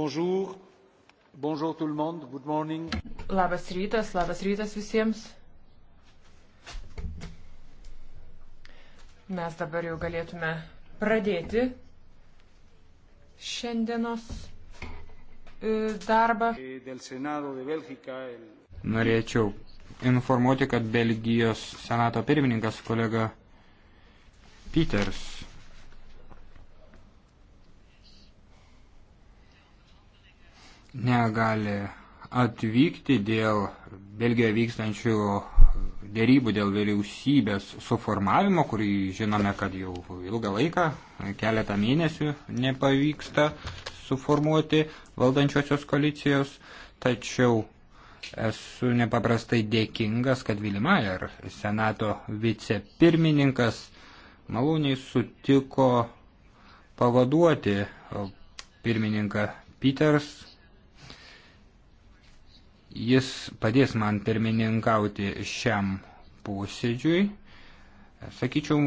Bonjour. Bonjour tout le monde. Good morning. Labas rytas, labas rytas visiems. Mes dabar jau galėtume pradėti šiandienos e, darbą. Eh, Norėčiau informuoti, kad Belgijos senato pirmininkas kolega Peters negali atvykti dėl Belgijoje vykstančių dėrybų dėl vyriausybės suformavimo, kurį žinome, kad jau ilgą laiką, keletą mėnesių nepavyksta suformuoti valdančiosios koalicijos, tačiau esu nepaprastai dėkingas, kad Vilimajer, Senato vicepirmininkas, maloniai sutiko pavaduoti pirmininką Peters Jis padės man pirmininkauti šiam posėdžiui. Sakyčiau,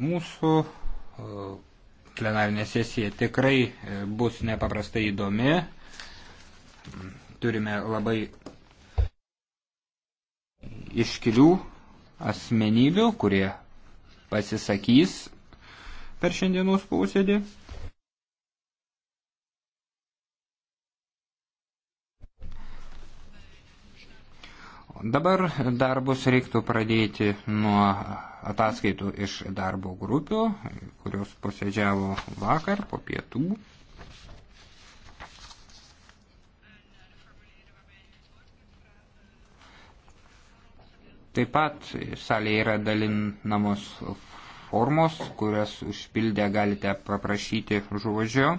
mūsų e, plenarinė sesija tikrai e, bus nepaprastai įdomi. Turime labai iškilių asmenybių, kurie pasisakys per šiandienos posėdį. Dabar darbus reiktų pradėti nuo ataskaitų iš darbo grupių, kurios posėdžiavo vakar po pietų. Taip pat salėje yra dalinamos formos, kurias užpildę galite paprašyti žodžio.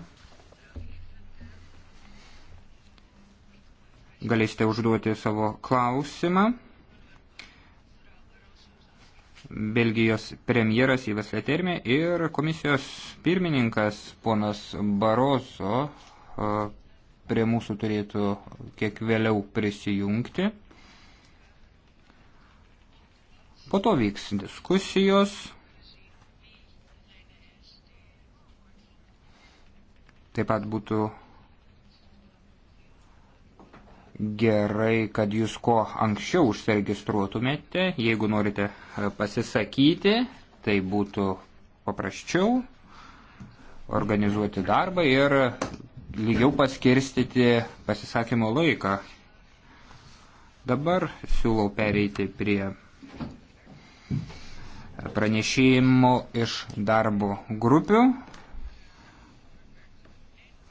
galėsite užduoti savo klausimą. Belgijos premjeras Įvas Letermė ir komisijos pirmininkas ponas Baroso e, prie mūsų turėtų kiek vėliau prisijungti. Po to vyks diskusijos. Taip pat būtų gerai, kad jūs ko anksčiau užsiregistruotumėte, jeigu norite e, pasisakyti, tai būtų paprasčiau organizuoti darbą ir lygiau paskirstyti pasisakymo laiką. Dabar siūlau pereiti prie pranešimo iš darbo grupių.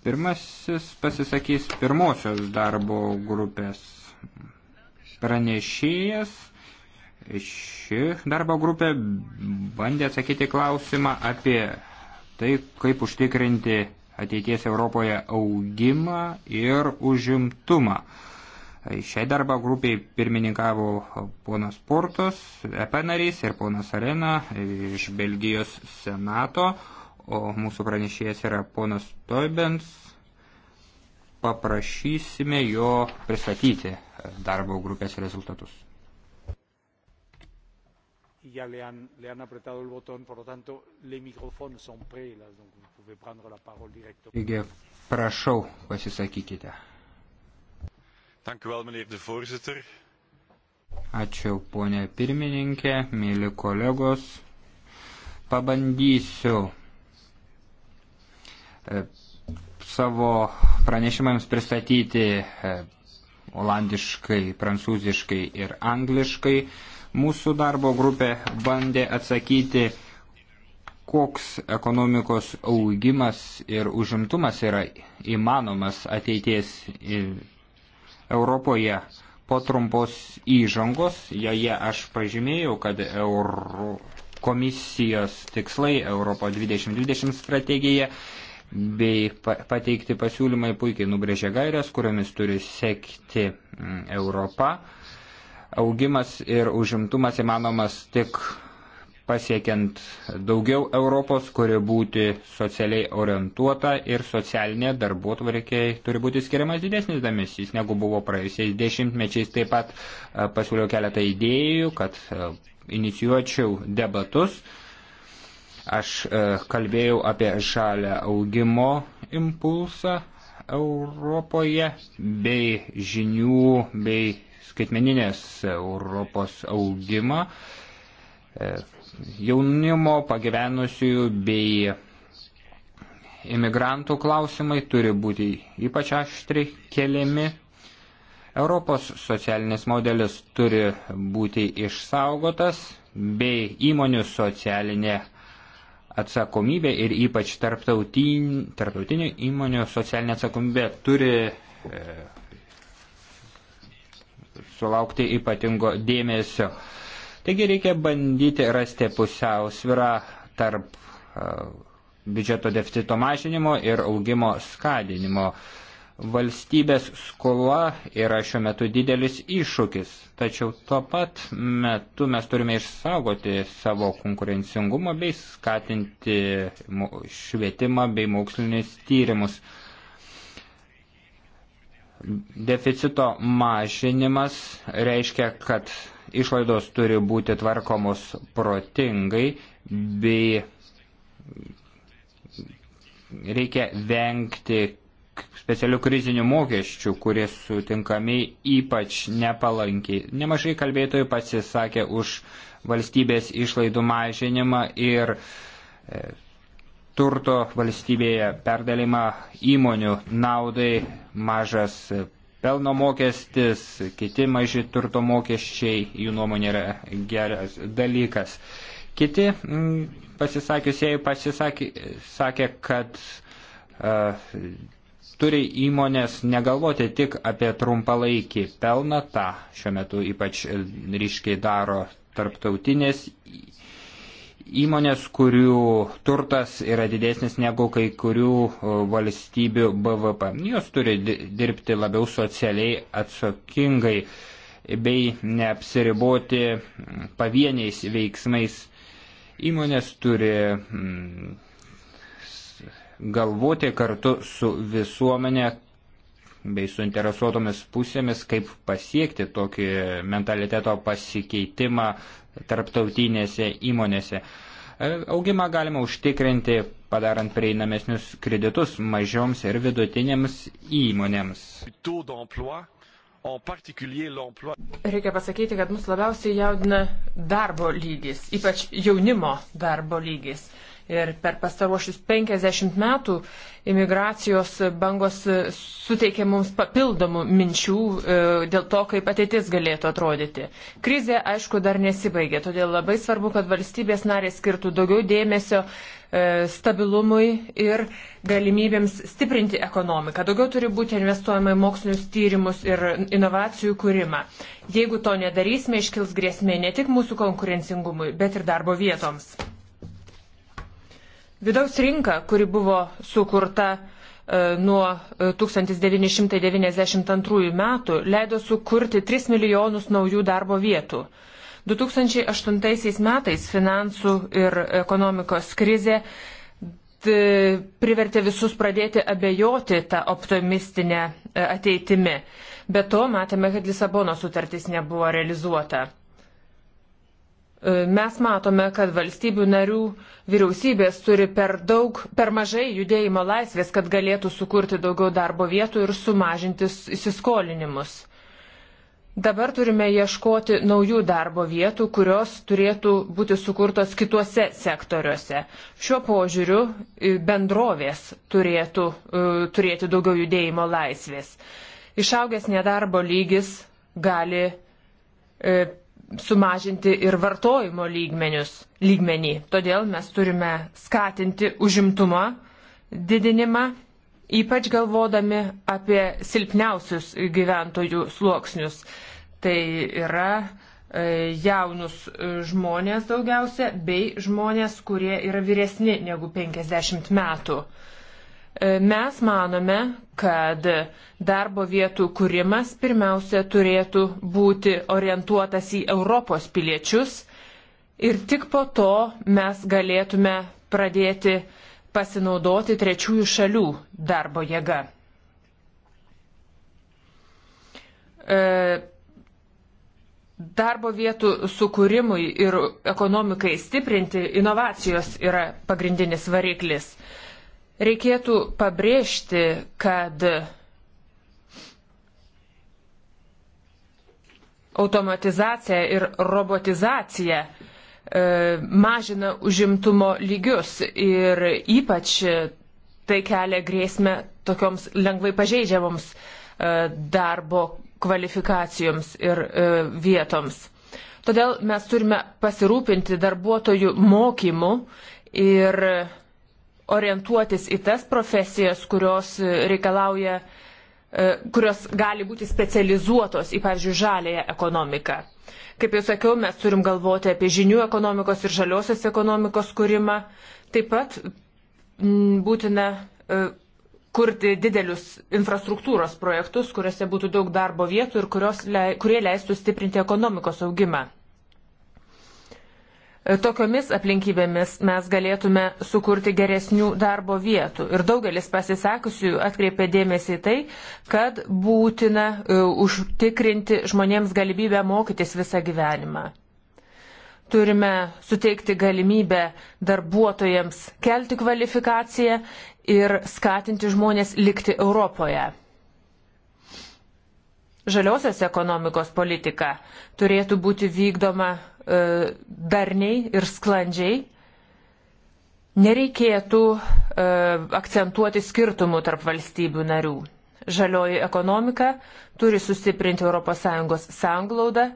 Pirmasis pasisakys pirmosios darbo grupės pranešėjas. Ši darbo grupė bandė atsakyti klausimą apie tai, kaip užtikrinti ateities Europoje augimą ir užimtumą. Šiai darbo grupiai pirmininkavo ponas Portos, EP narys ir ponas Arena iš Belgijos senato o mūsų pranešėjas yra ponas Toibens. Paprašysime jo pristatyti darbo grupės rezultatus. Ya le han, le han apretado el botón, por lo tanto, les micrófonos son prélas, donc vous pouvez prendre la parole directement. Taigi, prašau, pasisakykite. Dank u wel, meneer de voorzitter. Ačiū, ponė pirmininkė, mėly kolegos. Pabandysiu E, savo pranešimams pristatyti e, olandiškai, prancūziškai ir angliškai. Mūsų darbo grupė bandė atsakyti, koks ekonomikos augimas ir užimtumas yra įmanomas ateities e, Europoje. Po trumpos įžangos, joje aš pažymėjau, kad Euro komisijos tikslai Europo 2020 strategija bei pateikti pasiūlymai puikiai nubrėžia gairias, kuriomis turi sekti mm, Europa. Augimas ir užimtumas įmanomas tik pasiekiant daugiau Europos, kuri būti socialiai orientuota ir socialinė darbuotvarkiai turi būti skiriamas didesnis dėmesys negu buvo praėjusiais dešimtmečiais. Taip pat e, pasiūliau keletą idėjų, kad e, inicijuočiau debatus Aš e, kalbėjau apie žalę augimo impulsą Europoje bei žinių bei skaitmeninės Europos augimą e, jaunimo pagyvenusiųjų bei imigrantų klausimai turi būti ypač aštri keliami. Europos socialinis modelis turi būti išsaugotas bei įmonių socialinė atsakomybė ir ypač tarptautin, tarptautinių įmonių socialinė atsakomybė turi e, sulaukti ypatingo dėmesio. Taigi reikia bandyti rasti pusiausvirą tarp e, biudžeto deficito mažinimo ir augimo skadinimo. E, Valstybės skola yra šiuo metu didelis iššūkis, tačiau tuo pat metu mes turime išsaugoti savo konkurencingumą bei skatinti švietimą bei mokslinis tyrimus. Deficito mažinimas reiškia, kad išlaidos turi būti tvarkomos protingai bei reikia vengti specialių krizinių mokesčių, kurie sutinkami ypač nepalankiai. Nemažai kalbėtojų pasisakė už valstybės išlaidų mažinimą ir e, turto valstybėje perdalimą įmonių naudai, mažas pelno mokestis, kiti maži turto mokesčiai, jų nuomonė yra geras dalykas. Kiti mm, pasisakiusieji pasisakė, sakė, kad uh, turi įmonės negalvoti tik apie trumpalaikį pelną, tą šiuo metu ypač ryškiai daro tarptautinės įmonės, kurių turtas yra didesnis negu kai kurių e, valstybių BVP. Jos turi dirbti labiau socialiai atsakingai bei neapsiriboti pavieniais veiksmais. Įmonės turi galvoti kartu su visuomenė bei suinteresuotomis pusėmis, kaip pasiekti tokį mentaliteto pasikeitimą tarptautinėse įmonėse. E, augimą galima užtikrinti padarant prieinamesnius kreditus mažioms ir vidutinėms įmonėms. Reikia pasakyti, kad mus labiausiai jaudina darbo lygis, ypač jaunimo darbo lygis. Ir per pastaruošius 50 metų imigracijos bangos e, suteikė mums papildomų minčių e, dėl to, kaip ateitis galėtų atrodyti. Krizė, aišku, dar nesibaigė, todėl labai svarbu, kad valstybės narės skirtų daugiau dėmesio e, stabilumui ir galimybėms stiprinti ekonomiką. Daugiau turi būti investuojama į mokslinius tyrimus ir inovacijų kūrimą. Jeigu to nedarysime, iškils grėsmė ne tik mūsų konkurencingumui, bet ir darbo vietoms. Vidaus rinka, kuri buvo sukurta e, nuo 1992 e, metų, leido sukurti 3 milijonus naujų darbo vietų. 2008 metais finansų ir ekonomikos krizė privertė visus pradėti abejoti tą optimistinę e, ateitimi. Be to matėme, kad Lisabono sutartis nebuvo realizuota. E, mes matome, kad valstybių narių vyriausybės turi per, daug, per mažai judėjimo laisvės, kad galėtų sukurti daugiau darbo vietų ir sumažinti įsiskolinimus. Dabar turime ieškoti naujų darbo vietų, kurios turėtų būti sukurtos kituose sektoriuose. Šiuo požiūriu e, bendrovės turėtų uh, turėti daugiau judėjimo laisvės. Išaugęs nedarbo lygis gali uh, sumažinti ir vartojimo lygmenius, lygmenį. Todėl mes turime skatinti užimtumą didinimą, ypač galvodami apie silpniausius gyventojų sluoksnius. Tai yra e, jaunus e, žmonės daugiausia, bei žmonės, kurie yra vyresni negu 50 metų. E, mes manome, kad darbo vietų kūrimas pirmiausia turėtų būti orientuotas į Europos piliečius ir tik po to mes galėtume pradėti pasinaudoti trečiųjų šalių darbo jėga. E, darbo vietų sukūrimui ir ekonomikai stiprinti inovacijos yra pagrindinis variklis. Reikėtų pabrėžti, kad automatizacija ir robotizacija e, mažina užimtumo lygius ir ypač tai kelia grėsmę tokioms lengvai pažeidžiamoms e, darbo kvalifikacijoms ir e, vietoms. Todėl mes turime pasirūpinti darbuotojų mokymu ir orientuotis į tas profesijas, kurios reikalauja, e, kurios gali būti specializuotos į, pavyzdžiui, žalėją ekonomiką. Kaip jau sakiau, mes turim galvoti apie žinių ekonomikos ir žaliosios ekonomikos kūrimą. Taip pat būtina e, kurti didelius infrastruktūros projektus, kuriuose būtų daug darbo vietų ir kurios, kurie leistų stiprinti ekonomikos augimą. Tokiomis aplinkybėmis mes galėtume sukurti geresnių darbo vietų. Ir daugelis pasisakusių atkreipė dėmesį į tai, kad būtina e, užtikrinti žmonėms galimybę mokytis visą gyvenimą. Turime suteikti galimybę darbuotojams kelti kvalifikaciją ir skatinti žmonės likti Europoje. Žaliosios ekonomikos politika turėtų būti vykdoma E, darniai ir sklandžiai, nereikėtų e, akcentuoti skirtumų tarp valstybių narių. Žalioji ekonomika turi sustiprinti ES sanglaudą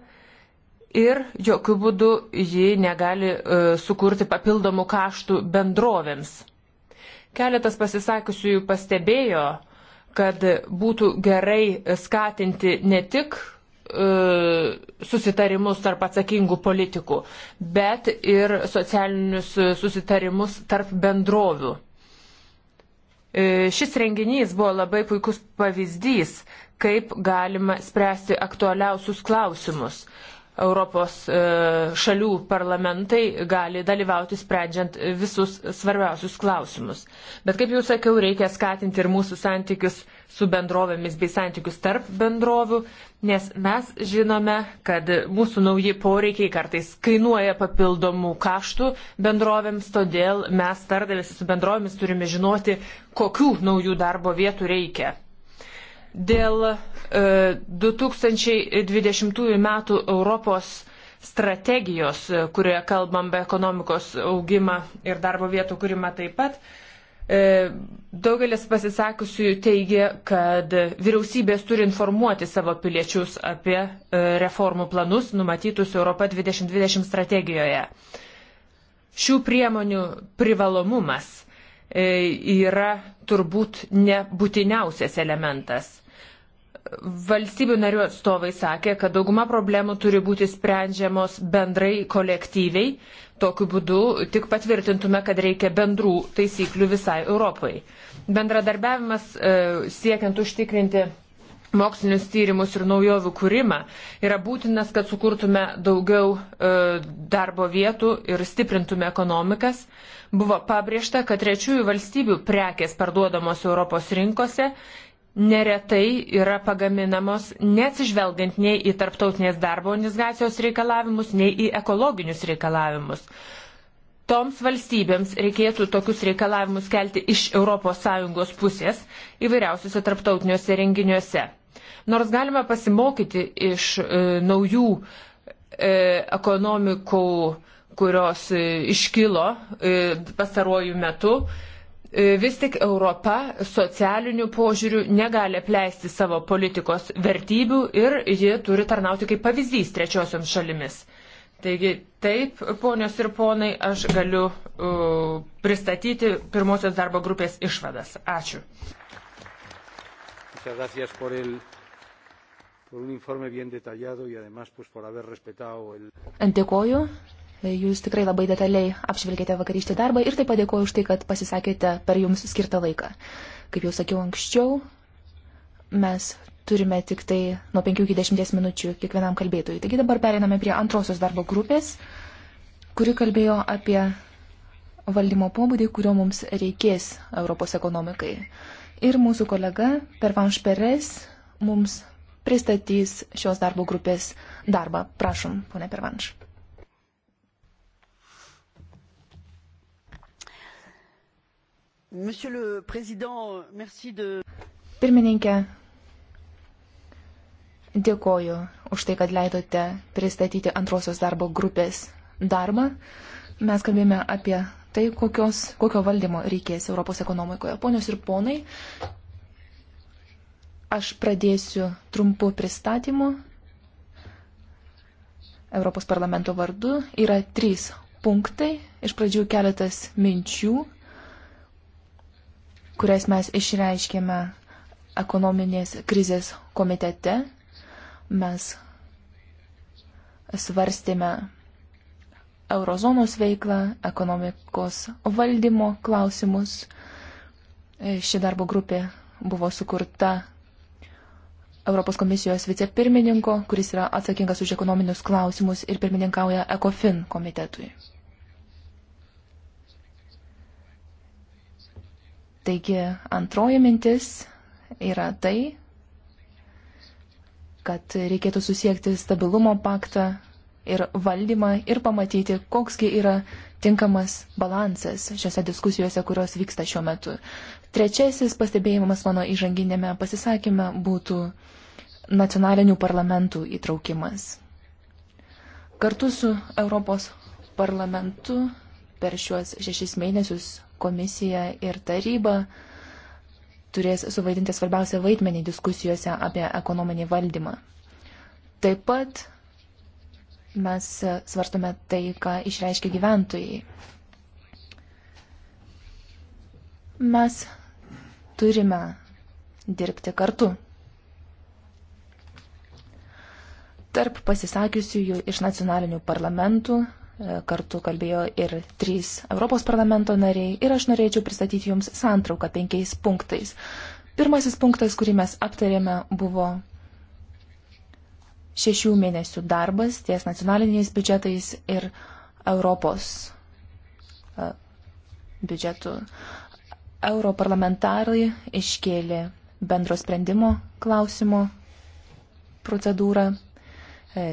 ir jokių būdų ji negali e, sukurti papildomų kaštų bendrovėms. Keletas pasisakiusiųjų pastebėjo, kad būtų gerai skatinti ne tik E, susitarimus tarp atsakingų politikų, bet ir socialinius susitarimus tarp bendrovių. E, šis renginys buvo labai puikus pavyzdys, kaip galima spręsti aktualiausius klausimus. Europos e, šalių parlamentai gali dalyvauti sprendžiant visus svarbiausius klausimus. Bet kaip jau sakiau, reikia skatinti ir mūsų santykius su bendrovėmis bei santykius tarp bendrovių, nes mes žinome, kad mūsų nauji poreikiai kartais kainuoja papildomų kaštų bendrovėms, todėl mes tardavėsi su bendrovėmis turime žinoti, kokių naujų darbo vietų reikia. Dėl e, 2020 m. Europos strategijos, e, kurioje kalbam be ekonomikos augimą ir darbo vietų kūrimą taip pat, e, Daugelis pasisakusiųjų teigia, kad vyriausybės turi informuoti savo piliečius apie e, reformų planus numatytus Europa 2020 strategijoje. Šių priemonių privalomumas yra turbūt nebūtiniausias elementas. Valstybių narių atstovai sakė, kad dauguma problemų turi būti sprendžiamos bendrai kolektyviai. Tokiu būdu tik patvirtintume, kad reikia bendrų taisyklių visai Europai. Bendradarbiavimas e, siekiant užtikrinti mokslinius tyrimus ir naujovių kūrimą yra būtinas, kad sukurtume daugiau e, darbo vietų ir stiprintume ekonomikas. Buvo pabrėžta, kad trečiųjų valstybių prekės parduodamos Europos rinkose neretai yra pagaminamos neatsižvelgiant nei į tarptautinės darbo organizacijos reikalavimus, nei į ekologinius reikalavimus. Toms valstybėms reikėtų tokius reikalavimus kelti iš ES pusės įvairiausiuose tarptautiniuose renginiuose. Nors galima pasimokyti iš e, naujų e, ekonomikų, kurios e, iškilo e, pastaruoju metu, e, E, vis tik Europa socialiniu požiūriu negali pleisti savo politikos vertybių ir ji turi tarnauti kaip pavyzdys trečiosioms šalimis. Taigi taip, ponios ir ponai, aš galiu uh, pristatyti pirmosios darbo grupės išvadas. Ačiū. Dėkoju Jūs tikrai labai detaliai apžvelgėte vakarykštį darbą ir taip padėkoju už tai, kad pasisakėte per jums skirtą laiką. Kaip jau sakiau anksčiau, mes turime tik tai nuo 5 iki 10 minučių kiekvienam kalbėtojui. Taigi dabar periname prie antrosios darbo grupės, kuri kalbėjo apie valdymo pobūdį, kurio mums reikės Europos ekonomikai. Ir mūsų kolega Pervanš Peres mums pristatys šios darbo grupės darbą. Prašom, ponė Pervanš. Pirmininkė, dėkoju už tai, kad leidote pristatyti antrosios darbo grupės darbą. Mes kalbėjome apie tai, kokios, kokio valdymo reikės Europos ekonomikoje. Ponios ir ponai, aš pradėsiu trumpu pristatymu. Europos parlamento vardu yra trys punktai. Iš pradžių keletas minčių kurias mes išreiškėme ekonominės krizės komitete. Mes svarstėme eurozonos veiklą, ekonomikos valdymo klausimus. Ši darbo grupė buvo sukurta Europos komisijos vicepirmininko, kuris yra atsakingas už ekonominius klausimus ir pirmininkauja ECOFIN komitetui. Taigi antroji mintis yra tai, kad reikėtų susiekti stabilumo paktą ir valdymą ir pamatyti, koksgi yra tinkamas balansas šiuose diskusijose, kurios vyksta šiuo metu. Trečiasis pastebėjimas mano įžanginėme pasisakyme būtų nacionalinių parlamentų įtraukimas. Kartu su Europos parlamentu per šiuos šešis mėnesius komisija ir taryba turės suvaidinti svarbiausią vaidmenį diskusijose apie ekonominį valdymą. Taip pat mes svarstome tai, ką išreiškia gyventojai. Mes turime dirbti kartu. Tarp pasisakiusiųjų iš nacionalinių parlamentų kartu kalbėjo ir trys Europos parlamento nariai ir aš norėčiau pristatyti jums santrauką penkiais punktais. Pirmasis punktas, kurį mes aptarėme, buvo šešių mėnesių darbas ties nacionaliniais biudžetais ir Europos e, biudžetų. Europarlamentarai iškėlė bendro sprendimo klausimo procedūrą. E,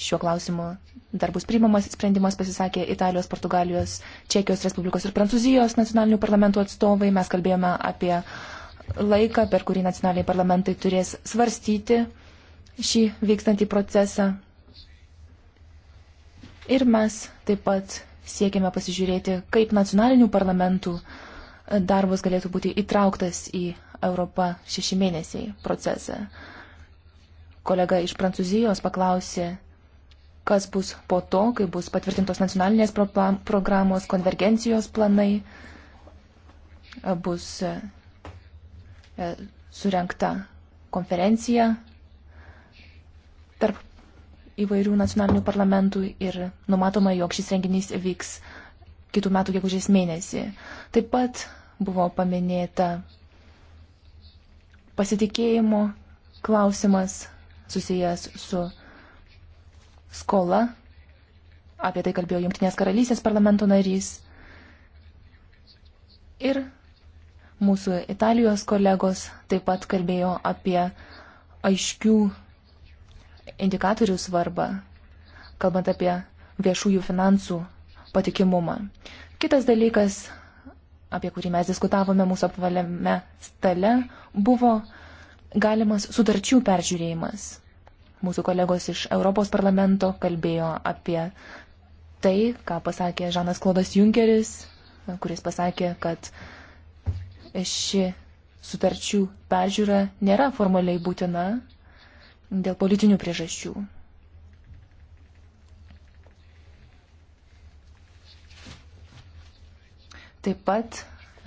Šiuo klausimu dar bus priimamas sprendimas, pasisakė Italijos, Portugalijos, Čekijos Respublikos ir Prancūzijos nacionalinių parlamentų atstovai. Mes kalbėjome apie laiką, per kurį nacionaliniai parlamentai turės svarstyti šį vykstantį procesą. Ir mes taip pat siekiame pasižiūrėti, kaip nacionalinių parlamentų darbas galėtų būti įtrauktas į Europą šeši mėnesiai procesą. Kolega iš Prancūzijos paklausė, kas bus po to, kai bus patvirtintos nacionalinės programos, konvergencijos planai, bus e, e, surenkta konferencija tarp įvairių nacionalinių parlamentų ir numatoma, jog šis renginys vyks kitų metų gegužės mėnesį. Taip pat buvo paminėta pasitikėjimo klausimas susijęs su skola. Apie tai kalbėjo Junktinės karalystės parlamento narys. Ir mūsų Italijos kolegos taip pat kalbėjo apie aiškių indikatorių svarbą, kalbant apie viešųjų finansų patikimumą. Kitas dalykas, apie kurį mes diskutavome mūsų apvaliame stale, buvo galimas sutarčių peržiūrėjimas. Mūsų kolegos iš Europos parlamento kalbėjo apie tai, ką pasakė Žanas Klodas Junkeris, kuris pasakė, kad ši sutarčių peržiūra nėra formaliai būtina dėl politinių priežasčių. Taip pat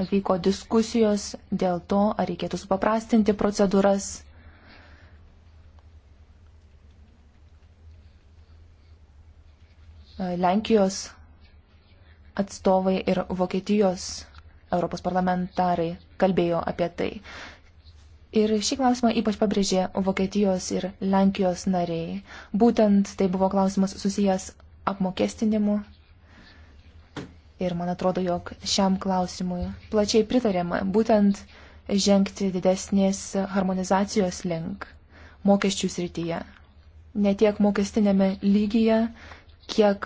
vyko diskusijos dėl to, ar reikėtų supaprastinti procedūras E, Lenkijos atstovai ir Vokietijos Europos parlamentarai kalbėjo apie tai. Ir šį klausimą ypač pabrėžė Vokietijos ir Lenkijos nariai. Būtent tai buvo klausimas susijęs apmokestinimu. Ir man atrodo, jog šiam klausimui plačiai pritarėma būtent žengti didesnės harmonizacijos link mokesčių srityje. Ne tiek mokestinėme lygyje, kiek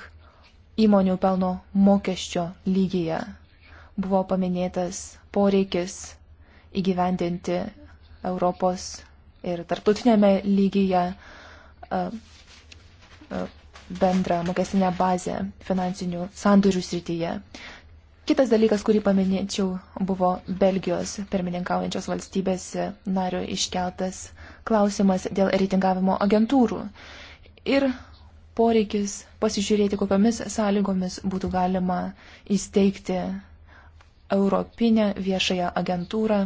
įmonių pelno mokesčio lygyje buvo paminėtas poreikis įgyvendinti Europos ir tarptautinėme lygyje e, e, bendrą mokestinę bazę finansinių sandorių srityje. Kitas dalykas, kurį paminėčiau, buvo Belgijos pirmininkaujančios valstybės nario iškeltas klausimas dėl reitingavimo agentūrų. Ir poreikis pasižiūrėti, kokiamis sąlygomis būtų galima įsteigti Europinę viešąją agentūrą,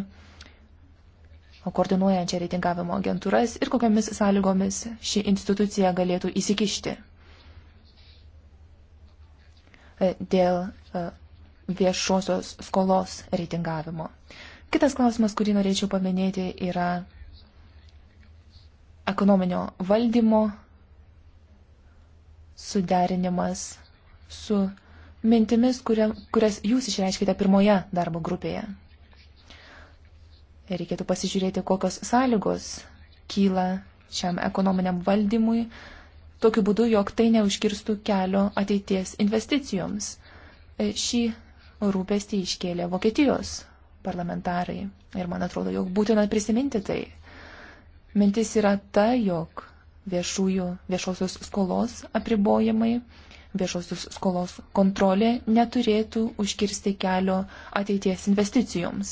koordinuojančią reitingavimo agentūras ir kokiamis sąlygomis ši institucija galėtų įsikišti dėl e, viešosios skolos reitingavimo. Kitas klausimas, kurį norėčiau paminėti, yra ekonominio valdymo suderinimas su mintimis, kuria, kurias jūs išreiškite pirmoje darbo grupėje. Reikėtų pasižiūrėti, kokios sąlygos kyla šiam ekonominiam valdymui, tokiu būdu, jog tai neužkirstų kelio ateities investicijoms. E, šį rūpestį iškėlė Vokietijos parlamentarai ir man atrodo, jog būtina prisiminti tai. Mintis yra ta, jog viešųjų, viešosios skolos apribojimai, viešosios skolos kontrolė neturėtų užkirsti kelio ateities investicijoms.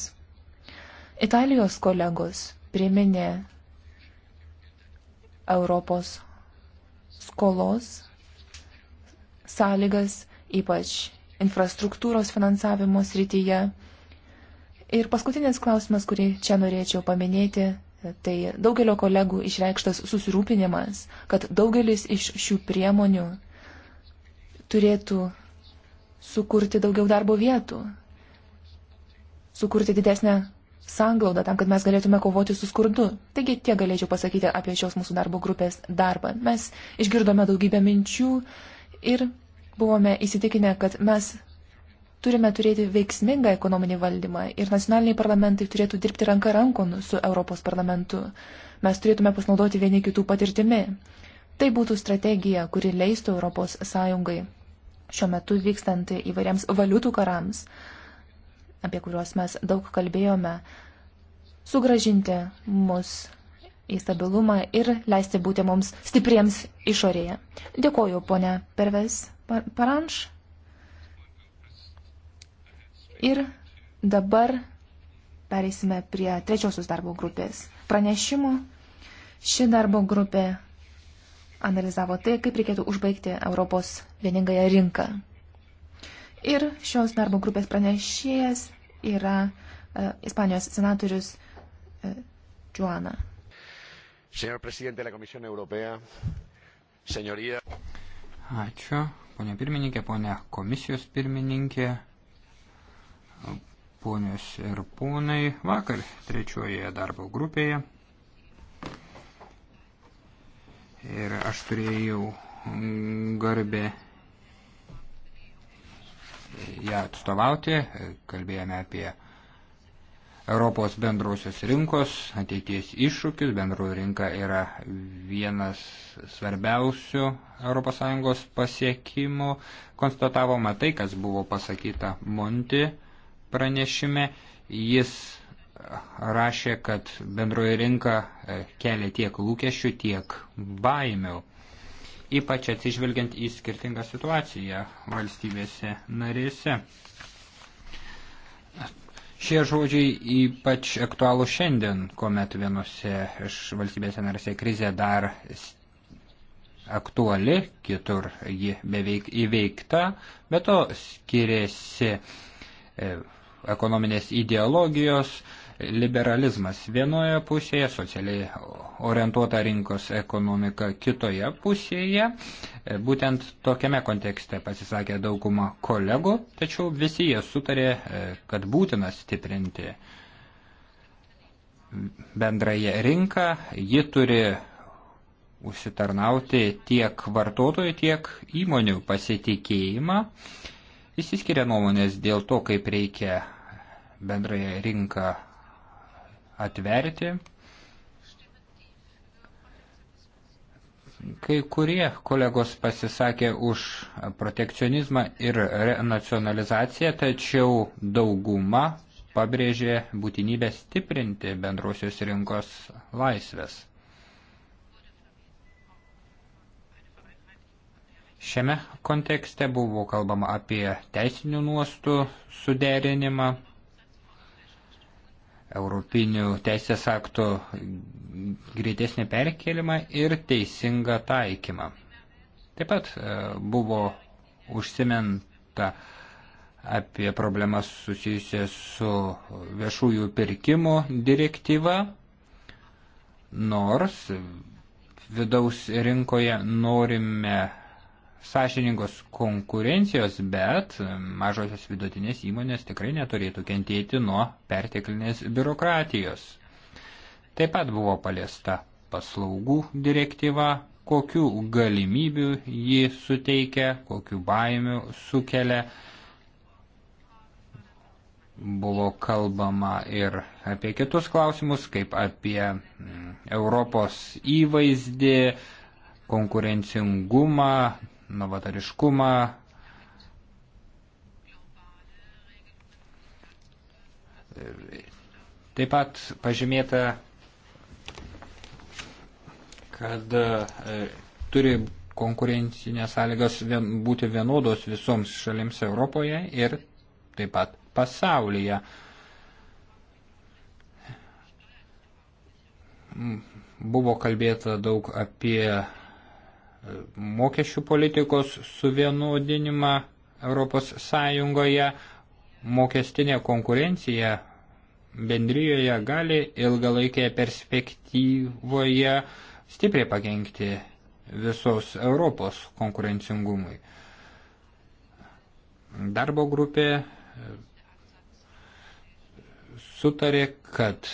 Italijos kolegos priminė Europos skolos sąlygas, ypač infrastruktūros finansavimo srityje. Ir paskutinis klausimas, kurį čia norėčiau paminėti, Tai daugelio kolegų išreikštas susirūpinimas, kad daugelis iš šių priemonių turėtų sukurti daugiau darbo vietų, sukurti didesnę sanglaudą tam, kad mes galėtume kovoti su skurdu. Taigi tie galėčiau pasakyti apie šios mūsų darbo grupės darbą. Mes išgirdome daugybę minčių ir buvome įsitikinę, kad mes Turime turėti veiksmingą ekonominį valdymą ir nacionaliniai parlamentai turėtų dirbti ranka rankon su Europos parlamentu. Mes turėtume pasinaudoti vieni kitų patirtimi. Tai būtų strategija, kuri leistų ES šiuo metu vykstant įvairiems valiutų karams, apie kuriuos mes daug kalbėjome, sugražinti mus į stabilumą ir leisti būti mums stipriems išorėje. Dėkoju, ponia Perves Paranš. Ir dabar pereisime prie trečiosios darbo grupės pranešimų. Ši darbo grupė analizavo tai, kaip reikėtų užbaigti Europos vieningąją rinką. Ir šios darbo grupės pranešėjas yra uh, Ispanijos senatorius uh, Juana. Señor presidente de la Comisión Europea, señoría. Ačiū, ponia pirmininkė, ponia komisijos pirmininkė, ponios ir ponai, vakar trečioje darbo grupėje ir aš turėjau garbę ją atstovauti, kalbėjome apie Europos bendrosios rinkos, ateities iššūkis, bendroji rinka yra vienas svarbiausių ES pasiekimų, konstatavome tai, kas buvo pasakyta Monti pranešime. Jis rašė, kad bendroji rinka e, kelia tiek lūkesčių, tiek baimių. Ypač atsižvelgiant į skirtingą situaciją valstybėse narėse. Šie žodžiai ypač aktualų šiandien, kuomet vienose iš valstybėse narėse krizė dar aktuali, kitur ji beveik įveikta, bet to skiriasi e, ekonominės ideologijos, liberalizmas vienoje pusėje, socialiai orientuota rinkos ekonomika kitoje pusėje. E, būtent tokiame kontekste pasisakė dauguma kolegų, tačiau visi jie sutarė, e, kad būtina stiprinti bendrąją rinką, ji turi užsitarnauti tiek vartotojų, tiek įmonių pasitikėjimą. Įsiskiria nuomonės dėl to, kaip reikia bendrąją rinką atverti. Kai kurie kolegos pasisakė už protekcionizmą ir renacionalizaciją, tačiau dauguma pabrėžė būtinybę stiprinti bendrosios rinkos laisvės. Šiame kontekste buvo kalbama apie teisinių nuostų suderinimą, europinių teisės aktų greitesnį perkelimą ir teisingą taikymą. Taip pat e, buvo užsiminta apie problemas susijusias su viešųjų pirkimų direktyva, nors vidaus rinkoje norime sąžiningos konkurencijos, bet mažosios vidutinės įmonės tikrai neturėtų kentėti nuo perteklinės biurokratijos. Taip pat buvo paliesta paslaugų direktyva, kokių galimybių ji suteikia, kokių baimių sukelia. Buvo kalbama ir apie kitus klausimus, kaip apie mm, Europos įvaizdį, konkurencingumą, novatariškumą. Taip pat pažymėta, kad e, turi konkurencinės sąlygas vien, būti vienodos visoms šalims Europoje ir taip pat pasaulyje. Buvo kalbėta daug apie mokesčių politikos suvienodinimą Europos Sąjungoje, mokestinė konkurencija bendryjoje gali ilgalaikėje perspektyvoje stipriai pakengti visos Europos konkurencingumui. Darbo grupė sutarė, kad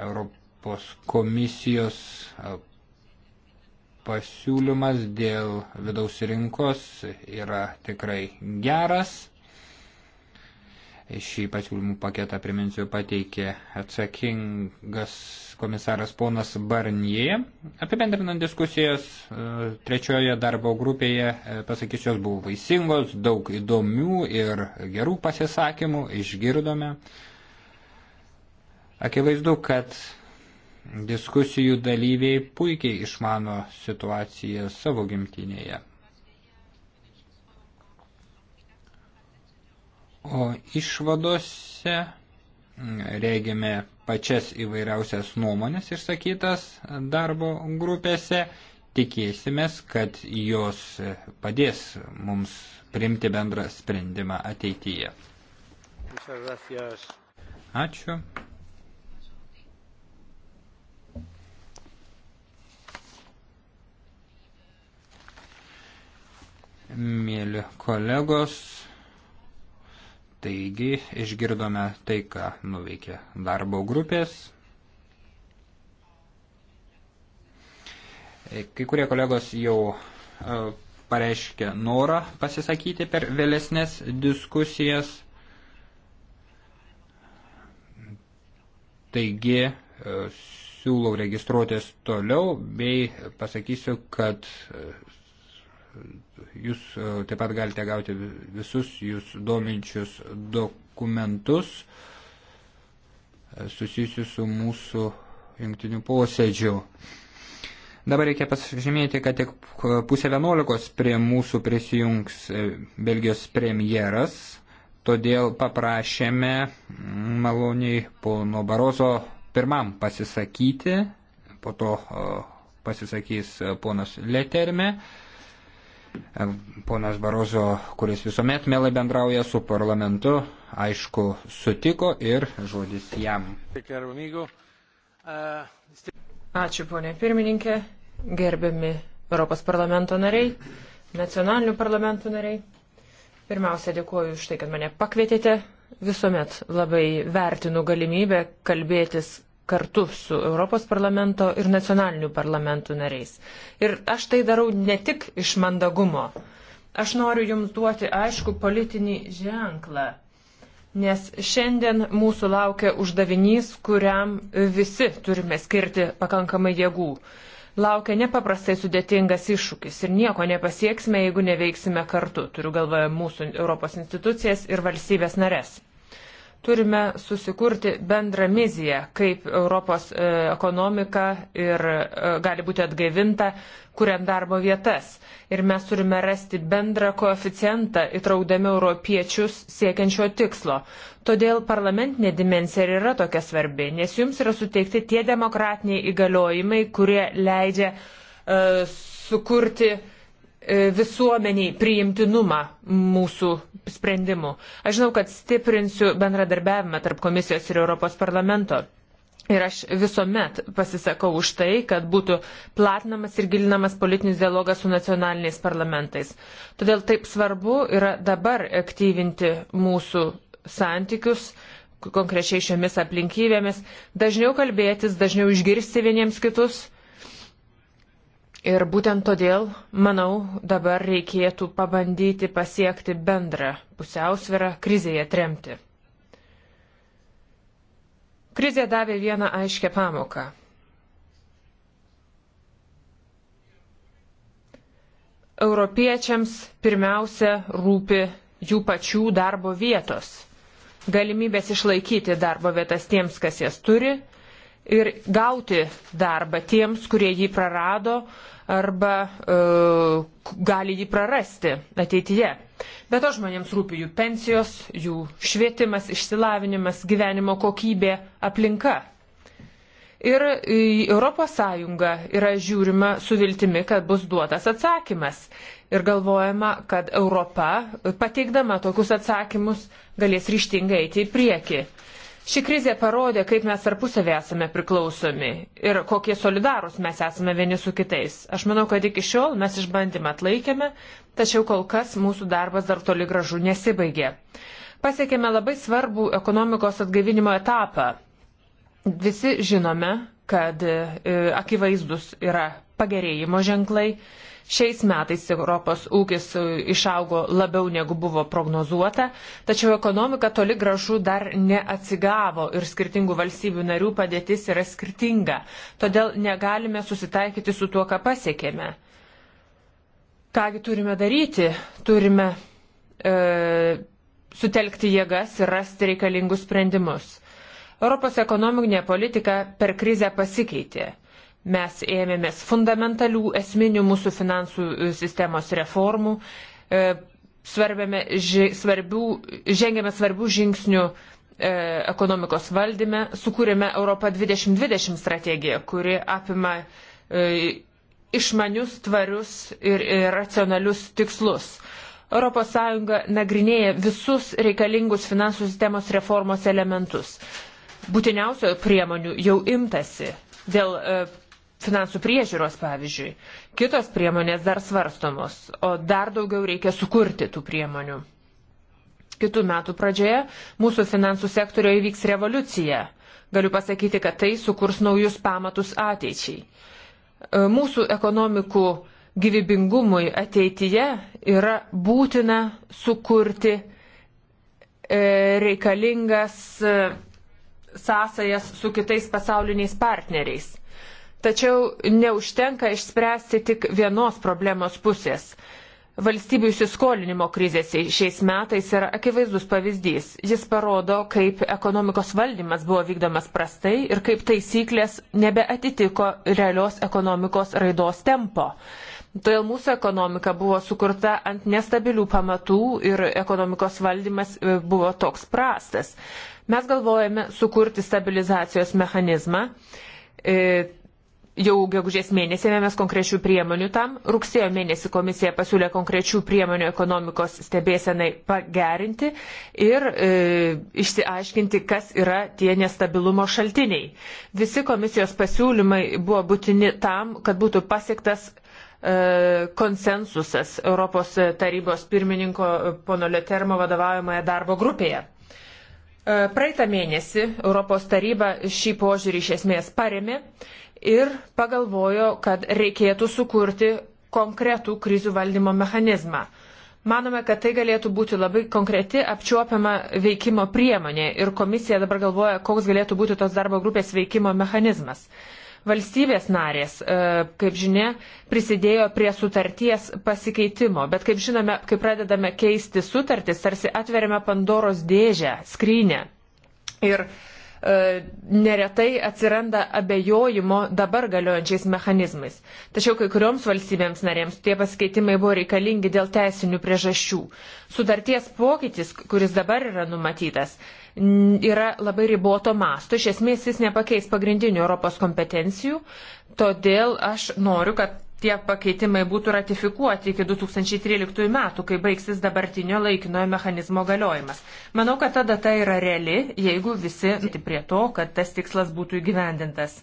Europos komisijos pasiūlymas dėl vidaus rinkos yra tikrai geras. Šį pasiūlymų paketą, priminsiu, pateikė atsakingas komisaras ponas Barnie. Apibendrinant diskusijas, e, trečioje darbo grupėje e, pasakysiu, jos buvo vaisingos, daug įdomių ir gerų pasisakymų išgirdome. Akivaizdu, kad diskusijų dalyviai puikiai išmano situaciją savo gimtinėje. O išvadose regime pačias įvairiausias nuomonės išsakytas darbo grupėse. Tikėsimės, kad jos padės mums priimti bendrą sprendimą ateityje. Ačiū. mėly kolegos. Taigi išgirdome tai, ką nuveikė darbo grupės. Kai kurie kolegos jau e, pareiškė norą pasisakyti per vėlesnės diskusijas. Taigi e, siūlau registruotis toliau bei pasakysiu, kad e, Jūs e, taip pat galite gauti visus jūs dominčius dokumentus e, susijusius su mūsų jungtiniu posėdžiu. Dabar reikia pasižymėti, kad tik pusė vienuolikos prie mūsų prisijungs e, Belgijos premjeras, todėl paprašėme maloniai pono Barozo pirmam pasisakyti, po to pasisakys ponas Leterme. E, ponas Barozo, kuris visuomet mielai bendrauja su parlamentu, aišku, sutiko ir žodis jam. Ačiū, ponė pirmininkė, gerbiami Europos parlamento nariai, nacionalinių parlamentų nariai. Pirmiausia, dėkuoju už tai, kad mane pakvietėte. Visuomet labai vertinu galimybę kalbėtis kartu su Europos parlamento ir nacionalinių parlamentų nariais. Ir aš tai darau ne tik iš mandagumo. Aš noriu jums duoti aišku politinį ženklą, nes šiandien mūsų laukia uždavinys, kuriam visi turime skirti pakankamai jėgų. Laukia nepaprastai sudėtingas iššūkis ir nieko nepasieksime, jeigu neveiksime kartu, turiu galvoje mūsų Europos institucijas ir valstybės nares. Turime susikurti bendrą miziją, kaip Europos e, ekonomika ir e, gali būti atgaivinta, kuriant darbo vietas. Ir mes turime rasti bendrą koeficientą, įtraudami europiečius siekiančio tikslo. Todėl parlamentinė dimensija ir yra tokia svarbi, nes jums yra suteikti tie demokratiniai įgaliojimai, kurie leidžia uh, sukurti uh, E, visuomeniai priimtinumą mūsų sprendimų. Aš žinau, kad stiprinsiu bendradarbiavimą tarp komisijos ir Europos parlamento. Ir aš visuomet pasisakau už tai, kad būtų platinamas ir gilinamas politinis dialogas su nacionaliniais parlamentais. Todėl taip svarbu yra dabar aktyvinti mūsų santykius konkrečiai šiomis aplinkybėmis, dažniau kalbėtis, dažniau išgirsti vieniems kitus Ir būtent todėl, manau, dabar reikėtų pabandyti pasiekti bendrą pusiausvirą krizėje tremti. Krizė davė vieną aiškę pamoką. Europiečiams pirmiausia rūpi jų pačių darbo vietos, galimybės išlaikyti darbo vietas tiems, kas jas turi, ir gauti darbą tiems, kurie jį prarado arba uh, e, gali jį prarasti ateityje. Bet to žmonėms rūpi jų pensijos, jų švietimas, išsilavinimas, gyvenimo kokybė, aplinka. Ir ES yra žiūrima su viltimi, kad bus duotas atsakymas. Ir galvojama, kad Europa, pateikdama tokius atsakymus, galės ryštingai eiti į priekį. Ši krizė parodė, kaip mes tarpusavį esame priklausomi ir kokie solidarūs mes esame vieni su kitais. Aš manau, kad iki šiol mes išbandymą atlaikėme, tačiau kol kas mūsų darbas dar toli gražu nesibaigė. Pasiekėme labai svarbų ekonomikos atgaivinimo etapą. Visi žinome, kad e, akivaizdus yra pagerėjimo ženklai Šiais metais Europos ūkis išaugo labiau negu buvo prognozuota, tačiau ekonomika toli gražu dar neatsigavo ir skirtingų valstybių narių padėtis yra skirtinga. Todėl negalime susitaikyti su tuo, ką pasiekėme. Kągi turime daryti? Turime e, sutelkti jėgas ir rasti reikalingus sprendimus. Europos ekonominė politika per krizę pasikeitė. Mes ėmėmės fundamentalių esminių mūsų finansų e, sistemos reformų, e, svarbiame, svarbių, žengėme svarbių žingsnių e, ekonomikos valdyme, sukūrėme Europą 2020 strategiją, kuri apima išmanius, tvarius ir racionalius tikslus. ES nagrinėja visus reikalingus finansų sistemos reformos elementus. Būtiniausio priemonių jau imtasi dėl finansų priežiūros, pavyzdžiui. Kitos priemonės dar svarstomos, o dar daugiau reikia sukurti tų priemonių. Kitų metų pradžioje mūsų finansų sektorioje įvyks revoliucija. Galiu pasakyti, kad tai sukurs naujus pamatus ateičiai. E, mūsų ekonomikų gyvybingumui ateityje yra būtina sukurti e, reikalingas e, sąsajas su kitais pasauliniais partneriais Tačiau neužtenka išspręsti tik vienos problemos pusės. Valstybių įsiskolinimo krizės šiais metais yra akivaizdus pavyzdys. Jis parodo, kaip ekonomikos valdymas buvo vykdomas prastai ir kaip taisyklės nebeatitiko realios ekonomikos raidos tempo. Todėl mūsų ekonomika buvo sukurta ant nestabilių pamatų ir ekonomikos valdymas e, buvo toks prastas. Mes galvojame sukurti stabilizacijos mechanizmą. E, Jau gegužės mėnesį ėmėmės konkrečių priemonių tam. Rugsėjo mėnesį komisija pasiūlė konkrečių priemonių ekonomikos stebėsenai pagerinti ir e, išsiaiškinti, kas yra tie nestabilumo šaltiniai. Visi komisijos pasiūlymai buvo būtini tam, kad būtų pasiektas e, konsensusas Europos tarybos pirmininko pono Letermo vadovaujamoje darbo grupėje. E, praeitą mėnesį Europos taryba šį požiūrį iš esmės paremė ir pagalvojo, kad reikėtų sukurti konkretų krizių valdymo mechanizmą. Manome, kad tai galėtų būti labai konkreti apčiuopiama veikimo priemonė ir komisija dabar galvoja, koks galėtų būti tos darbo grupės veikimo mechanizmas. Valstybės narės, e, kaip žinia, prisidėjo prie sutarties pasikeitimo, bet kaip žinome, kai pradedame keisti sutartis, tarsi atveriame Pandoros dėžę, skrynę. Ir uh, E, neretai atsiranda abejojimo dabar galiojančiais mechanizmais. Tačiau kai kurioms valstybėms narėms tie pasikeitimai buvo reikalingi dėl teisinių priežasčių. Sutarties pokytis, kuris dabar yra numatytas, yra labai riboto masto. Iš esmės jis nepakeis pagrindinių Europos kompetencijų, todėl aš noriu, kad tie pakeitimai būtų ratifikuoti iki 2013 metų, kai baigsis dabartinio laikinojo mechanizmo galiojimas. Manau, kad ta data yra reali, jeigu visi prie to, kad tas tikslas būtų įgyvendintas.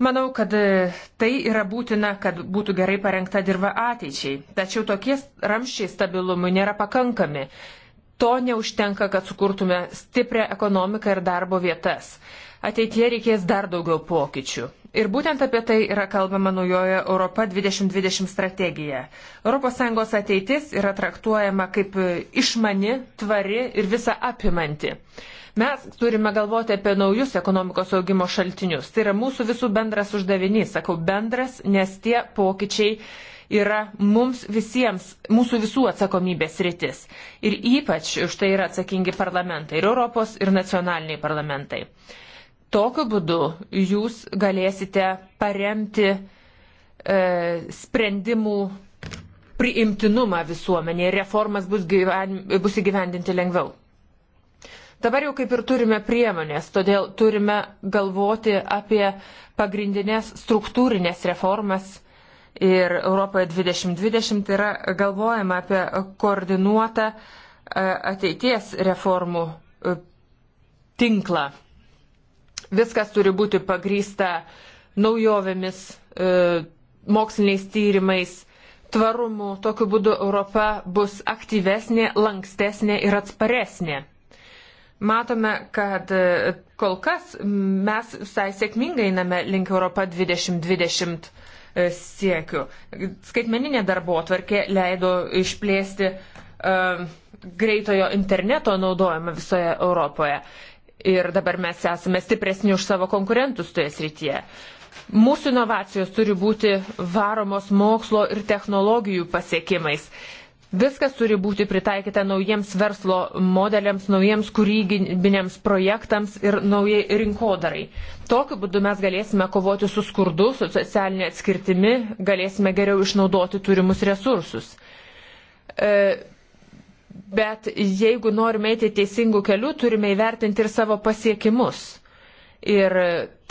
Manau, kad e, tai yra būtina, kad būtų gerai parengta dirba ateičiai. Tačiau tokie ramščiai stabilumui nėra pakankami. To neužtenka, kad sukurtume stiprią ekonomiką ir darbo vietas. Ateitie reikės dar daugiau pokyčių Ir būtent apie tai yra kalbama naujoje Europa 2020 strategija. ES ateitis yra traktuojama kaip išmani, tvari ir visa apimanti. Mes turime galvoti apie naujus ekonomikos augimo šaltinius. Tai yra mūsų visų bendras uždavinys, sakau bendras, nes tie pokyčiai yra mums visiems, mūsų visų atsakomybės rytis. Ir ypač už tai yra atsakingi parlamentai, ir Europos, ir nacionaliniai parlamentai. Tokiu būdu jūs galėsite paremti e, sprendimų priimtinumą visuomenėje ir reformas bus, gyven, bus įgyvendinti lengviau. Dabar jau kaip ir turime priemonės, todėl turime galvoti apie pagrindinės struktūrinės reformas ir Europoje 2020 yra galvojama apie koordinuotą e, ateities reformų e, tinklą. Viskas turi būti pagrysta naujovėmis, e, moksliniais tyrimais, tvarumu. Tokiu būdu Europa bus aktyvesnė, lankstesnė ir atsparesnė. Matome, kad e, kol kas mes visai sėkmingai einame link Europą 2020 e, siekių. Skaitmeninė darbo atvarkė leido išplėsti uh, greitojo interneto naudojimą visoje Europoje ir dabar mes esame stipresni už savo konkurentus toje srityje. Mūsų inovacijos turi būti varomos mokslo ir technologijų pasiekimais. Viskas turi būti pritaikyta naujiems verslo modeliams, naujiems kūrybiniams projektams ir naujai rinkodarai. Tokiu būdu mes galėsime kovoti su skurdu, su socialinė atskirtimi, galėsime geriau išnaudoti turimus resursus. E, Bet jeigu norime eiti teisingų kelių, turime įvertinti ir savo pasiekimus. Ir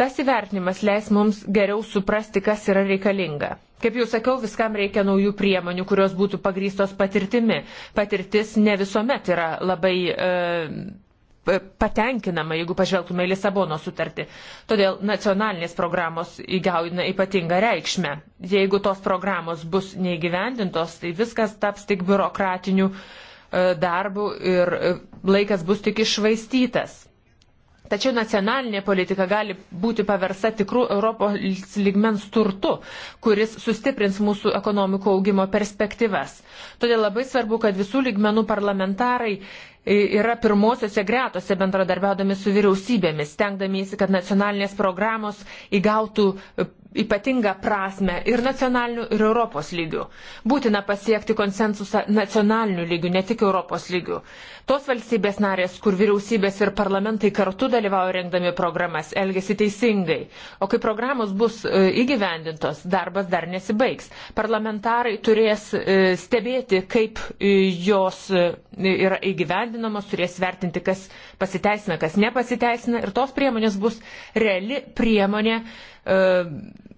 tas įvertinimas leis mums geriau suprasti, kas yra reikalinga. Kaip jau sakiau, viskam reikia naujų priemonių, kurios būtų pagrystos patirtimi. Patirtis ne visuomet yra labai. E, patenkinama, jeigu pažvelgtume į Lisabono sutartį. Todėl nacionalinės programos įgauna ypatingą reikšmę. Jeigu tos programos bus neįgyvendintos, tai viskas taps tik biurokratinių uh, E, darbų ir e, laikas bus tik išvaistytas. Tačiau nacionalinė politika gali būti paversta tikrų Europos lygmens turtu, kuris sustiprins mūsų ekonomikų augimo perspektyvas. Todėl labai svarbu, kad visų lygmenų parlamentarai yra pirmosiose gretose bendradarbiaudami su vyriausybėmis, stengdamiesi, kad nacionalinės programos įgautų ypatingą prasme ir nacionalinių, ir Europos lygių. Būtina pasiekti konsensusą nacionalinių lygių, ne tik Europos lygių. Tos valstybės narės, kur vyriausybės ir parlamentai kartu dalyvauja rengdami programas, elgesi teisingai. O kai programos bus e, įgyvendintos, darbas dar nesibaigs. Parlamentarai turės e, stebėti, kaip e, jos yra įgyvendinamos, turės vertinti, kas pasiteisina, kas nepasiteisina. Ir tos priemonės bus reali priemonė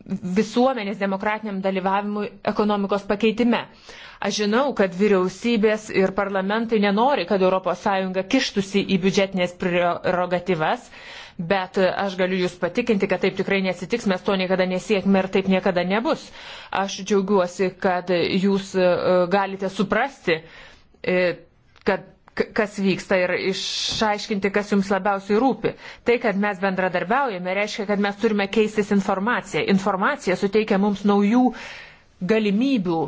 visuomenės demokratiniam dalyvavimui ekonomikos pakeitime. Aš žinau, kad vyriausybės ir parlamentai nenori, kad ES kištusi į biudžetinės prerogatyvas, bet aš galiu Jūs patikinti, kad taip tikrai nesitiks, mes to niekada nesiekime ir taip niekada nebus. Aš džiaugiuosi, kad Jūs e, galite suprasti, e, kad kas vyksta ir išaiškinti, kas jums labiausiai rūpi. Tai, kad mes bendradarbiaujame, reiškia, kad mes turime keistis informaciją. Informacija suteikia mums naujų galimybių.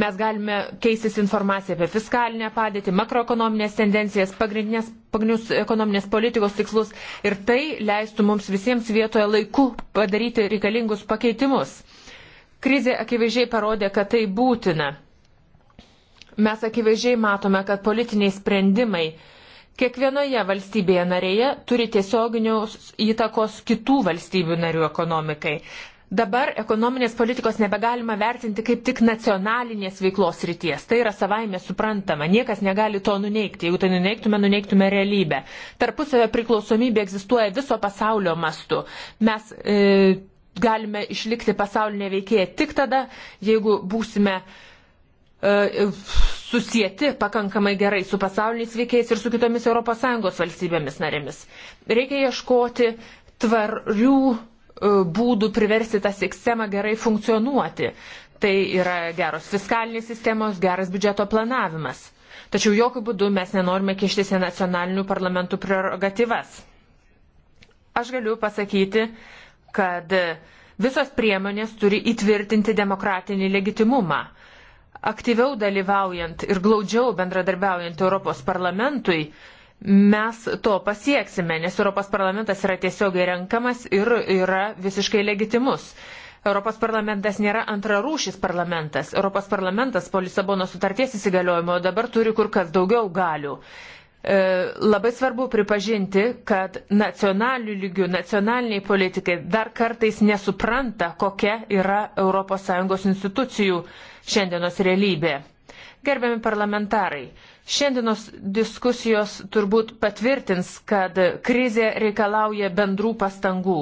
Mes galime keistis informaciją apie fiskalinę padėtį, makroekonominės tendencijas, pagrindinės, pagrindinius ekonominės politikos tikslus ir tai leistų mums visiems vietoje laiku padaryti reikalingus pakeitimus. Krizė akivaizdžiai parodė, kad tai būtina mes akivaizdžiai matome, kad politiniai sprendimai kiekvienoje valstybėje narėje turi tiesioginius įtakos kitų valstybių narių ekonomikai. Dabar ekonominės politikos nebegalima vertinti kaip tik nacionalinės veiklos ryties. Tai yra savaime suprantama. Niekas negali to nuneikti. Jeigu tai nuneiktume, nuneiktume realybę. Tarpusavio priklausomybė egzistuoja viso pasaulio mastu. Mes e, galime išlikti pasaulinė veikėja tik tada, jeigu būsime e, E, susijęti pakankamai gerai su pasauliniais veikėjais ir su kitomis ES valstybėmis narėmis. Reikia ieškoti tvarių e, būdų priversti tą sistemą gerai funkcionuoti. Tai yra geros fiskalinės sistemos, geras biudžeto planavimas. Tačiau jokių būdų mes nenorime kištis į nacionalinių parlamentų prerogatyvas. Aš galiu pasakyti, kad visos priemonės turi įtvirtinti demokratinį legitimumą aktyviau dalyvaujant ir glaudžiau bendradarbiaujant Europos parlamentui, mes to pasieksime, nes Europos parlamentas yra tiesiogiai renkamas ir yra visiškai legitimus. Europos parlamentas nėra antrarūšis parlamentas. Europos parlamentas po Lisabono sutarties įsigaliojimo dabar turi kur kas daugiau galių. E, labai svarbu pripažinti, kad nacionalių lygių, nacionaliniai politikai dar kartais nesupranta, kokia yra ES institucijų šiandienos realybė. Gerbiami parlamentarai, Šiandienos diskusijos turbūt patvirtins, kad krizė reikalauja bendrų pastangų.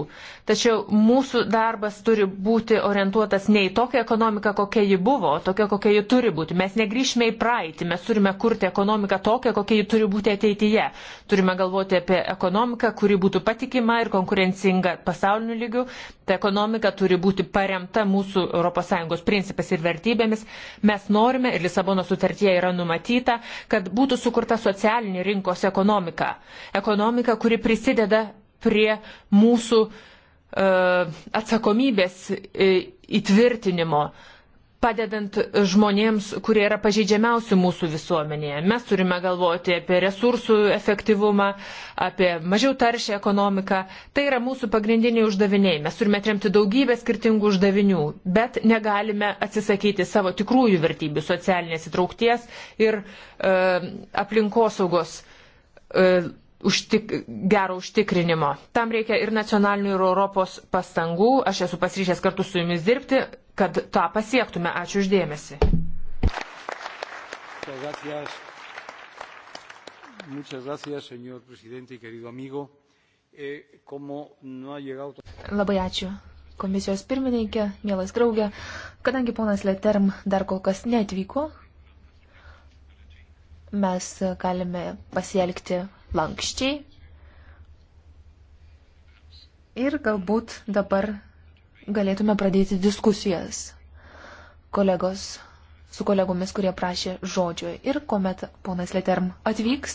Tačiau mūsų darbas turi būti orientuotas ne į tokią ekonomiką, kokia ji buvo, tokia, kokia ji turi būti. Mes negryžime į praeitį, mes turime kurti ekonomiką tokią, kokia ji turi būti ateityje. Turime galvoti apie ekonomiką, kuri būtų patikima ir konkurencinga pasauliniu lygiu. Ta ekonomika turi būti paremta mūsų ES principais ir vertybėmis. Mes norime, ir Lisabono sutartyje yra numatyta, kad būtų sukurta socialinė rinkos ekonomika. Ekonomika, kuri prisideda prie mūsų uh, atsakomybės e, įtvirtinimo. Uh, padedant žmonėms, kurie yra pažeidžiamiausi mūsų visuomenėje. Mes turime galvoti apie resursų efektyvumą, apie mažiau taršę ekonomiką. Tai yra mūsų pagrindiniai uždaviniai. Mes turime atremti daugybę skirtingų uždavinių, bet negalime atsisakyti savo tikrųjų vertybių - socialinės įtraukties ir e, aplinkosaugos. E, užtik, gero užtikrinimo. Tam reikia ir nacionalinių, ir Europos pastangų. Aš esu pasiryžęs kartu su jumis dirbti kad tą pasiektume. Ačiū uždėmesi. Eh, Labai ačiū, komisijos pirmininkė, mielas draugė. Kadangi ponas Leterm dar kol kas netvyko, mes galime pasielgti lankščiai. Ir galbūt dabar galėtume pradėti diskusijas kolegos, su kolegomis, kurie prašė žodžio. Ir kuomet ponas Leterm atvyks,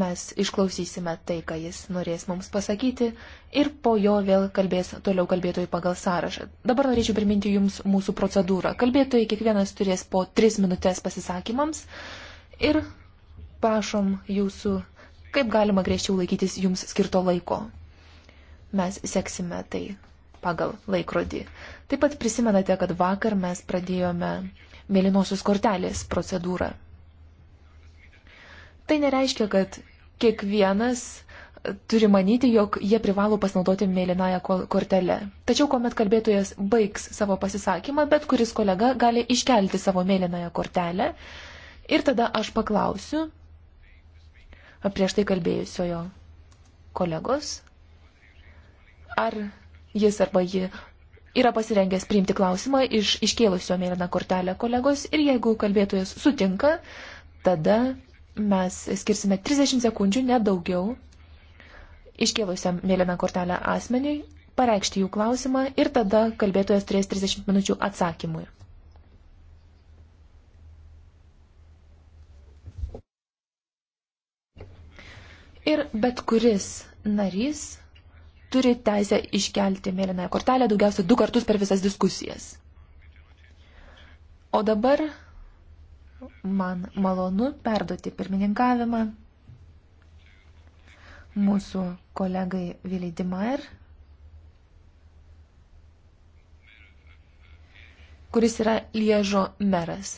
mes išklausysime tai, ką jis norės mums pasakyti ir po jo vėl kalbės toliau kalbėtojai pagal sąrašą. Dabar norėčiau priminti Jums mūsų procedūrą. Kalbėtojai kiekvienas turės po 3 minutės pasisakymams ir prašom Jūsų, kaip galima greičiau laikytis Jums skirto laiko mes seksime tai pagal laikrodį. Taip pat prisimenate, kad vakar mes pradėjome mėlynosios kortelės procedūrą. Tai nereiškia, kad kiekvienas turi manyti, jog jie privalo pasinaudoti mėlynąją kortelę. Tačiau, kuomet kalbėtojas baigs savo pasisakymą, bet kuris kolega gali iškelti savo mėlynąją kortelę ir tada aš paklausiu prieš tai kalbėjusiojo kolegos, ar jis arba ji yra pasirengęs priimti klausimą iš iškėlusio mėlyną kortelę kolegos ir jeigu kalbėtojas sutinka, tada mes skirsime 30 sekundžių, nedaugiau, iškėlusiam mėlyną kortelę asmeniui, pareikšti jų klausimą ir tada kalbėtojas turės 30 minučių atsakymui. Ir bet kuris narys turi teisę iškelti mėlynąją kortelę daugiausia du kartus per visas diskusijas. O dabar man malonu perduoti pirmininkavimą mūsų kolegai Vili Dimair, kuris yra Liežo meras.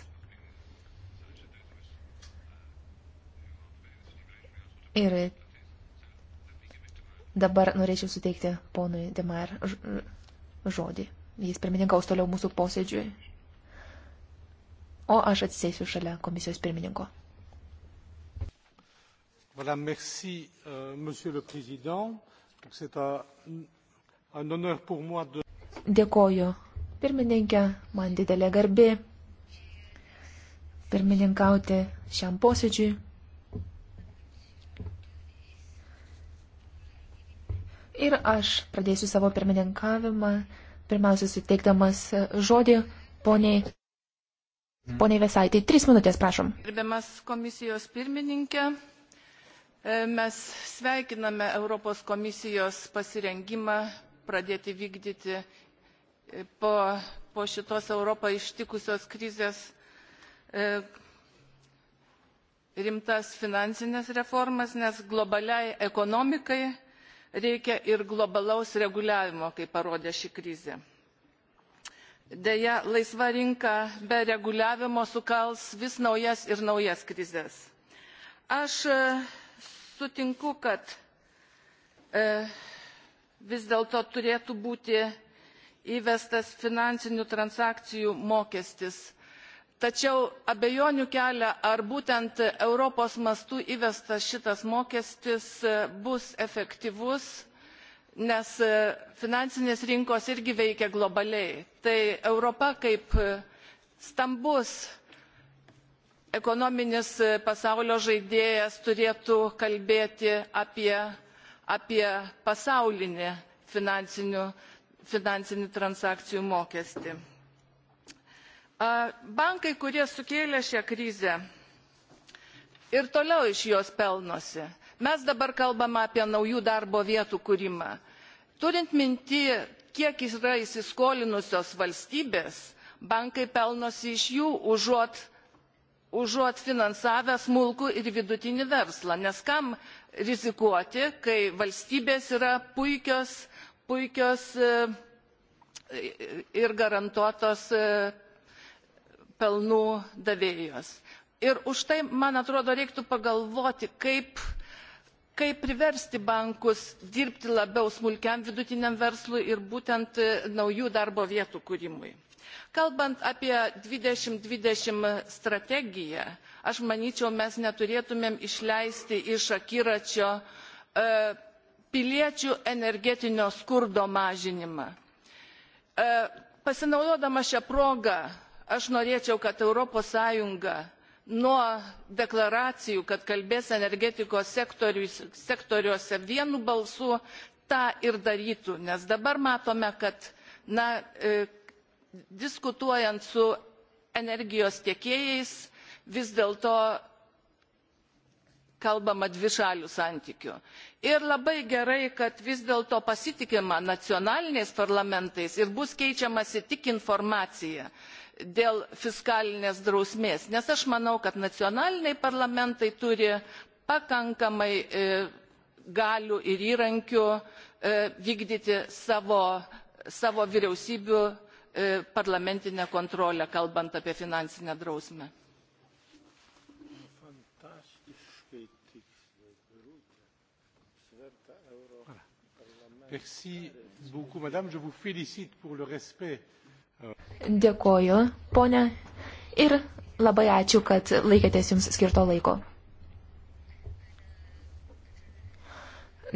Ir Dabar norėčiau suteikti ponui Demar žodį. Jis pirmininkaus toliau mūsų posėdžiui. O aš atsisėsiu šalia komisijos pirmininko. Voilà, merci, euh, monsieur le président. C'est un, un honneur pour moi de. Dėkoju. Pirmininkė, man didelė garbė pirmininkauti šiam posėdžiui. Ir aš pradėsiu savo pirmininkavimą, pirmiausia suteikdamas e, žodį poniai. Pone Vesaitai, tris minutės, prašom. Gerbiamas komisijos pirmininkė, e, mes sveikiname Europos komisijos pasirengimą pradėti vykdyti e, po, po šitos Europą ištikusios krizės rimtas finansinės reformas, nes globaliai ekonomikai reikia ir globalaus reguliavimo, kaip parodė ši krizė. Deja, laisva rinka be reguliavimo sukals vis naujas ir naujas krizės. Aš e, sutinku, kad e, vis dėlto turėtų būti įvestas finansinių transakcijų mokestis tačiau abejonių kelia ar būtent europos mastu įvestas šitas mokestis bus efektyvus nes finansinės rinkos irgi veikia globaliai tai europa kaip stambus ekonominis pasaulio žaidėjas turėtų kalbėti apie, apie pasaulinį finansinių transakcijų mokestį. Bankai, kurie sukėlė šią krizę ir toliau iš jos pelnosi. Mes dabar kalbame apie naujų darbo vietų kūrimą. Turint minti, kiek yra įsiskolinusios valstybės, bankai pelnosi iš jų užuot, užuot finansavę smulkų ir vidutinį verslą. Nes kam rizikuoti, kai valstybės yra puikios, puikios e, ir garantuotos e, pelnų davėjos. Ir už tai, man atrodo, reiktų pagalvoti, kaip, kaip priversti bankus dirbti labiau smulkiam vidutiniam verslui ir būtent e, naujų darbo vietų kūrimui. Kalbant apie 2020 strategiją, aš manyčiau, mes neturėtumėm išleisti iš akiračio e, piliečių energetinio skurdo mažinimą. E, pasinaudodama šią progą aš norėčiau kad europos sąjunga nuo deklaracijų kad kalbės energetikos sektoriuose vienu balsu tą ir darytų nes dabar matome kad na, e, diskutuojant su energijos tiekėjais vis dėlto kalbama dvišalių santykių. Ir labai gerai, kad vis dėlto pasitikima nacionaliniais parlamentais ir bus keičiamasi tik informacija dėl fiskalinės drausmės nes aš manau kad nacionaliniai parlamentai turi pakankamai e, galių ir įrankių e, vykdyti savo, savo vyriausybių e, parlamentinę kontrolę kalbant apie finansinę drausmę. Merci beaucoup, Madame. Je vous félicite pour le respect euh, Dėkoju, ponė, ir labai ačiū, kad laikėtės jums skirto laiko.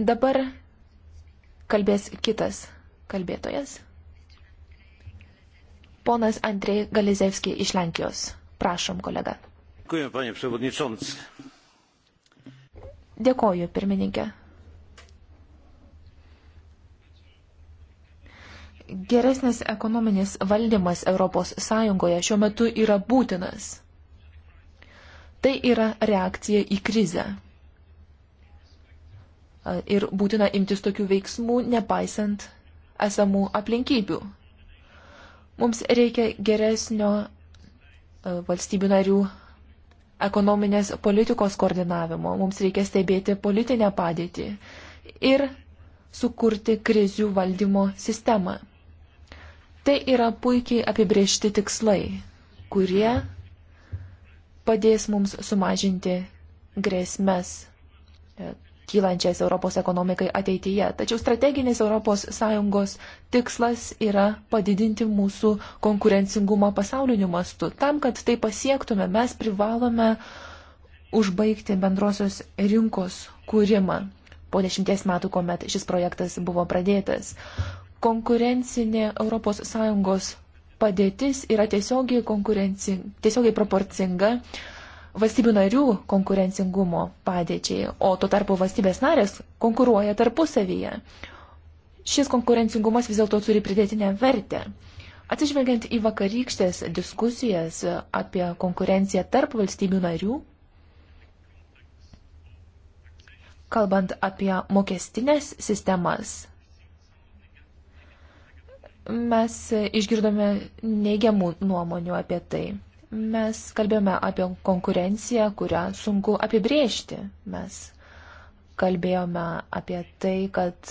Dabar kalbės kitas kalbėtojas. Ponas Andrei Galizevski iš Lenkijos. Prašom, kolega. Dėkoju, panie Dėkoju, pirmininkė. Geresnis ekonominis valdymas ES šiuo metu yra būtinas. Tai yra reakcija į krizę. Ir būtina imtis tokių veiksmų, nepaisant esamų aplinkybių. Mums reikia geresnio valstybių narių ekonominės politikos koordinavimo, mums reikia stebėti politinę padėtį ir sukurti krizių valdymo sistemą. Tai yra puikiai apibriežti tikslai, kurie padės mums sumažinti grėsmes e, kylančias Europos ekonomikai ateityje. Tačiau strateginis ES tikslas yra padidinti mūsų konkurencingumą pasauliniu mastu. Tam, kad tai pasiektume, mes privalome užbaigti bendrosios rinkos kūrimą po dešimties metų, kuomet šis projektas buvo pradėtas konkurencinė ES padėtis yra tiesiogiai, tiesiogiai proporcinga valstybių narių konkurencingumo padėčiai, o tuo tarpu valstybės narės konkuruoja tarpusavyje. Šis konkurencingumas vis dėlto turi pridėtinę vertę. Atsižvelgiant į vakarykštės diskusijas apie konkurenciją tarp valstybių narių, kalbant apie mokestinės sistemas, Mes išgirdome neigiamų nuomonių apie tai. Mes kalbėjome apie konkurenciją, kurią sunku apibriežti. Mes kalbėjome apie tai, kad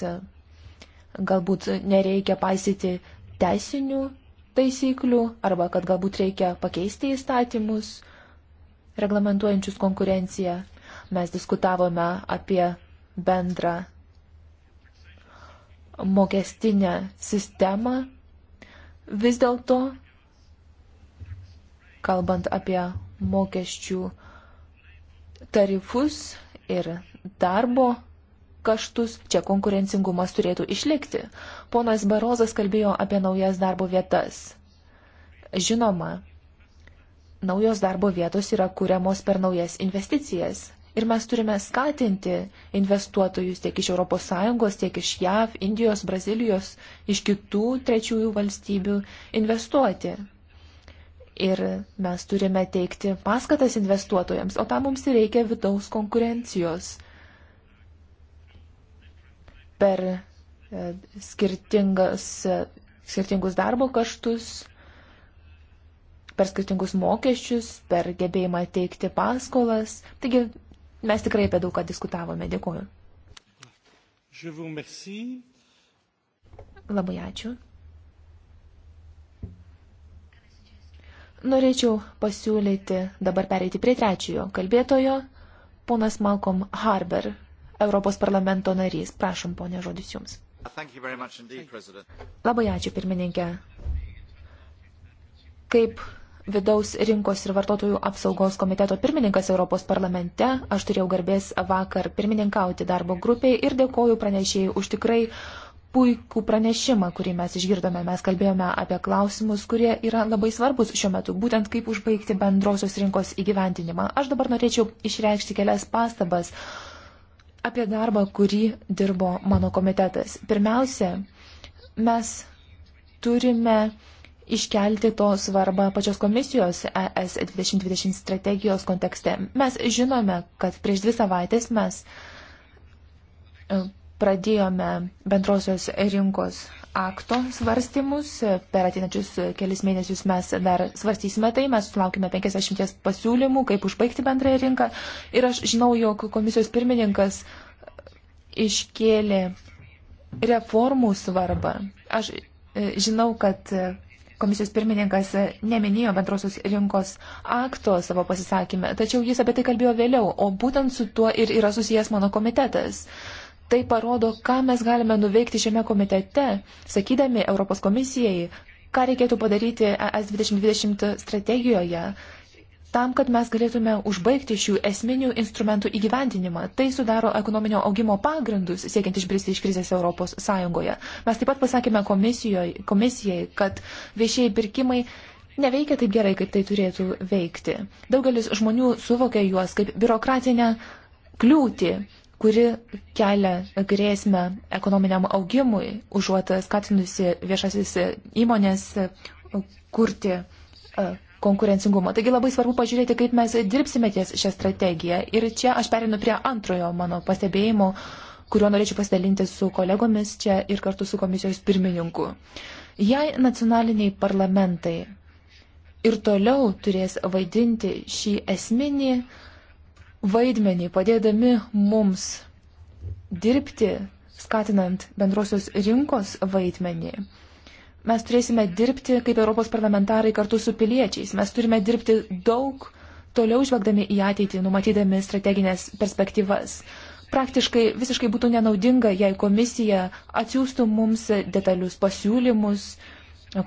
galbūt nereikia paisyti teisinių taisyklių arba kad galbūt reikia pakeisti įstatymus reglamentuojančius konkurenciją. Mes diskutavome apie bendrą mokestinę sistemą, vis dėlto, kalbant apie mokesčių tarifus ir darbo kaštus, čia konkurencingumas turėtų išlikti. Ponas Barozas kalbėjo apie naujas darbo vietas. Žinoma, naujos darbo vietos yra kuriamos per naujas investicijas. Ir mes turime skatinti investuotojus tiek iš ES, tiek iš JAV, Indijos, Brazilijos, iš kitų trečiųjų valstybių investuoti. Ir mes turime teikti paskatas investuotojams, o tam mums reikia vidaus konkurencijos per e, e, skirtingus darbo kaštus, per skirtingus mokesčius, per gebėjimą teikti paskolas. Taigi Mes tikrai apie daug ką diskutavome. Dėkuoju. Labai ačiū. Norėčiau pasiūlyti dabar pereiti prie trečiojo kalbėtojo, ponas Malcolm Harber, Europos parlamento narys. Prašom, ponė, žodis jums. Indeed, Labai ačiū, pirmininkė. Kaip vidaus rinkos ir vartotojų apsaugos komiteto pirmininkas Europos parlamente. Aš turėjau garbės vakar pirmininkauti darbo grupiai ir dėkoju pranešėjai už tikrai puikų pranešimą, kurį mes išgirdome. Mes kalbėjome apie klausimus, kurie yra labai svarbus šiuo metu, būtent kaip užbaigti bendrosios rinkos įgyventinimą. Aš dabar norėčiau išreikšti kelias pastabas apie darbą, kurį dirbo mano komitetas. Pirmiausia, mes turime iškelti to svarbą pačios komisijos ES 2020 strategijos kontekste. Mes žinome, kad prieš dvi savaitės mes e, pradėjome bendrosios rinkos akto svarstymus. Per ateinančius kelis mėnesius mes dar svarstysime tai, mes sulaukime 50 pasiūlymų, kaip užbaigti bendrąją rinką. Ir aš žinau, jog komisijos pirmininkas iškėlė reformų svarbą. Aš e, žinau, kad komisijos pirmininkas neminėjo bendrosios rinkos akto savo pasisakymę, tačiau jis apie tai kalbėjo vėliau, o būtent su tuo ir yra susijęs mano komitetas. Tai parodo, ką mes galime nuveikti šiame komitete, sakydami Europos komisijai, ką reikėtų padaryti ES 2020 strategijoje, tam, kad mes galėtume užbaigti šių esminių instrumentų įgyvendinimą. Tai sudaro ekonominio augimo pagrindus, siekiant išbristi iš krizės Europos Sąjungoje. Mes taip pat pasakėme komisijai, kad viešieji pirkimai neveikia taip gerai, kaip tai turėtų veikti. Daugelis žmonių suvokia juos kaip biurokratinę kliūtį kuri kelia grėsmę ekonominiam augimui, užuot skatinusi viešasis įmonės kurti konkurencingumo. Taigi labai svarbu pažiūrėti, kaip mes dirbsime ties šią strategiją. Ir čia aš perinu prie antrojo mano pastebėjimo, kuriuo norėčiau pasidalinti su kolegomis čia ir kartu su komisijos pirmininku. Jei nacionaliniai parlamentai ir toliau turės vaidinti šį esminį vaidmenį, padėdami mums dirbti, skatinant bendrosios rinkos vaidmenį, Mes turėsime dirbti kaip Europos parlamentarai kartu su piliečiais. Mes turime dirbti daug toliau žvelgdami į ateitį, numatydami strateginės perspektyvas. Praktiškai visiškai būtų nenaudinga, jei komisija atsiųstų mums detalius pasiūlymus,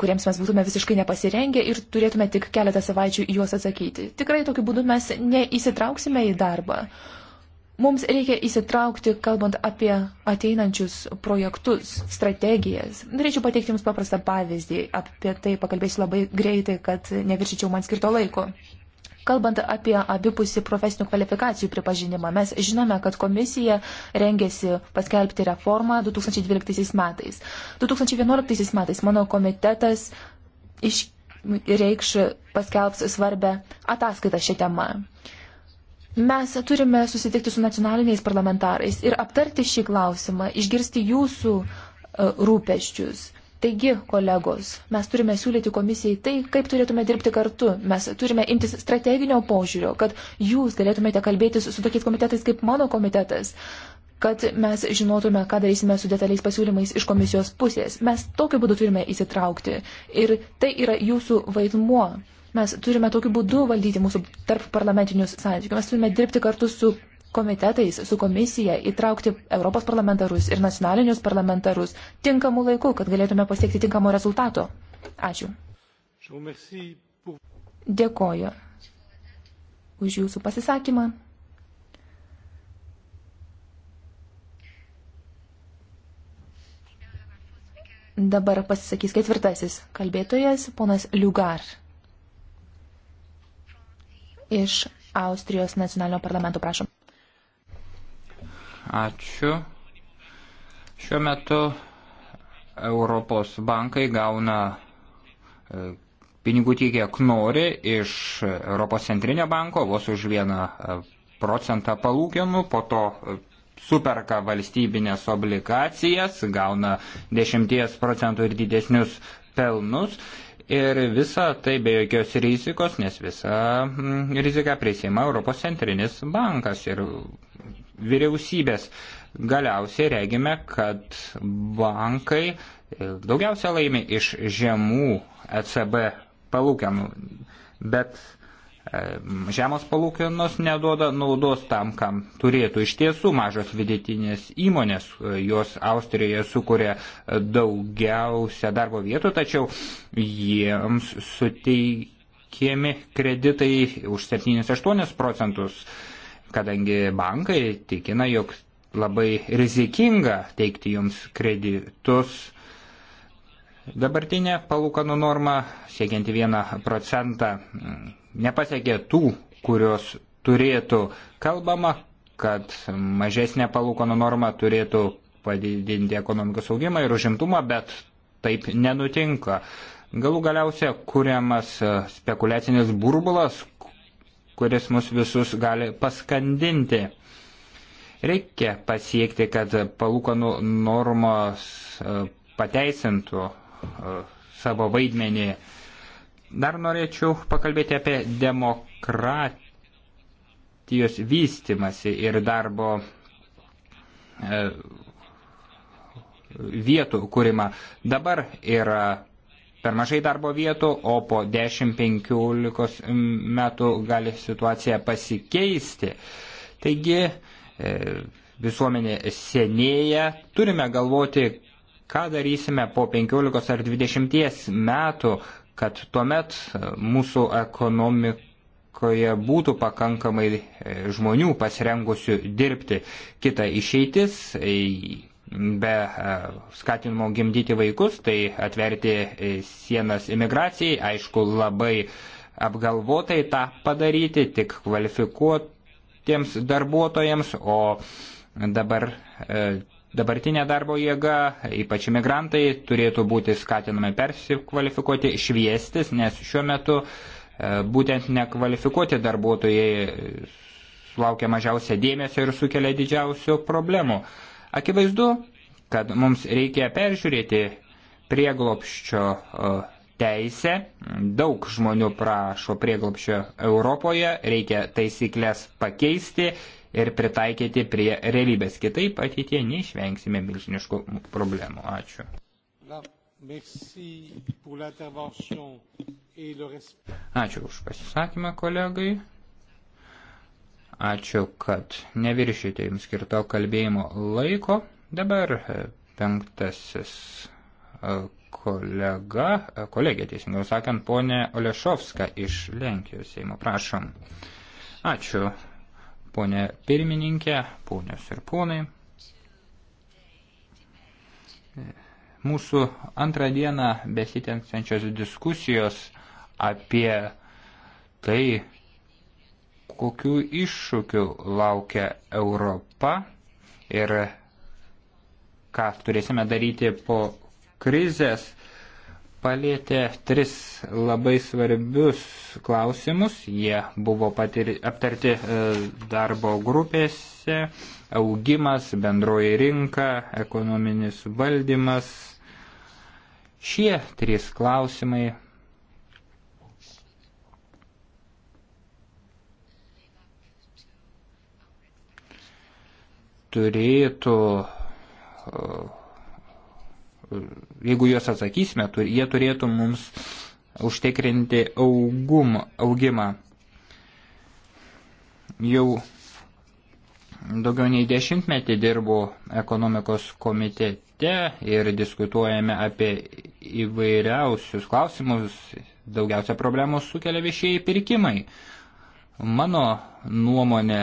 kuriems mes būtume visiškai nepasirengę ir turėtume tik keletą savaičių juos atsakyti. Tikrai tokiu būdu mes neįsitrauksime į darbą. Mums reikia įsitraukti, kalbant apie ateinančius projektus, strategijas. Norėčiau pateikti Jums paprastą pavyzdį. Apie tai pakalbėsiu labai greitai, kad neviršyčiau man skirto laiko. Kalbant apie abipusį profesinių kvalifikacijų pripažinimą, mes žinome, kad komisija rengėsi paskelbti reformą 2012 metais. 2011 metais mano komitetas iš reikš paskelbs svarbę ataskaitą šią temą. Mes turime susitikti su nacionaliniais parlamentarais ir aptarti šį klausimą, išgirsti jūsų e, rūpeščius. Taigi, kolegos, mes turime siūlyti komisijai tai, kaip turėtume dirbti kartu. Mes turime imtis strateginio požiūrio, kad jūs galėtumėte kalbėtis su tokiais komitetais kaip mano komitetas, kad mes žinotume, ką darysime su detaliais pasiūlymais iš komisijos pusės. Mes tokiu būdu turime įsitraukti. Ir tai yra jūsų vaidmuo. Mes turime tokiu būdu valdyti mūsų tarp parlamentinius santykius. Mes turime dirbti kartu su komitetais, su komisija, įtraukti Europos parlamentarus ir nacionalinius parlamentarus tinkamų laikų, kad galėtume pasiekti tinkamo rezultato. Ačiū. Dėkoju už jūsų pasisakymą. Dabar pasisakys ketvirtasis kalbėtojas, ponas Liugar iš Austrijos nacionalinio parlamento. Prašom. Ačiū. Šiuo metu Europos bankai gauna e, pinigų tiek, kiek nori iš Europos centrinio banko, vos už vieną e, procentą palūkiamų, po to e, superka valstybinės obligacijas, gauna 10 procentų ir didesnius pelnus ir visa tai be jokios rizikos, nes visa mm, rizika prisima Europos centrinis bankas ir vyriausybės. Galiausiai regime, kad bankai e, daugiausia laimi iš žemų ECB palūkanų, bet E, žemos palūkanos neduoda naudos tam, kam turėtų. Iš tiesų mažos vidutinės įmonės, e, jos Austrijoje sukuria e, daugiausia darbo vietų, tačiau jiems suteikiami kreditai už 7-8 procentus, kadangi bankai tikina, jog labai rizikinga teikti jums kreditus Dabartinė palūkanų norma, siekianti 1 procentą, nepasiekė tų, kurios turėtų. Kalbama, kad mažesnė palūkanų norma turėtų padidinti ekonomikos augimą ir užimtumą, bet taip nenutinka. Galų galiausia kuriamas e, spekuliacinis burbulas, kuris mus visus gali paskandinti. Reikia pasiekti, kad palūkanų normos e, pateisintų E, savo vaidmenį. Dar norėčiau pakalbėti apie demokratijos vystimasi ir darbo e, vietų kūrimą. Dabar yra per mažai darbo vietų, o po 10-15 metų gali situacija pasikeisti. Taigi e, visuomenė senėja, turime galvoti, ką darysime po 15 ar 20 metų, kad tuomet e, mūsų ekonomikoje būtų pakankamai e, žmonių pasirengusių dirbti. Kita išeitis e, be skatinimo gimdyti vaikus, tai atverti sienas imigracijai, aišku, labai apgalvotai tą padaryti, tik kvalifikuotiems darbuotojams, o dabar Dabartinė darbo jėga, ypač imigrantai, turėtų būti skatinami persikvalifikuoti, šviestis, nes šiuo metu e, būtent nekvalifikuoti darbuotojai sulaukia mažiausia dėmesio ir sukelia didžiausių problemų. Akivaizdu, kad mums reikia peržiūrėti prieglopščio e, teisę. Daug žmonių prašo prieglopščio Europoje, reikia taisyklės pakeisti ir pritaikyti prie realybės. Kitaip ateitie neišvengsime milžiniškų problemų. Ačiū. Ačiū už pasisakymą kolegai. Ačiū, kad neviršite jums skirto kalbėjimo laiko. Dabar e, penktasis e, kolega, e, kolegė teisingiau sakant, ponė Olešovska iš Lenkijos Seimo. Prašom. Ačiū, Pone pirmininkė, ponios ir ponai, mūsų antrą dieną besitenksiančios diskusijos apie tai, kokių iššūkių laukia Europa ir ką turėsime daryti po krizės palėtė tris labai svarbius klausimus. Jie buvo patir, aptarti e, darbo grupėse - augimas, bendroji rinka, ekonominis valdymas. Šie trys klausimai. turėtų uh, jeigu juos atsakysime, jie turėtų mums užtikrinti augum, augimą. Jau daugiau nei dešimtmetį dirbu ekonomikos komitete ir diskutuojame apie įvairiausius klausimus, daugiausia problemų sukelia viešieji pirkimai. Mano nuomonė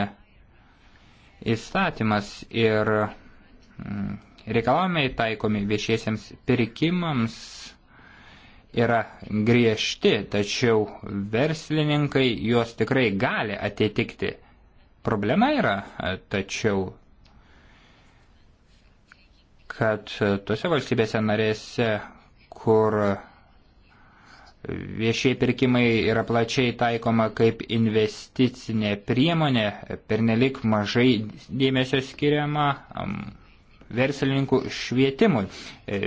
įstatymas ir mm, reikalavimai taikomi viešiesiems pirkimams yra griežti, tačiau verslininkai juos tikrai gali atitikti. Problema yra, tačiau, kad tose valstybėse narėse, kur viešiai pirkimai yra plačiai taikoma kaip investicinė priemonė, pernelik mažai dėmesio skiriama verslininkų švietimui. E,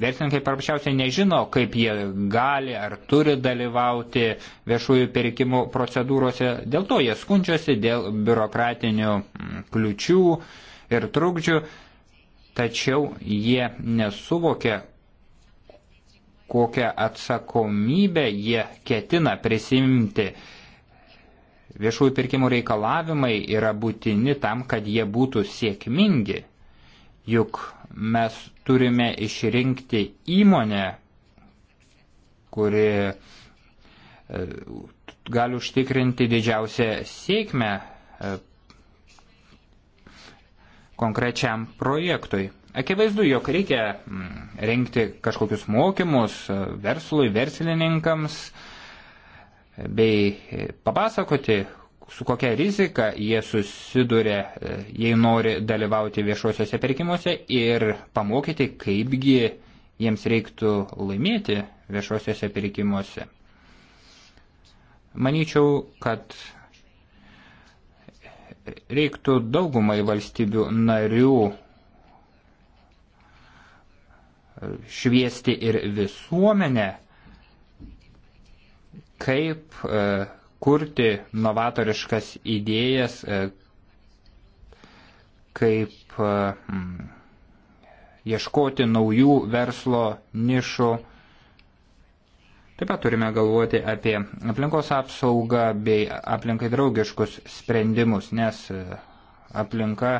verslininkai paprasčiausiai nežino, kaip jie gali ar turi dalyvauti viešųjų pirkimų procedūrose. Dėl to jie skundžiasi dėl biurokratinių mm, kliučių ir trukdžių, tačiau jie nesuvokia, kokią atsakomybę jie ketina prisimti viešųjų pirkimų reikalavimai yra būtini tam, kad jie būtų sėkmingi juk mes turime išrinkti įmonę, kuri e, gali užtikrinti didžiausią sėkmę e, konkrečiam projektui. Akivaizdu, jog reikia mm, rengti kažkokius mokymus e, verslui, verslininkams bei papasakoti, su kokia rizika jie susiduria, e, jei nori dalyvauti viešuosiuose pirkimuose ir pamokyti, kaipgi jiems reiktų laimėti viešuosiuose pirkimuose. Manyčiau, kad reiktų daugumai valstybių narių šviesti ir visuomenę, kaip uh, kurti novatoriškas idėjas, e, kaip e, ieškoti naujų verslo nišų. Taip pat turime galvoti apie aplinkos apsaugą bei aplinkai draugiškus sprendimus, nes e, aplinka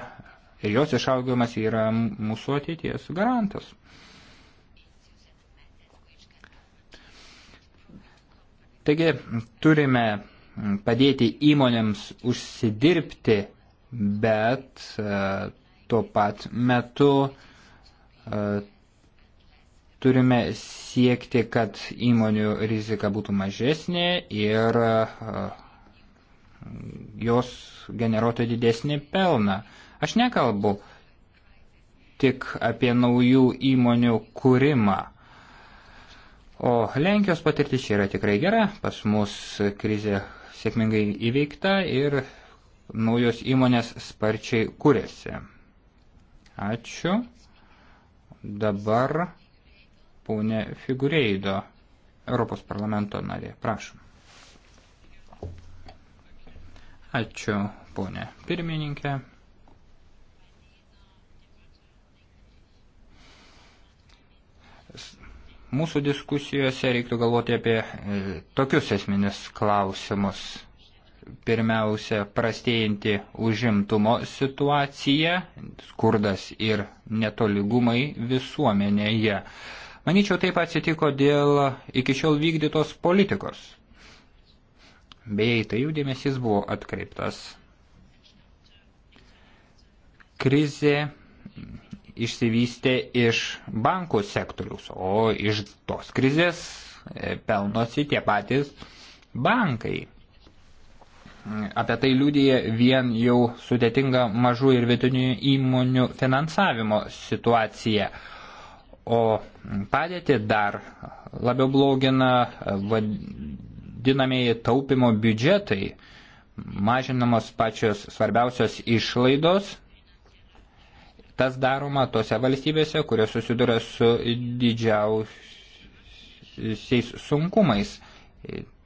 ir jos išaugimas yra mūsų ateities garantas. Taigi turime padėti įmonėms užsidirbti, bet e, tuo pat metu e, turime siekti, kad įmonių rizika būtų mažesnė ir e, jos generuotų didesnį pelną. Aš nekalbu tik apie naujų įmonių kūrimą. O Lenkijos patirtis čia yra tikrai gera, pas mus krizė sėkmingai įveikta ir naujos įmonės sparčiai kūrėsi. Ačiū. Dabar ponė Figureido, Europos parlamento narė. Prašom. Ačiū, ponė pirmininkė. mūsų diskusijose reiktų galvoti apie e, tokius esminius klausimus. Pirmiausia, prastėjanti užimtumo situacija, skurdas ir netoligumai visuomenėje. Manyčiau, taip atsitiko dėl iki šiol vykdytos politikos. Beje, tai jų dėmesys buvo atkreiptas. Krizė išsivystė iš bankų sektoriaus, o iš tos krizės e, pelnosi tie patys bankai. Apie tai liūdėja vien jau sudėtinga mažų ir vidutinių įmonių finansavimo situacija, o padėti dar labiau blogina vadinamieji taupimo biudžetai, mažinamos pačios svarbiausios išlaidos, Tas daroma tose valstybėse, kurios susiduria su didžiausiais sunkumais.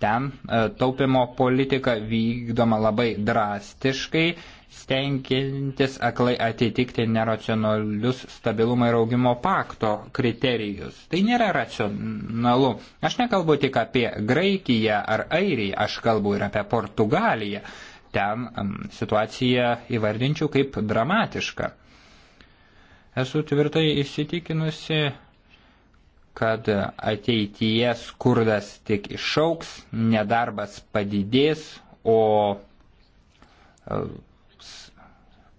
Ten e, taupimo politika vykdoma labai drastiškai, stengiantis aklai atitikti neracionalius stabilumo ir augimo pakto kriterijus. Tai nėra racionalu. Aš nekalbu tik apie Graikiją ar Airiją, aš kalbu ir apie Portugaliją. Ten situaciją įvardinčiau kaip dramatišką. Esu tvirtai įsitikinusi, kad ateityje skurdas tik išauks, nedarbas padidės, o e,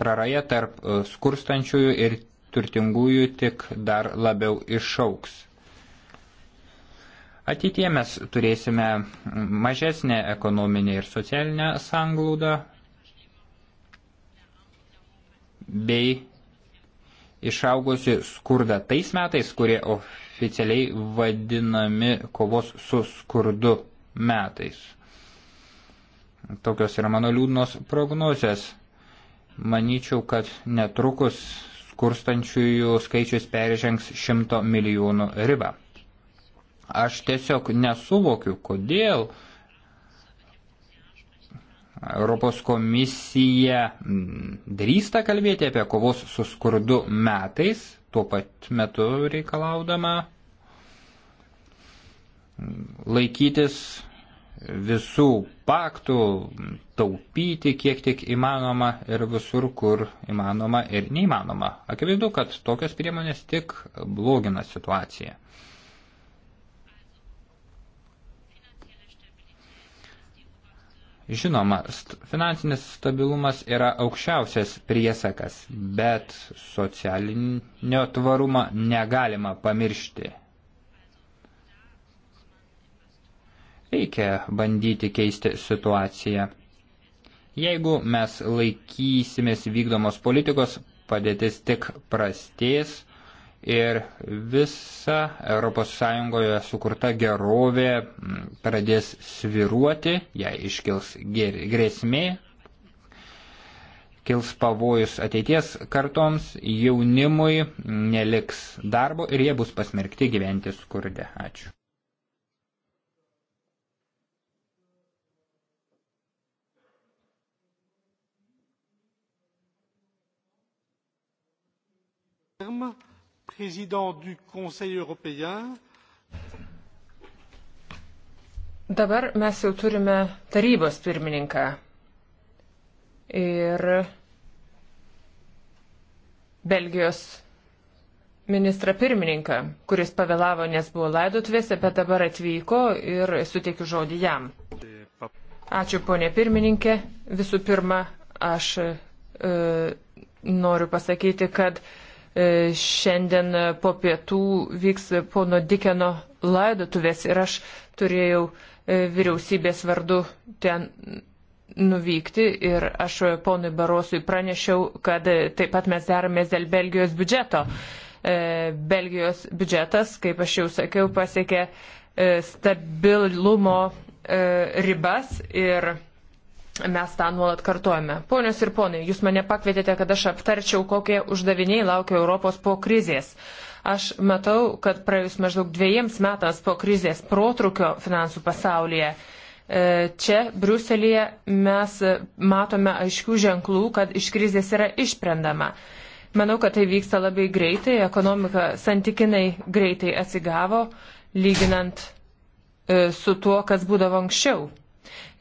praraja tarp e, skurstančiųjų ir turtingųjų tik dar labiau išauks. Ateitie mes turėsime mažesnę ekonominę ir socialinę sanglaudą bei išaugusi skurdą tais metais, kurie oficialiai vadinami kovos su skurdu metais. Tokios yra mano liūdnos prognozės. Manyčiau, kad netrukus skurstančiųjų skaičius peržengs 100 milijonų ribą. Aš tiesiog nesuvokiu, kodėl uh, Europos komisija mm, drįsta kalbėti apie kovos su skurdu metais, tuo pat metu reikalaudama laikytis visų paktų, taupyti kiek tik įmanoma ir visur, kur įmanoma ir neįmanoma. Akivaizdu, kad tokios priemonės tik blogina situaciją. Žinoma, st finansinis stabilumas yra aukščiausias priesakas, bet socialinio tvarumo negalima pamiršti. Reikia bandyti keisti situaciją. Jeigu mes laikysimės vykdomos politikos, padėtis tik prastės, ir visa ES sukurta gerovė pradės sviruoti, jai iškils grėsmė, kils pavojus ateities kartoms, jaunimui neliks darbo ir jie bus pasmerkti gyventi skurde. Ačiū. Irma président du Conseil européen. Dabar mes jau turime tarybos pirmininką. Ir Belgijos ministrą pirmininką, kuris pavėlavo, nes buvo laidotuvėse, bet dabar atvyko ir suteikiu žodį jam. Ačiū, ponė pirmininkė. Visų pirma, aš e, noriu pasakyti, kad e, E, šiandien e, po pietų vyks pono Dikeno laidotuvės ir aš turėjau e, vyriausybės vardu ten nuvykti ir aš ponui Barosui pranešiau, kad taip pat mes deramės dėl Belgijos biudžeto. Belgijos biudžetas, kaip aš jau sakiau, pasiekė stabilumo ribas ir Mes tą nuolat kartojame. Ponios ir ponai, jūs mane pakvietėte, kad aš aptarčiau, kokie uždaviniai laukia Europos po krizės. Aš matau, kad praėjus maždaug dviejiems metams po krizės protrukio finansų pasaulyje e, čia Briuselėje mes matome aiškių ženklų, kad iš krizės yra išprendama. Manau, kad tai vyksta labai greitai, ekonomika santykinai greitai atsigavo, lyginant e, su tuo, kas būdavo anksčiau.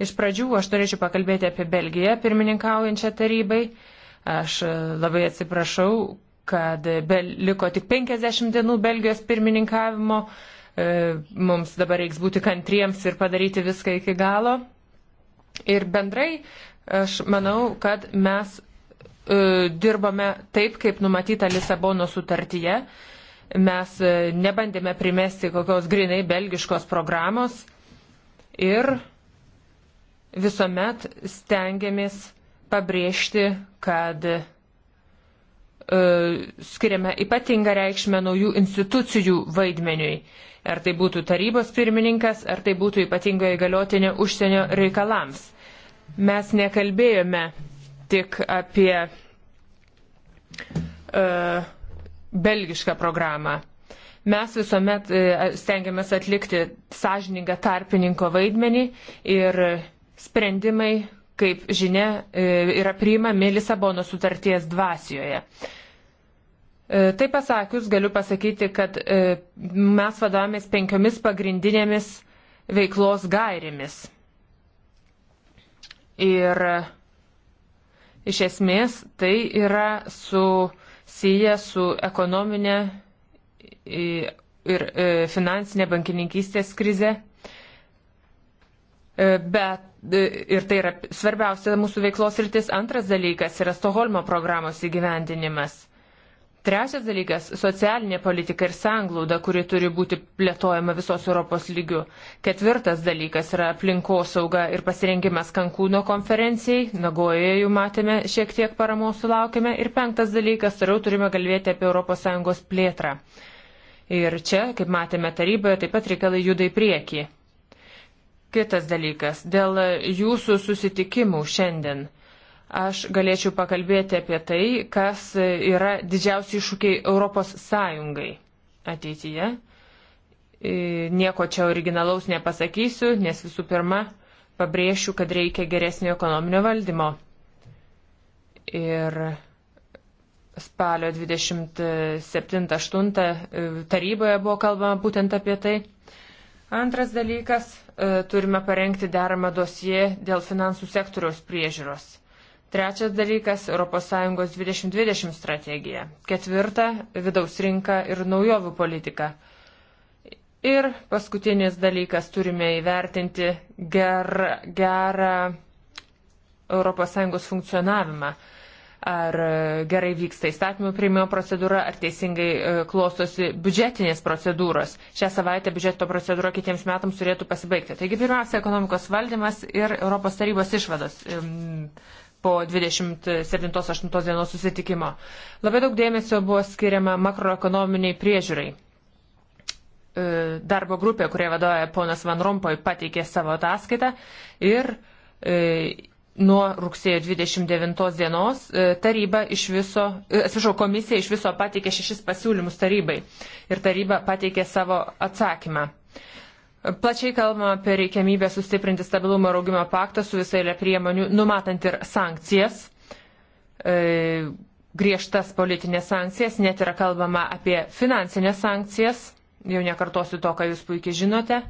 Iš pradžių aš norėčiau pakalbėti apie Belgiją pirmininkaujančią tarybai. Aš e, labai atsiprašau, kad be, liko tik 50 dienų Belgijos pirmininkavimo. E, mums dabar reiks būti kantriems ir padaryti viską iki galo. Ir bendrai aš manau, kad mes e, dirbame taip, kaip numatyta Lisabono sutartyje. Mes nebandėme primesti kokios grinai belgiškos programos ir visuomet stengiamės pabrėžti, kad e, skiriame ypatingą reikšmę naujų institucijų vaidmeniui. Ar tai būtų tarybos pirmininkas, ar tai būtų ypatingoje galiotinė užsienio reikalams. Mes nekalbėjome tik apie e, belgišką programą. Mes visuomet e, stengiamės atlikti sąžiningą tarpininko vaidmenį ir Sprendimai, kaip žinia, e, yra priimami Lisabono sutarties dvasioje. E, tai pasakius, galiu pasakyti, kad e, mes vadovomės penkiomis pagrindinėmis veiklos gairėmis. Ir iš esmės tai yra susiję su ekonominė ir finansinė bankininkystės krize. Bet ir tai yra svarbiausia mūsų veiklos rytis. Antras dalykas yra Stoholmo programos įgyvendinimas. Trečias dalykas - socialinė politika ir sanglauda, kuri turi būti plėtojama visos Europos lygių. Ketvirtas dalykas yra aplinkosauga ir pasirengimas Kankūno konferencijai. Nagojoje jų matėme, šiek tiek paramos sulaukėme. Ir penktas dalykas - toliau turime kalbėti apie ES plėtrą. Ir čia, kaip matėme taryboje, taip pat reikalai juda į priekį. Kitas dalykas, dėl jūsų susitikimų šiandien aš galėčiau pakalbėti apie tai, kas yra didžiausi iššūkiai Europos Sąjungai ateityje. E, nieko čia originalaus nepasakysiu, nes visų pirma, pabrėšiu, kad reikia geresnio ekonominio valdymo. Ir spalio 27-8 e, taryboje buvo kalbama būtent apie tai. Antras dalykas E, turime parengti deramą dosiją dėl finansų sektoriaus priežiūros. Trečias dalykas - ES 2020 strategija. Ketvirta - vidaus rinka ir naujovių politika. Ir paskutinis dalykas - turime įvertinti ger, gerą ES funkcionavimą ar e, gerai vyksta įstatymų priimimo procedūra, ar teisingai e, klostosi biudžetinės procedūros. Šią savaitę biudžeto procedūra kitiems metams turėtų pasibaigti. Taigi pirmiausia, ekonomikos valdymas ir Europos tarybos išvados po 27-8 dienos susitikimo. Labai daug dėmesio buvo skiriama makroekonominiai priežiūrai. E, darbo grupė, kurie vadoja ponas Van Rompoj, pateikė savo ataskaitą ir nuo rugsėjo 29 dienos e, taryba iš viso, e, atsiprašau, komisija iš viso pateikė šešis pasiūlymus tarybai ir taryba pateikė savo atsakymą. Plačiai kalbama apie reikiamybę sustiprinti stabilumo ir augimo paktą su visai lė priemonių, numatant ir sankcijas, e, griežtas politinės sankcijas, net yra kalbama apie finansinės sankcijas, jau nekartosiu to, ką jūs puikiai žinote.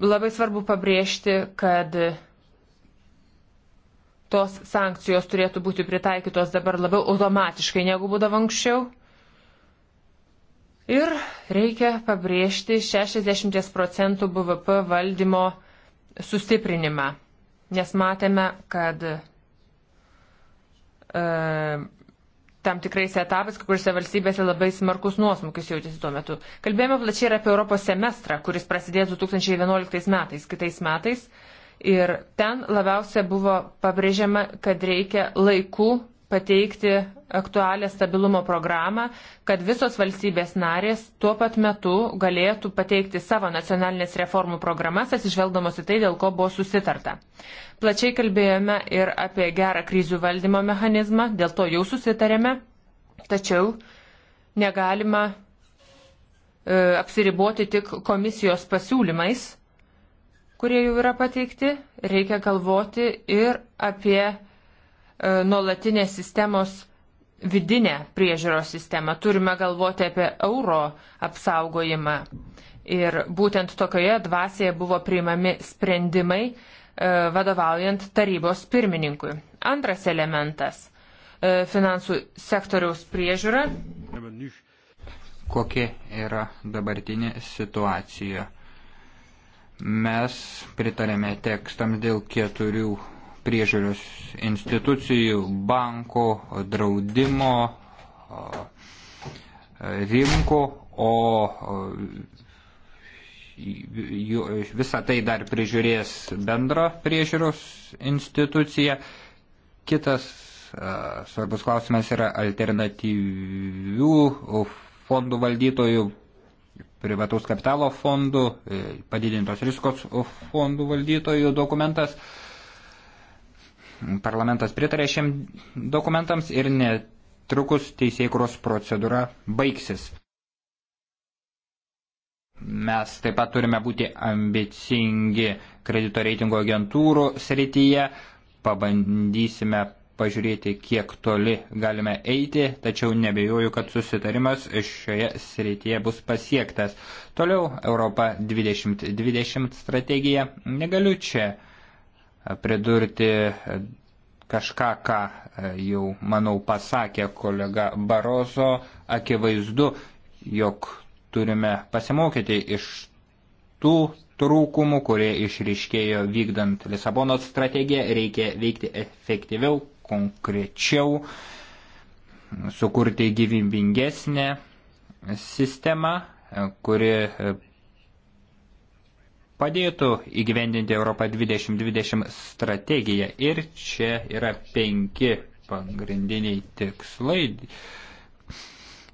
Labai svarbu pabrėžti, kad tos sankcijos turėtų būti pritaikytos dabar labiau automatiškai negu būdavo anksčiau. Ir reikia pabrėžti 60 procentų BVP valdymo sustiprinimą, nes matėme, kad e, tam tikrais etapais, kai kuriuose valstybėse labai smarkus nuosmukis jautėsi tuo metu. Kalbėjome plačiai ir apie Europos semestrą, kuris prasidėjo 2011 metais. Kitais metais Ir ten labiausia buvo pabrėžiama, kad reikia laikų pateikti aktualią stabilumo programą, kad visos valstybės narės tuo pat metu galėtų pateikti savo nacionalinės reformų programas, atsižvelgdamos į tai, dėl ko buvo susitarta. Plačiai kalbėjome ir apie gerą krizių valdymo mechanizmą, dėl to jau susitarėme, tačiau negalima e, apsiriboti tik komisijos pasiūlymais kurie jau yra pateikti, reikia galvoti ir apie e, nuolatinės sistemos vidinę priežiūros sistemą. Turime galvoti apie euro apsaugojimą. Ir būtent tokioje dvasėje buvo priimami sprendimai e, vadovaujant tarybos pirmininkui. Antras elementas e, - finansų sektoriaus priežiūra. Kokia yra dabartinė situacija? Mes pritarėme tekstams dėl keturių priežiūros institucijų, banko, draudimo, rinko, o visą tai dar prižiūrės bendra priežiūros institucija. Kitas svarbus klausimas yra alternatyvių fondų valdytojų privataus kapitalo fondų, e, padidintos rizikos fondų valdytojų dokumentas. Parlamentas pritarė šiem dokumentams ir netrukus teisėkuros procedūra baigsis. Mes taip pat turime būti ambicingi kredito reitingo agentūrų srityje, pabandysime pažiūrėti, kiek toli galime eiti, tačiau nebejoju, kad susitarimas šioje srityje bus pasiektas. Toliau Europa 2020 strategija. Negaliu čia pridurti kažką, ką jau, manau, pasakė kolega Barozo. Akivaizdu, jog turime pasimokyti iš tų trūkumų, kurie išriškėjo vykdant Lisabonos strategiją, reikia veikti efektyviau, konkrečiau, sukurti gyvybingesnę sistemą, kuri padėtų įgyvendinti Europą 2020 strategiją. Ir čia yra penki pagrindiniai tikslai.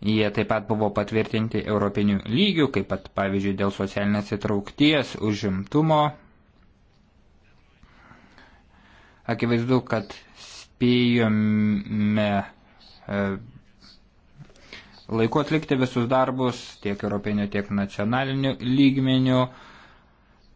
Jie taip pat buvo patvirtinti europinių lygių, kaip pat pavyzdžiui dėl socialinės įtraukties, užimtumo. Akivaizdu, kad spėjome e, laiku atlikti visus darbus tiek europinių, tiek nacionalinių lygmenių.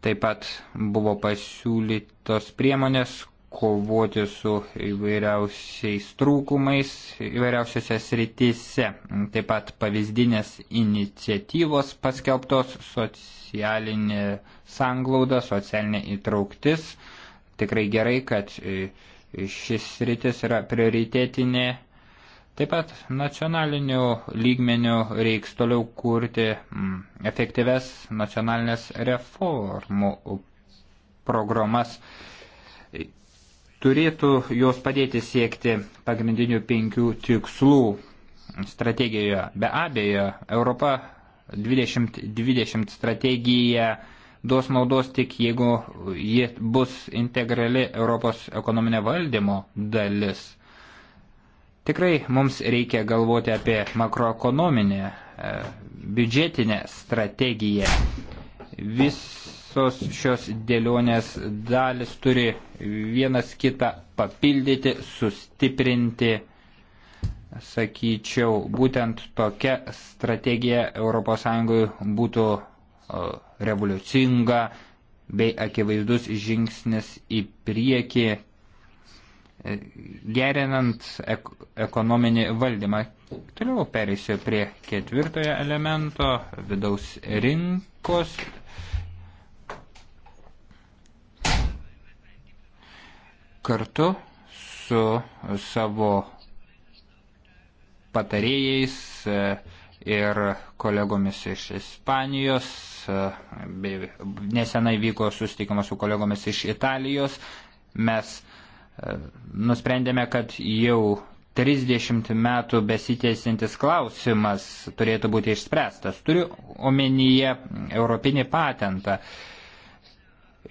Taip pat buvo pasiūlytos priemonės kovoti su įvairiausiais trūkumais įvairiausiose sritise. Taip pat pavyzdinės iniciatyvos paskelbtos socialinė sanglauda, socialinė įtrauktis. Tikrai gerai, kad e, šis rytis yra prioritetinė. Taip pat nacionalinių lygmenių reiks toliau kurti mm, efektyves nacionalinės reformų programas. Turėtų jos padėti siekti pagrindinių penkių tikslų strategijoje. Be abejo, Europa 2020 strategija duos naudos tik jeigu ji bus integrali Europos ekonominė valdymo dalis. Tikrai mums reikia galvoti apie makroekonominę, e, biudžetinę strategiją. Visos šios dėlionės dalis turi vienas kitą papildyti, sustiprinti sakyčiau, būtent tokia strategija ES būtų E, revoliucinga bei akivaizdus žingsnis į priekį, e, gerinant ek ekonominį valdymą. Toliau perėsiu prie ketvirtojo elemento - vidaus rinkos. Kartu su savo patarėjais e, ir kolegomis iš Ispanijos, bei nesenai vyko susitikimas su kolegomis iš Italijos. Mes e, nusprendėme, kad jau 30 metų besitėsintis klausimas turėtų būti išspręstas. Turiu omenyje europinį patentą.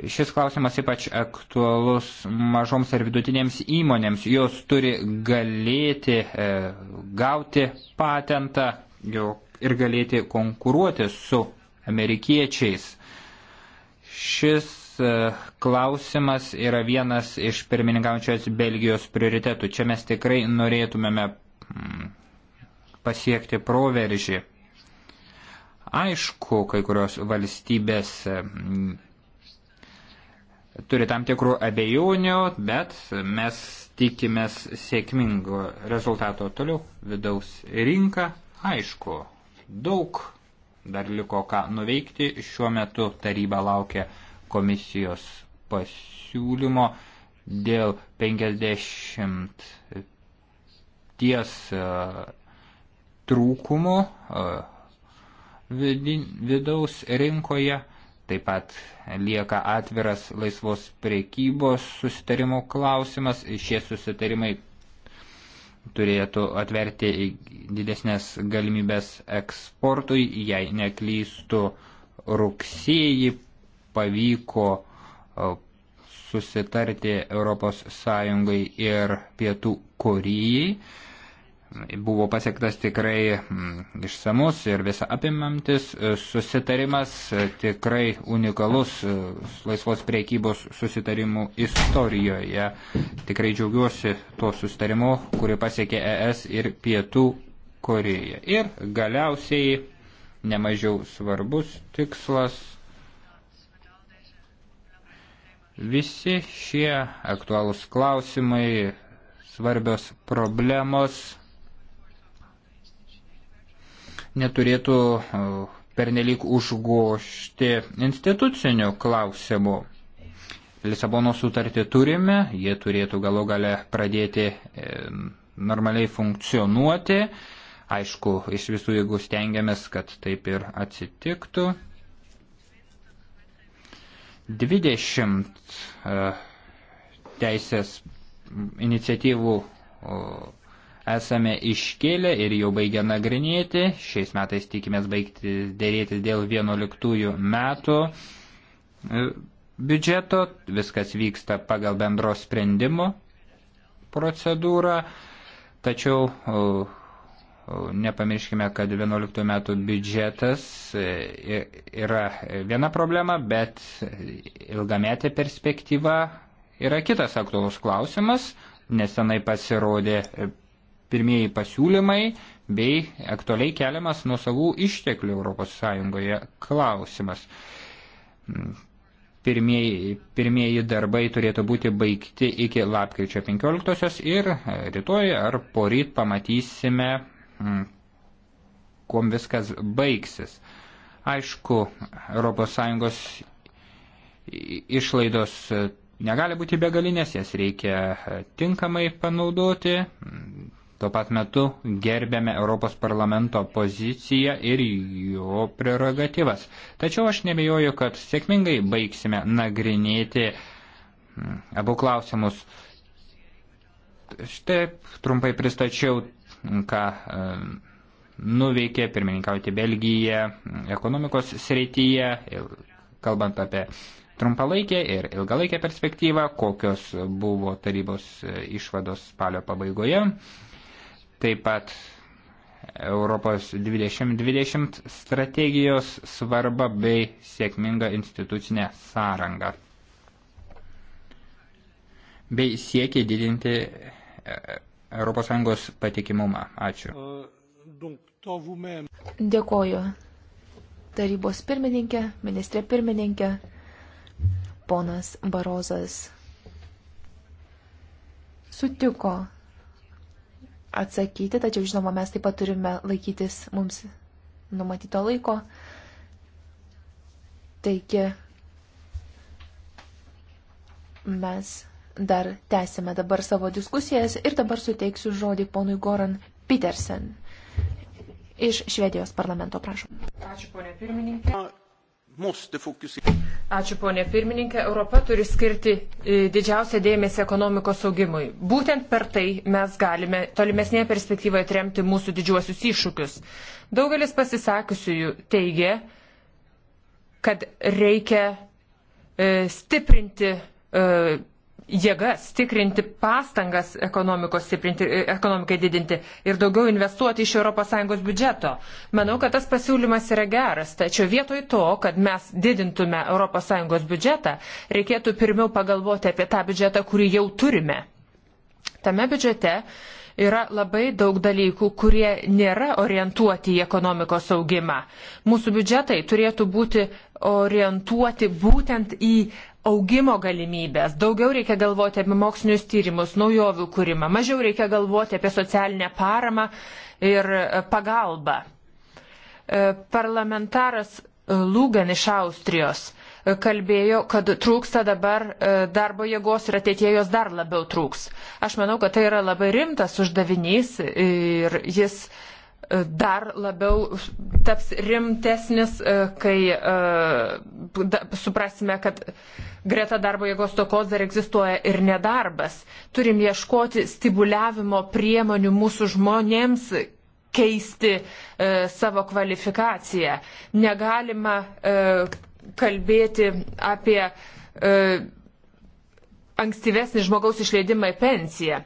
Šis klausimas ypač aktualus mažoms ir vidutinėms įmonėms. Jos turi galėti e, gauti patentą, ir galėti konkuruoti su amerikiečiais. Šis e, klausimas yra vienas iš pirmininkaujančios Belgijos prioritetų. Čia mes tikrai norėtumėme mm, pasiekti proveržį. Aišku, kai kurios valstybės e, mm, turi tam tikrų abejonių, bet mes tikimės sėkmingo rezultato toliau vidaus rinką aišku. Daug dar liko ką nuveikti. Šiuo metu taryba laukia komisijos pasiūlymo dėl 50 ties e, trūkumų e, vidaus rinkoje. Taip pat lieka atviras laisvos priekybos susitarimų klausimas. Šie susitarimai turėtų atverti didesnės galimybės eksportui, jei neklystų rugsėjį pavyko e, susitarti ES ir Pietų Korijai buvo pasiektas tikrai mm, išsamus ir visą apimantis e, susitarimas, e, tikrai unikalus e, laisvos priekybos susitarimų istorijoje. Tikrai džiaugiuosi tuo susitarimu, kurį pasiekė ES ir Pietų Koreja. Ir galiausiai nemažiau svarbus tikslas. Visi šie aktualūs klausimai, svarbios problemos neturėtų e, pernelyg užgošti institucinių klausimų. Lisabono sutartį turime, jie turėtų galų gale pradėti e, normaliai funkcionuoti. Aišku, iš visų jėgų stengiamės, kad taip ir atsitiktų. 20 e, teisės iniciatyvų esame iškėlę ir jau baigę nagrinėti. Šiais metais tikimės baigti dėrėti dėl 11 metų e, biudžeto. Viskas vyksta pagal bendro sprendimo procedūrą. Tačiau e, e, nepamirškime, kad 11 metų biudžetas yra viena problema, bet ilgametė perspektyva yra kitas aktuolus klausimas. Nesenai pasirodė pirmieji pasiūlymai bei aktualiai keliamas nuo savų išteklių ES klausimas. Mm. Pirmieji, pirmieji darbai turėtų būti baigti iki lapkričio 15 ir e, rytoj ar poryt pamatysime, mm, kuom viskas baigsis. Aišku, ES išlaidos e, negali būti begalinės, jas reikia e, tinkamai panaudoti, mm. Tuo pat metu gerbėme Europos parlamento poziciją ir jo prerogatyvas. Tačiau aš nebejoju, kad sėkmingai baigsime nagrinėti mm, abu klausimus. Štai trumpai pristačiau, mm, ką mm, nuveikė pirmininkauti Belgija ekonomikos srityje, kalbant apie trumpalaikę ir ilgalaikę perspektyvą, kokios buvo tarybos e, išvados spalio pabaigoje. Taip pat Europos 2020 strategijos svarba bei sėkminga institucinė sąranga. Bei siekia didinti ES patikimumą. Ačiū. Dėkoju. Tarybos pirmininkė, ministrė pirmininkė, ponas Barozas sutiko atsakyti, tačiau žinoma, mes taip pat turime laikytis mums numatyto laiko. Taigi mes dar tęsime dabar savo diskusijas ir dabar suteiksiu žodį ponui Goran Petersen iš Švedijos parlamento, prašom. Ačiū, ponė pirmininkė. Ačiū, ponė pirmininkė. Europa turi skirti e, didžiausią dėmesį ekonomikos augimui. Būtent per tai mes galime tolimesnėje perspektyvoje atremti mūsų didžiuosius iššūkius. Daugelis pasisakiusiųjų teigia, kad reikia e, stiprinti e, jėgas, tikrinti pastangas ekonomikos stiprinti, e, ekonomikai didinti ir daugiau investuoti iš ES biudžeto. Manau, kad tas pasiūlymas yra geras, tačiau vietoj to, kad mes didintume ES biudžetą, reikėtų pirmiau pagalvoti apie tą biudžetą, kurį jau turime. Tame biudžete yra labai daug dalykų, kurie nėra orientuoti į ekonomikos augimą. Mūsų biudžetai turėtų būti orientuoti būtent į augimo galimybės, daugiau reikia galvoti apie mokslinius tyrimus, naujovių kūrimą, mažiau reikia galvoti apie socialinę paramą ir e, pagalbą. E, parlamentaras e, Lūgan iš Austrijos kalbėjo, kad trūksta dabar darbo jėgos ir ateitie jos dar labiau trūks. Aš manau, kad tai yra labai rimtas uždavinys ir jis dar labiau taps rimtesnis, e, kai e, suprasime, kad greta darbo jėgos tokos dar egzistuoja ir nedarbas. Turim ieškoti stimuliavimo priemonių mūsų žmonėms keisti e, savo kvalifikaciją. Negalima kalbėti apie ankstyvesnį žmogaus išleidimą į pensiją.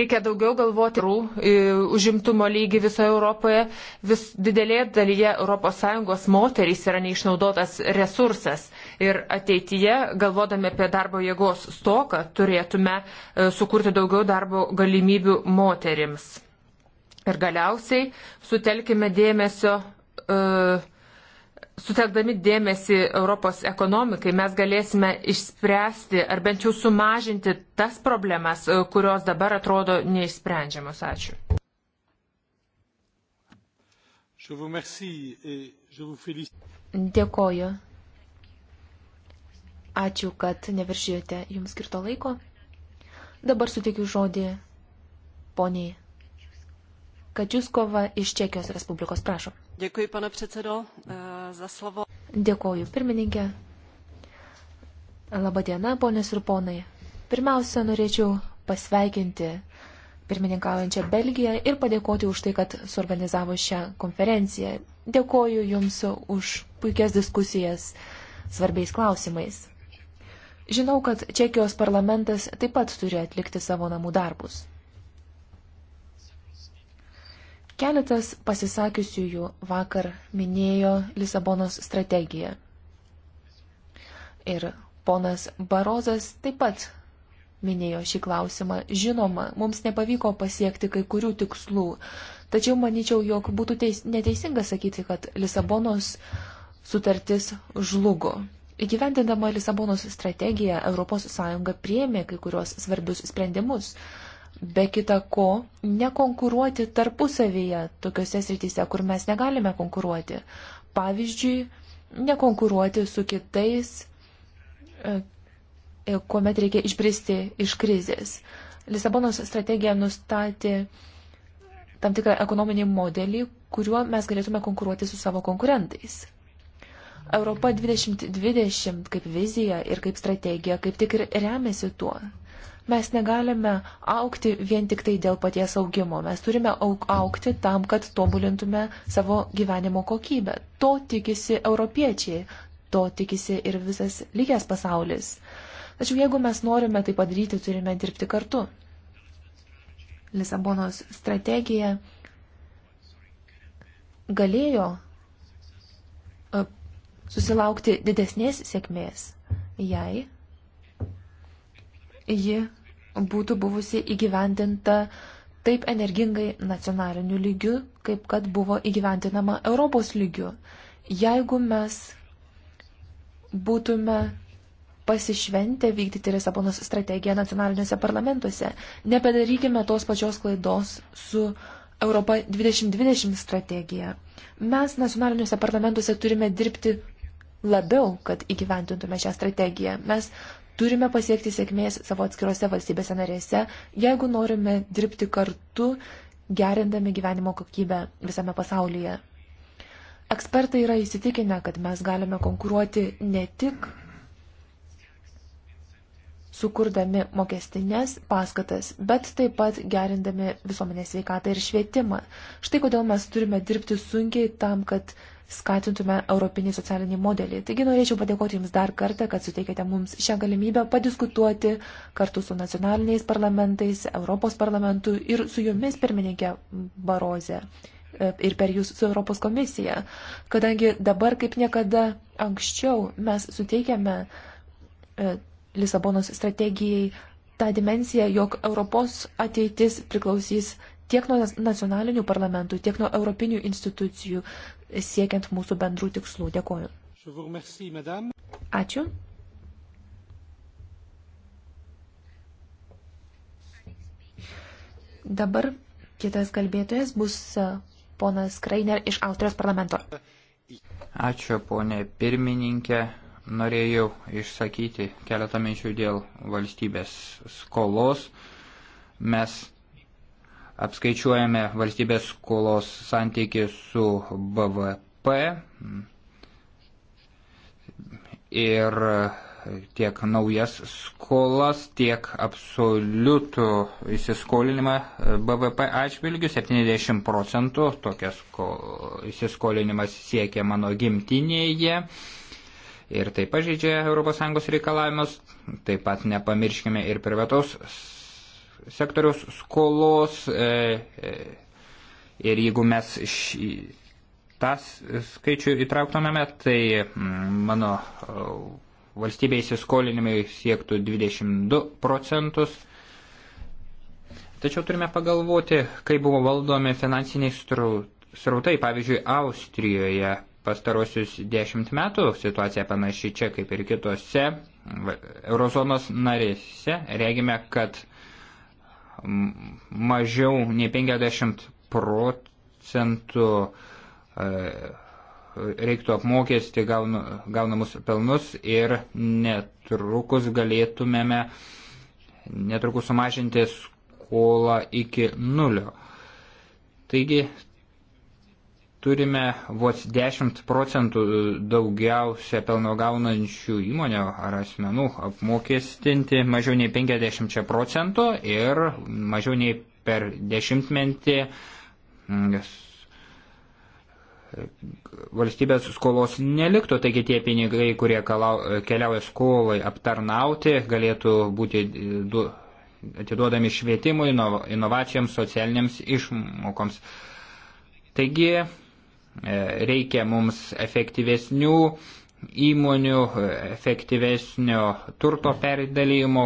Reikia daugiau galvoti rū e, užimtumo lygį visoje Europoje. Vis didelėje dalyje ES moterys yra neišnaudotas resursas. Ir ateityje, galvodami apie darbo jėgos stoką, turėtume e, sukurti daugiau darbo galimybių moterims. Ir galiausiai sutelkime dėmesio uh, sutelkdami dėmesį Europos ekonomikai, mes galėsime išspręsti ar bent jau sumažinti tas problemas, e, kurios dabar atrodo neišsprendžiamos. Ačiū. Dėkoju. Ačiū, kad neviršijote jums skirto laiko. Dabar suteikiu žodį poniai Kadžiuskova iš Čekijos Respublikos. Prašom. Dėkui, pana předsedo, eh, za slovo. Dėkoju, pirmininkė. Labadiena, ponės ir ponai. Pirmiausia, norėčiau pasveikinti pirmininkaujančią Belgiją ir padėkoti už tai, kad suorganizavo šią konferenciją. Dėkoju Jums už puikias diskusijas svarbiais klausimais. Žinau, kad Čekijos parlamentas taip pat turi atlikti savo namų darbus. Keletas pasisakiusiųjų vakar minėjo Lisabonos strategiją. Ir ponas Barozas taip pat minėjo šį klausimą. Žinoma, mums nepavyko pasiekti kai kurių tikslų, tačiau manyčiau, jog būtų teis, neteisinga sakyti, kad Lisabonos sutartis žlugo. Įgyvendindama Lisabonos strategiją, ES priėmė kai kurios svarbius sprendimus be kita ko, nekonkuruoti tarpusavyje tokiuose srityse, kur mes negalime konkuruoti. Pavyzdžiui, nekonkuruoti su kitais, e, e, kuomet reikia išbristi iš krizės. Lisabonos strategija nustatė tam tikrą ekonominį modelį, kuriuo mes galėtume konkuruoti su savo konkurentais. Europa 2020 kaip vizija ir kaip strategija kaip tik ir remiasi tuo. Mes negalime aukti vien tik tai dėl paties augimo. Mes turime aukti tam, kad tobulintume savo gyvenimo kokybę. To tikisi europiečiai, to tikisi ir visas lygės pasaulis. Tačiau jeigu mes norime tai padaryti, turime dirbti kartu. Lisabonos strategija galėjo e, susilaukti didesnės sėkmės, jei ji būtų buvusi įgyvendinta taip energingai nacionaliniu lygiu, kaip kad buvo įgyvendinama Europos lygiu. Jeigu mes būtume pasišventę vykdyti Lisabonos strategiją nacionaliniuose parlamentuose, nebedarykime tos pačios klaidos su Europa 2020 strategija. Mes nacionaliniuose parlamentuose turime dirbti labiau, kad įgyventintume šią strategiją. Mes Turime pasiekti sėkmės savo atskirose valstybėse narėse, jeigu norime dirbti kartu, gerindami gyvenimo kokybę visame pasaulyje. Ekspertai yra įsitikinę, kad mes galime konkuruoti ne tik sukurdami mokestinės paskatas, bet taip pat gerindami visuomenės veikatą ir švietimą. Štai kodėl mes turime dirbti sunkiai tam, kad skatintume europinį socialinį modelį. Taigi norėčiau padėkoti Jums dar kartą, kad suteikėte mums šią galimybę padiskutuoti kartu su nacionaliniais parlamentais, Europos parlamentu ir su Jumis, pirmininkė Baroze, ir per Jūs su Europos komisija. Kadangi dabar kaip niekada anksčiau mes suteikėme e, Lisabonos strategijai tą dimensiją, jog Europos ateitis priklausys tiek nuo nacionalinių parlamentų, tiek nuo europinių institucijų siekiant mūsų bendrų tikslų. Dėkoju. Ačiū. Dabar kitas kalbėtojas bus e, ponas Krainer iš Austrijos parlamento. Ačiū, ponė pirmininkė. Norėjau išsakyti keletą minčių dėl valstybės skolos. Mes apskaičiuojame valstybės skolos santykį su BVP ir tiek naujas skolas, tiek absoliutų įsiskolinimą BVP atžvilgių 70 procentų tokias įsiskolinimas siekia mano gimtinėje ir tai pažeidžia ES reikalavimus. Taip pat nepamirškime ir privataus sektoriaus skolos e, e, ir jeigu mes šį, tas skaičių įtrauktumėme, tai mm, mano e, valstybė įsiskolinimai siektų 22 procentus. Tačiau turime pagalvoti, kaip buvo valdomi finansiniai srautai. Pavyzdžiui, Austrijoje pastarosius dešimt metų situacija panaši čia kaip ir kitose eurozonos narėse. Regime, kad mažiau nei 50 procentų e, reiktų apmokesti gaunamus pelnus ir netrukus galėtumėme netrukus sumažinti skolą iki nulio. Taigi turime vos 10 procentų daugiausia pelno gaunančių įmonių ar asmenų apmokestinti mažiau nei 50 procentų ir mažiau nei per dešimtmetį mm, e, valstybės skolos neliktų, taigi tie pinigai, kurie keliauja skolai aptarnauti, galėtų būti e, atiduodami švietimui, inovacijoms, socialiniams išmokoms. Taigi E, reikia mums efektyvesnių įmonių, efektyvesnio turto perdalymo,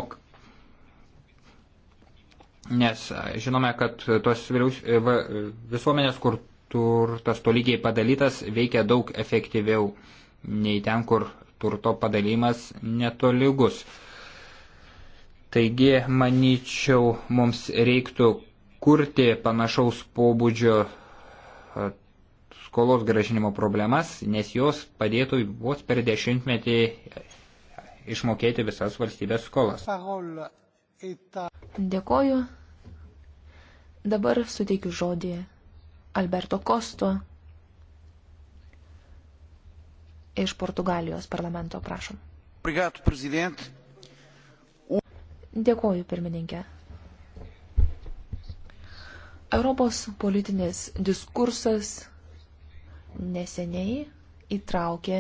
nes žinome, kad tos e, visuomenės, kur turtas tolygiai padalytas, veikia daug efektyviau nei ten, kur turto padalymas netolygus. Taigi, manyčiau, mums reiktų kurti panašaus pobūdžio skolos gražinimo problemas, nes jos padėtų vos per dešimtmetį išmokėti visas valstybės skolas. Dėkoju. Dabar suteikiu žodį Alberto Kosto iš Portugalijos parlamento, prašom. Obrigado, prezident. Dėkoju, pirmininkė. Europos politinis diskursas neseniai įtraukė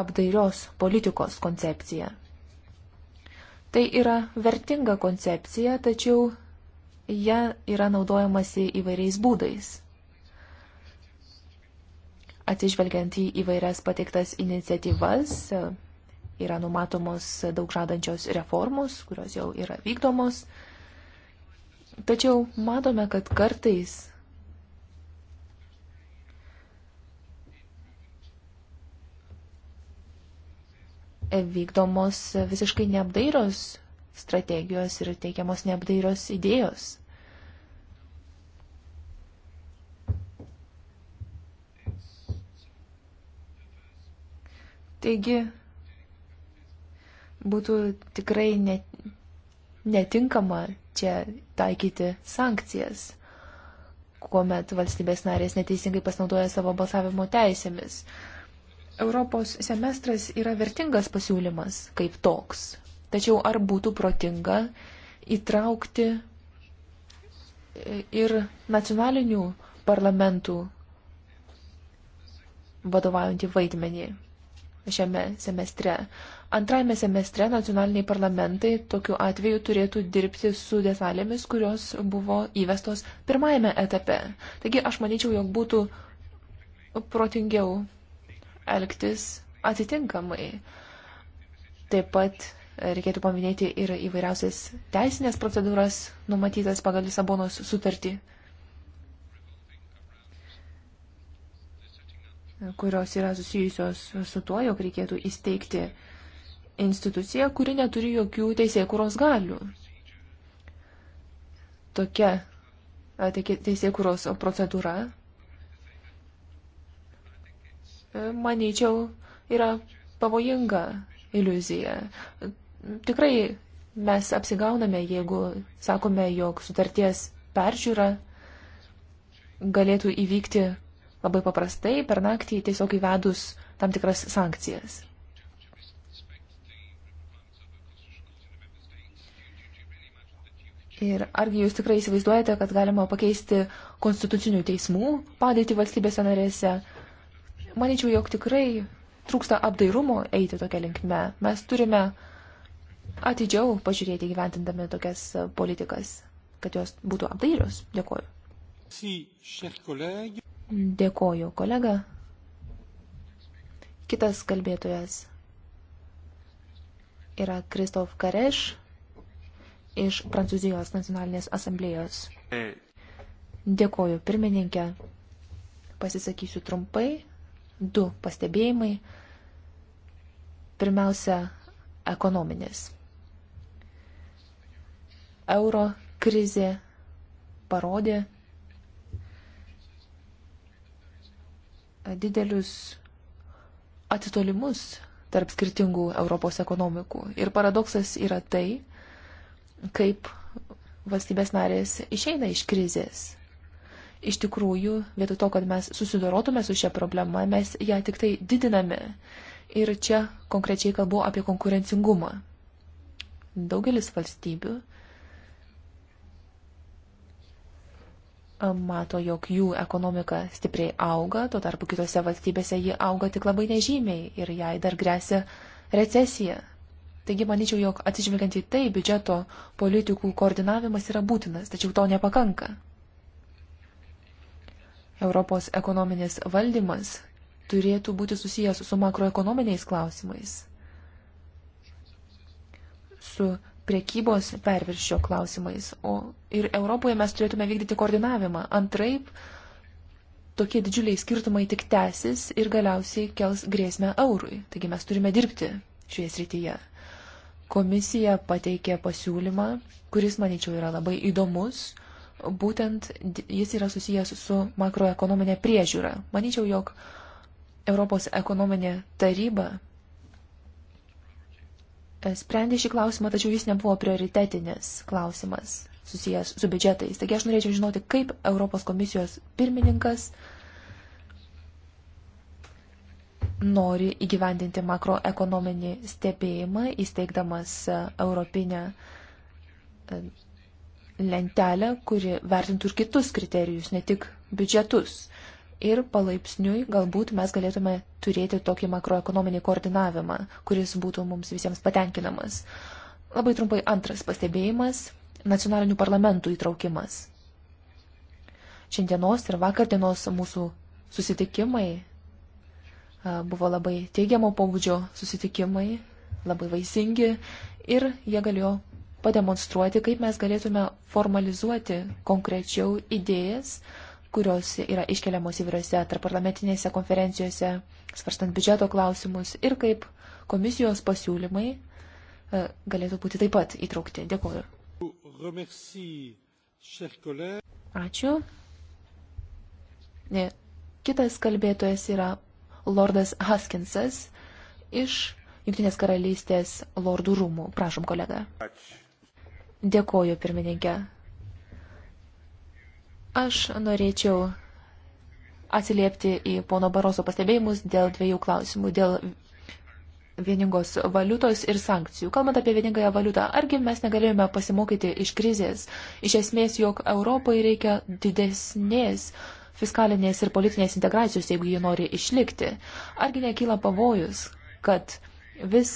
apdairios politikos koncepciją. Tai yra vertinga koncepcija, tačiau ją yra naudojamasi įvairiais būdais. Atsižvelgiant į įvairias pateiktas iniciatyvas, yra numatomos daug žadančios reformos, kurios jau yra vykdomos. Tačiau matome, kad kartais vykdomos visiškai neapdairos strategijos ir teikiamos neapdairos idėjos. Taigi, būtų tikrai net netinkama čia taikyti sankcijas, kuomet valstybės narės neteisingai pasinaudoja savo balsavimo teisėmis. Europos semestras yra vertingas pasiūlymas kaip toks, tačiau ar būtų protinga įtraukti e, ir nacionalinių parlamentų vadovaujantį vaidmenį šiame semestre. Antrajame semestre nacionaliniai parlamentai tokiu atveju turėtų dirbti su detalėmis, kurios buvo įvestos pirmajame etape. Taigi aš manyčiau, jog būtų protingiau elgtis atitinkamai. Taip pat reikėtų paminėti ir įvairiausias teisinės procedūras numatytas pagal Lisabonos sutartį, kurios yra susijusios su tuo, jog reikėtų įsteigti institucija, kuri neturi jokių teisėkuros galių. Tokia teisėkuros procedūra, e, manyčiau, yra pavojinga iliuzija. Tikrai mes apsigauname, jeigu sakome, jog sutarties peržiūra galėtų įvykti labai paprastai per naktį tiesiog įvedus tam tikras sankcijas. Ir argi jūs tikrai įsivaizduojate, kad galima pakeisti konstitucinių teismų padėtį valstybėse narėse? Maničiau, jog tikrai trūksta apdairumo eiti tokia linkme. Mes turime atidžiau pažiūrėti gyventindami tokias politikas, kad jos būtų apdairios. Dėkoju. Dėkoju, kolega. Kitas kalbėtojas yra Kristof Kareš iš Prancūzijos nacionalinės asamblėjos. E. Dėkoju, pirmininkė. Pasisakysiu trumpai. Du pastebėjimai. Pirmiausia, ekonominis. Euro krizė parodė didelius atitolimus tarp skirtingų Europos ekonomikų. Ir paradoksas yra tai, kaip valstybės narės išeina iš krizės. Iš tikrųjų, vietoj to, kad mes susidorotume su šia problema, mes ją tik tai didiname. Ir čia konkrečiai kalbu apie konkurencingumą. Daugelis valstybių mato, jog jų ekonomika stipriai auga, tuo tarpu kitose valstybėse ji auga tik labai nežymiai ir jai dar grėsia recesija. Taigi manyčiau, jog atsižvelgiant į tai, biudžeto politikų koordinavimas yra būtinas, tačiau to nepakanka. Europos ekonominis valdymas turėtų būti susijęs su makroekonominiais klausimais, su priekybos perviršio klausimais, o ir Europoje mes turėtume vykdyti koordinavimą. Antraip, tokie didžiuliai skirtumai tik tęsis ir galiausiai kels grėsmę eurui. Taigi mes turime dirbti šioje srityje. Komisija pateikė pasiūlymą, kuris, manyčiau, yra labai įdomus. Būtent jis yra susijęs su makroekonominė priežiūra. Manyčiau, jog Europos ekonominė taryba e, sprendė šį klausimą, tačiau jis nebuvo prioritetinis klausimas susijęs su biudžetais. Taigi aš norėčiau žinoti, kaip Europos komisijos pirmininkas uh, nori įgyvendinti makroekonominį stebėjimą, įsteigdamas e, Europinę e, lentelę, kuri vertintų ir kitus kriterijus, ne tik biudžetus. Ir palaipsniui galbūt mes galėtume turėti tokį makroekonominį koordinavimą, kuris būtų mums visiems patenkinamas. Labai trumpai antras pastebėjimas - nacionalinių parlamentų įtraukimas. Šiandienos ir vakardienos mūsų susitikimai Buvo labai teigiamo pobūdžio susitikimai, labai vaisingi ir jie galėjo pademonstruoti, kaip mes galėtume formalizuoti konkrečiau idėjas, kurios yra iškeliamos įvairiose tarparlamentinėse konferencijose, svarstant biudžeto klausimus ir kaip komisijos pasiūlymai galėtų būti taip pat įtraukti. Dėkuoju. Ačiū. Kitas kalbėtojas yra lordas Haskinsas iš Junktinės karalystės lordų rūmų. Prašom, kolega. Dėkoju, pirmininkė. Aš norėčiau atsiliepti į pono Baroso pastebėjimus dėl dviejų klausimų. Dėl vieningos valiutos ir sankcijų. Kalbant apie vieningąją valiutą, argi mes negalėjome pasimokyti iš krizės? Iš esmės, jog Europai reikia didesnės fiskalinės ir politinės integracijos, jeigu jie nori išlikti. Argi nekyla pavojus, kad vis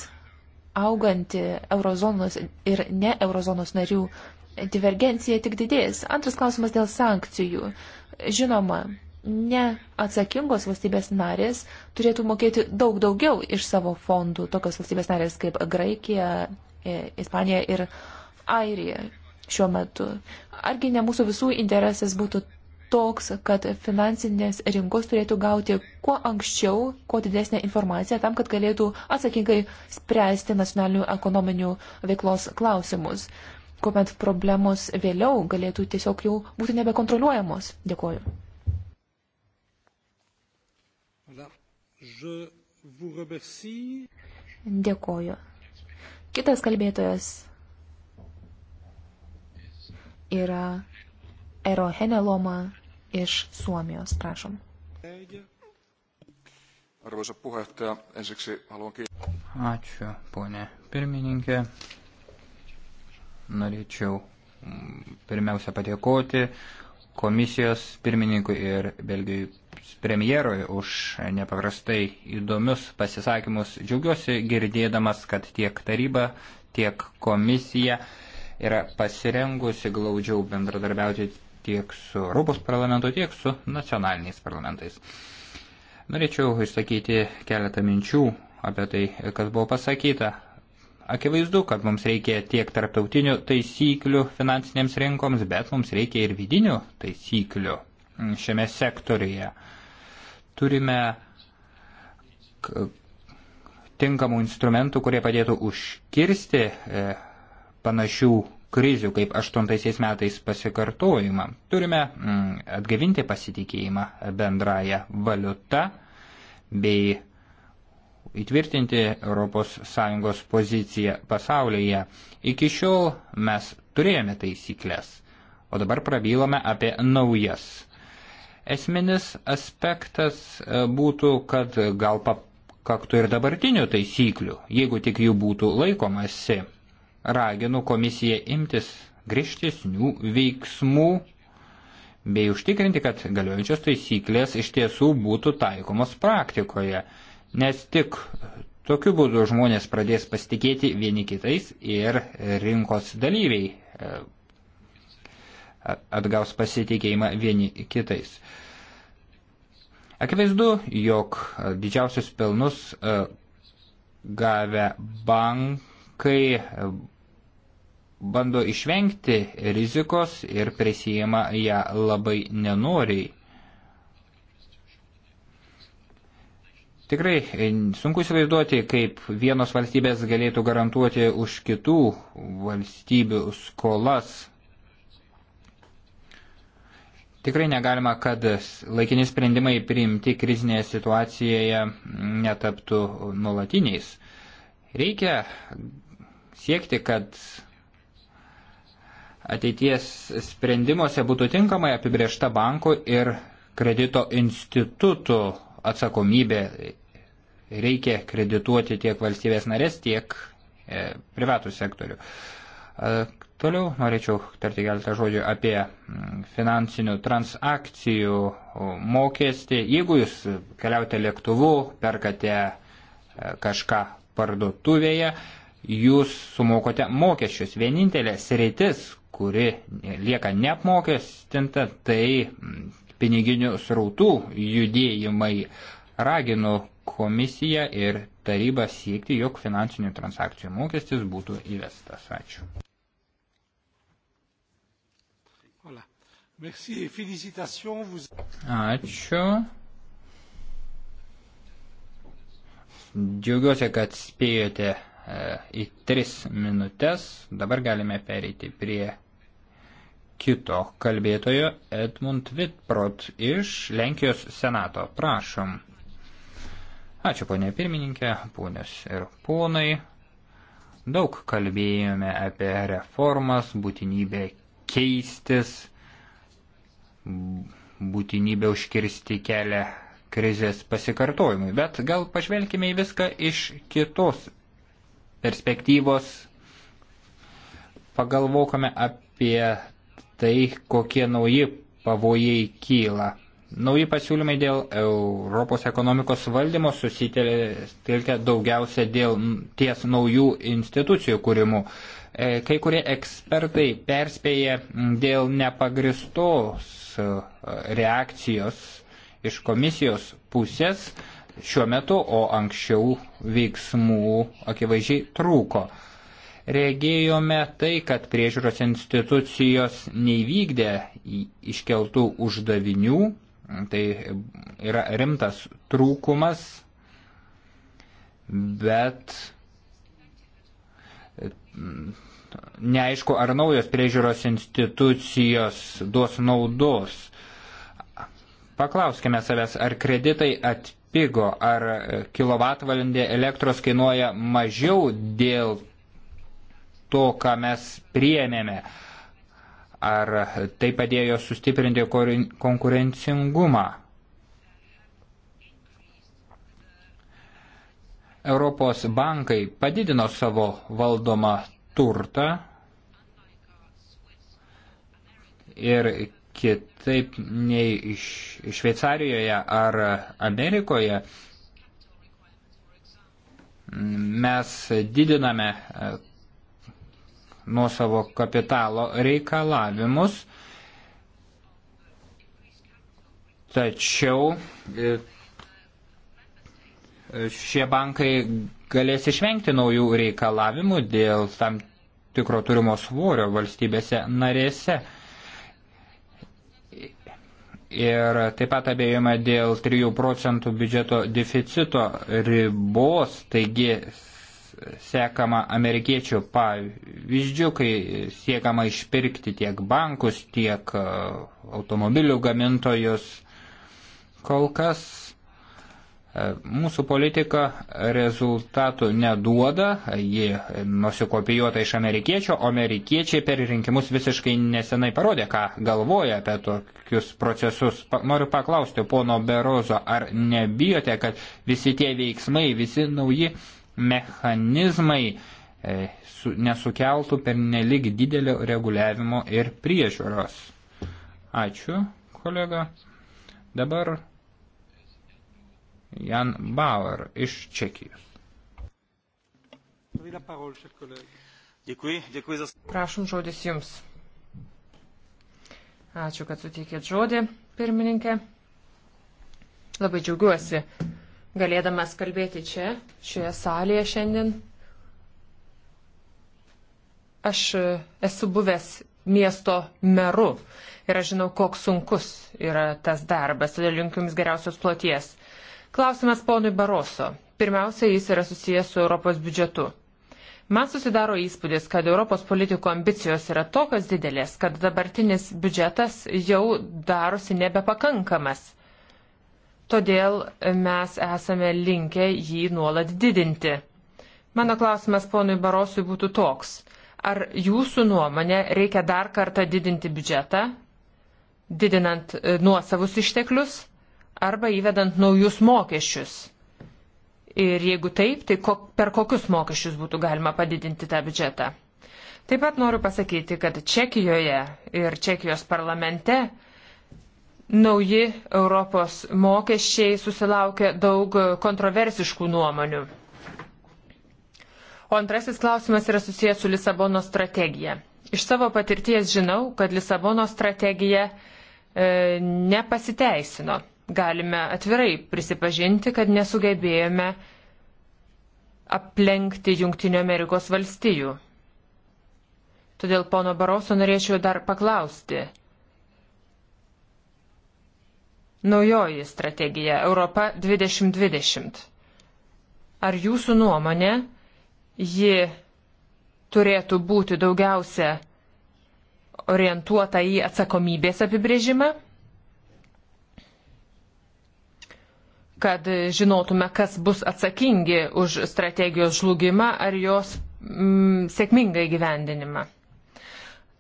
auganti eurozonos ir ne eurozonos narių divergencija tik didės. Antras klausimas dėl sankcijų. Žinoma, neatsakingos valstybės narės turėtų mokėti daug daugiau iš savo fondų, tokios valstybės narės kaip Graikija, e, Ispanija ir Airija šiuo metu. Argi ne mūsų visų interesas būtų toks, kad finansinės rinkos turėtų gauti kuo anksčiau, kuo didesnę informaciją tam, kad galėtų atsakingai spręsti nacionalinių ekonominių veiklos klausimus, kuomet problemos vėliau galėtų tiesiog jau būti nebekontroliuojamos. Dėkuoju. Dėkuoju. Kitas kalbėtojas yra Eero Heneloma iš Suomijos. Prašom. Arvoisa puheenjohtaja, ensiksi haluan kiittää. Ačiū, ponė pirmininkė. Norėčiau mm, pirmiausia padėkoti komisijos pirmininkui ir Belgijos premjerui už nepaprastai įdomius pasisakymus. Džiaugiuosi girdėdamas, kad tiek taryba, tiek komisija yra pasirengusi glaudžiau bendradarbiauti tiek su Europos parlamentu, tiek su nacionaliniais parlamentais. Norėčiau išsakyti keletą minčių apie tai, kas buvo pasakyta. Akivaizdu, kad mums reikia tiek tarptautinių taisyklių finansinėms rinkoms, bet mums reikia ir vidinių taisyklių šiame sektoriuje. Turime tinkamų instrumentų, kurie padėtų užkirsti e, panašių krizių kaip 8 metais pasikartojimą. Turime mm, atgavinti pasitikėjimą bendrąją valiutą bei įtvirtinti ES poziciją pasaulyje. Iki šiol mes turėjome taisyklės, o dabar prabylome apie naujas. Esminis aspektas e, būtų, kad gal pakaktų ir dabartinių taisyklių, jeigu tik jų būtų laikomasi raginu komisiją imtis grįžtesnių veiksmų bei užtikrinti, kad galiojančios taisyklės iš tiesų būtų taikomos praktikoje, nes tik tokiu būdu žmonės pradės pasitikėti vieni kitais ir rinkos dalyviai e, atgaus pasitikėjimą vieni kitais. Akivaizdu, jog didžiausius pelnus e, gavę bankai bando išvengti rizikos ir prisijima ją labai nenoriai. Tikrai e, sunku įsivaizduoti, kaip vienos valstybės galėtų garantuoti už kitų valstybių skolas. Tikrai negalima, kad laikini sprendimai priimti krizinėje situacijoje netaptų nuolatiniais. Reikia siekti, kad ateities sprendimuose būtų tinkamai apibriešta bankų ir kredito institutų atsakomybė. Reikia kredituoti tiek valstybės narės, tiek e, privatų sektorių. E, toliau norėčiau tarti keletą žodžių apie mm, finansinių transakcijų mokestį. Jeigu jūs keliaujate lėktuvu, perkate e, kažką parduotuvėje, jūs sumokote mokesčius. Vienintelė sritis, kuri lieka neapmokestinta, tai piniginių srautų judėjimai ragino komisiją ir tarybą siekti, jog finansinių transakcijų mokestis būtų įvestas. Ačiū. Ačiū. Džiaugiuosi, kad spėjote e, į tris minutės. Dabar galime pereiti prie kito kalbėtojo Edmund Vitprot iš Lenkijos senato. Prašom. Ačiū, ponė pirmininkė, ponės ir ponai. Daug kalbėjome apie reformas, būtinybę keistis, būtinybę užkirsti kelią krizės pasikartojimui. Bet gal pažvelkime į viską iš kitos perspektyvos. Pagalvokime apie tai, kokie nauji pavojai kyla. Nauji pasiūlymai dėl Europos ekonomikos valdymo susitelkia daugiausia dėl ties naujų institucijų kūrimų. E, kai kurie ekspertai perspėja dėl nepagristos e, reakcijos iš komisijos pusės šiuo metu, o anksčiau veiksmų akivaizdžiai trūko regėjome tai, kad priežiūros institucijos neįvykdė iškeltų uždavinių, tai yra rimtas trūkumas, bet mm, neaišku, ar naujos priežiūros institucijos duos naudos. Paklauskime savęs, ar kreditai atpigo, ar kilovatvalandė elektros kainuoja mažiau dėl to, ką mes priėmėme. Ar tai padėjo sustiprinti konkurencingumą? Europos bankai padidino savo valdomą turtą ir kitaip nei Šveicarijoje ar Amerikoje mes didiname nuo savo kapitalo reikalavimus, tačiau e, šie bankai galės išvengti naujų reikalavimų dėl tam tikro turimo svorio valstybėse narėse. Ir taip pat abejojama dėl 3 procentų biudžeto deficito ribos, taigi sekama amerikiečių pavyzdžių, kai siekama išpirkti tiek bankus, tiek e, automobilių gamintojus. Kol kas e, mūsų politika rezultatų neduoda, ji nusikopijuota iš amerikiečio, o amerikiečiai per rinkimus visiškai nesenai parodė, ką galvoja apie tokius procesus. Noriu paklausti pono Berozo, ar nebijote, kad visi tie veiksmai, visi nauji mechanizmai e, nesukeltų per nelik didelio reguliavimo ir priežiūros. Ačiū, kolega. Dabar Jan Bauer iš Čekijos. Prašom žodis Jums. Ačiū, kad suteikėt žodį, pirmininkė. Labai džiaugiuosi, galėdamas kalbėti čia, šioje salėje šiandien. Aš esu buvęs miesto meru ir aš žinau, koks sunkus yra tas darbas, todėl linkiu Jums geriausios ploties. Klausimas ponui Baroso. Pirmiausia, jis yra susijęs su Europos biudžetu. Man susidaro įspūdis, kad Europos politikų ambicijos yra tokios didelės, kad dabartinis biudžetas jau darosi nebepakankamas todėl mes esame linkę jį nuolat didinti. Mano klausimas ponui Barosui būtų toks. Ar jūsų nuomonė reikia dar kartą didinti biudžetą, didinant e, nuosavus išteklius arba įvedant naujus mokesčius? Ir jeigu taip, tai ko, per kokius mokesčius būtų galima padidinti tą biudžetą? Taip pat noriu pasakyti, kad Čekijoje ir Čekijos parlamente nauji Europos mokesčiai susilaukia daug kontroversiškų nuomonių. O antrasis klausimas yra susijęs su Lisabono strategija. Iš savo patirties žinau, kad Lisabono strategija e, nepasiteisino. Galime atvirai prisipažinti, kad nesugebėjome aplenkti Junktinio Amerikos valstijų. Todėl pono Baroso norėčiau dar paklausti naujoji strategija Europa 2020. Ar jūsų nuomonė ji turėtų būti daugiausia orientuota į atsakomybės apibrėžimą? Kad žinotume, kas bus atsakingi už strategijos žlugimą ar jos mm, sėkmingą įgyvendinimą.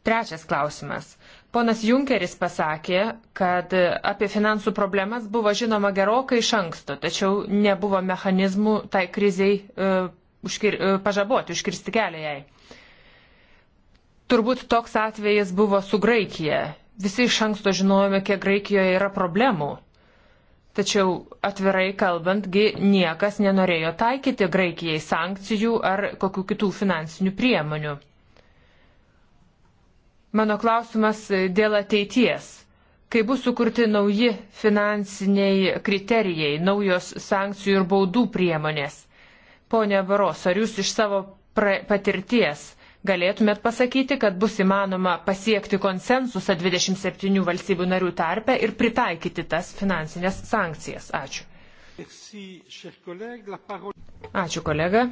Trečias klausimas Ponas Junkeris pasakė, kad apie finansų problemas buvo žinoma gerokai iš anksto, tačiau nebuvo mechanizmų tai kriziai uh, užkir, uh, pažaboti, užkirsti kelią jai. Turbūt toks atvejis buvo su Graikija. Visi iš anksto žinojome, kiek Graikijoje yra problemų. Tačiau atvirai kalbantgi niekas nenorėjo taikyti Graikijai sankcijų ar kokių kitų finansinių priemonių. Mano klausimas dėl ateities. Kai bus sukurti nauji finansiniai kriterijai, naujos sankcijų ir baudų priemonės. Pone Varos, ar jūs iš savo patirties galėtumėt pasakyti, kad bus įmanoma pasiekti konsensusą 27 valstybių narių tarpe ir pritaikyti tas finansinės sankcijas? Ačiū. Ačiū kolega.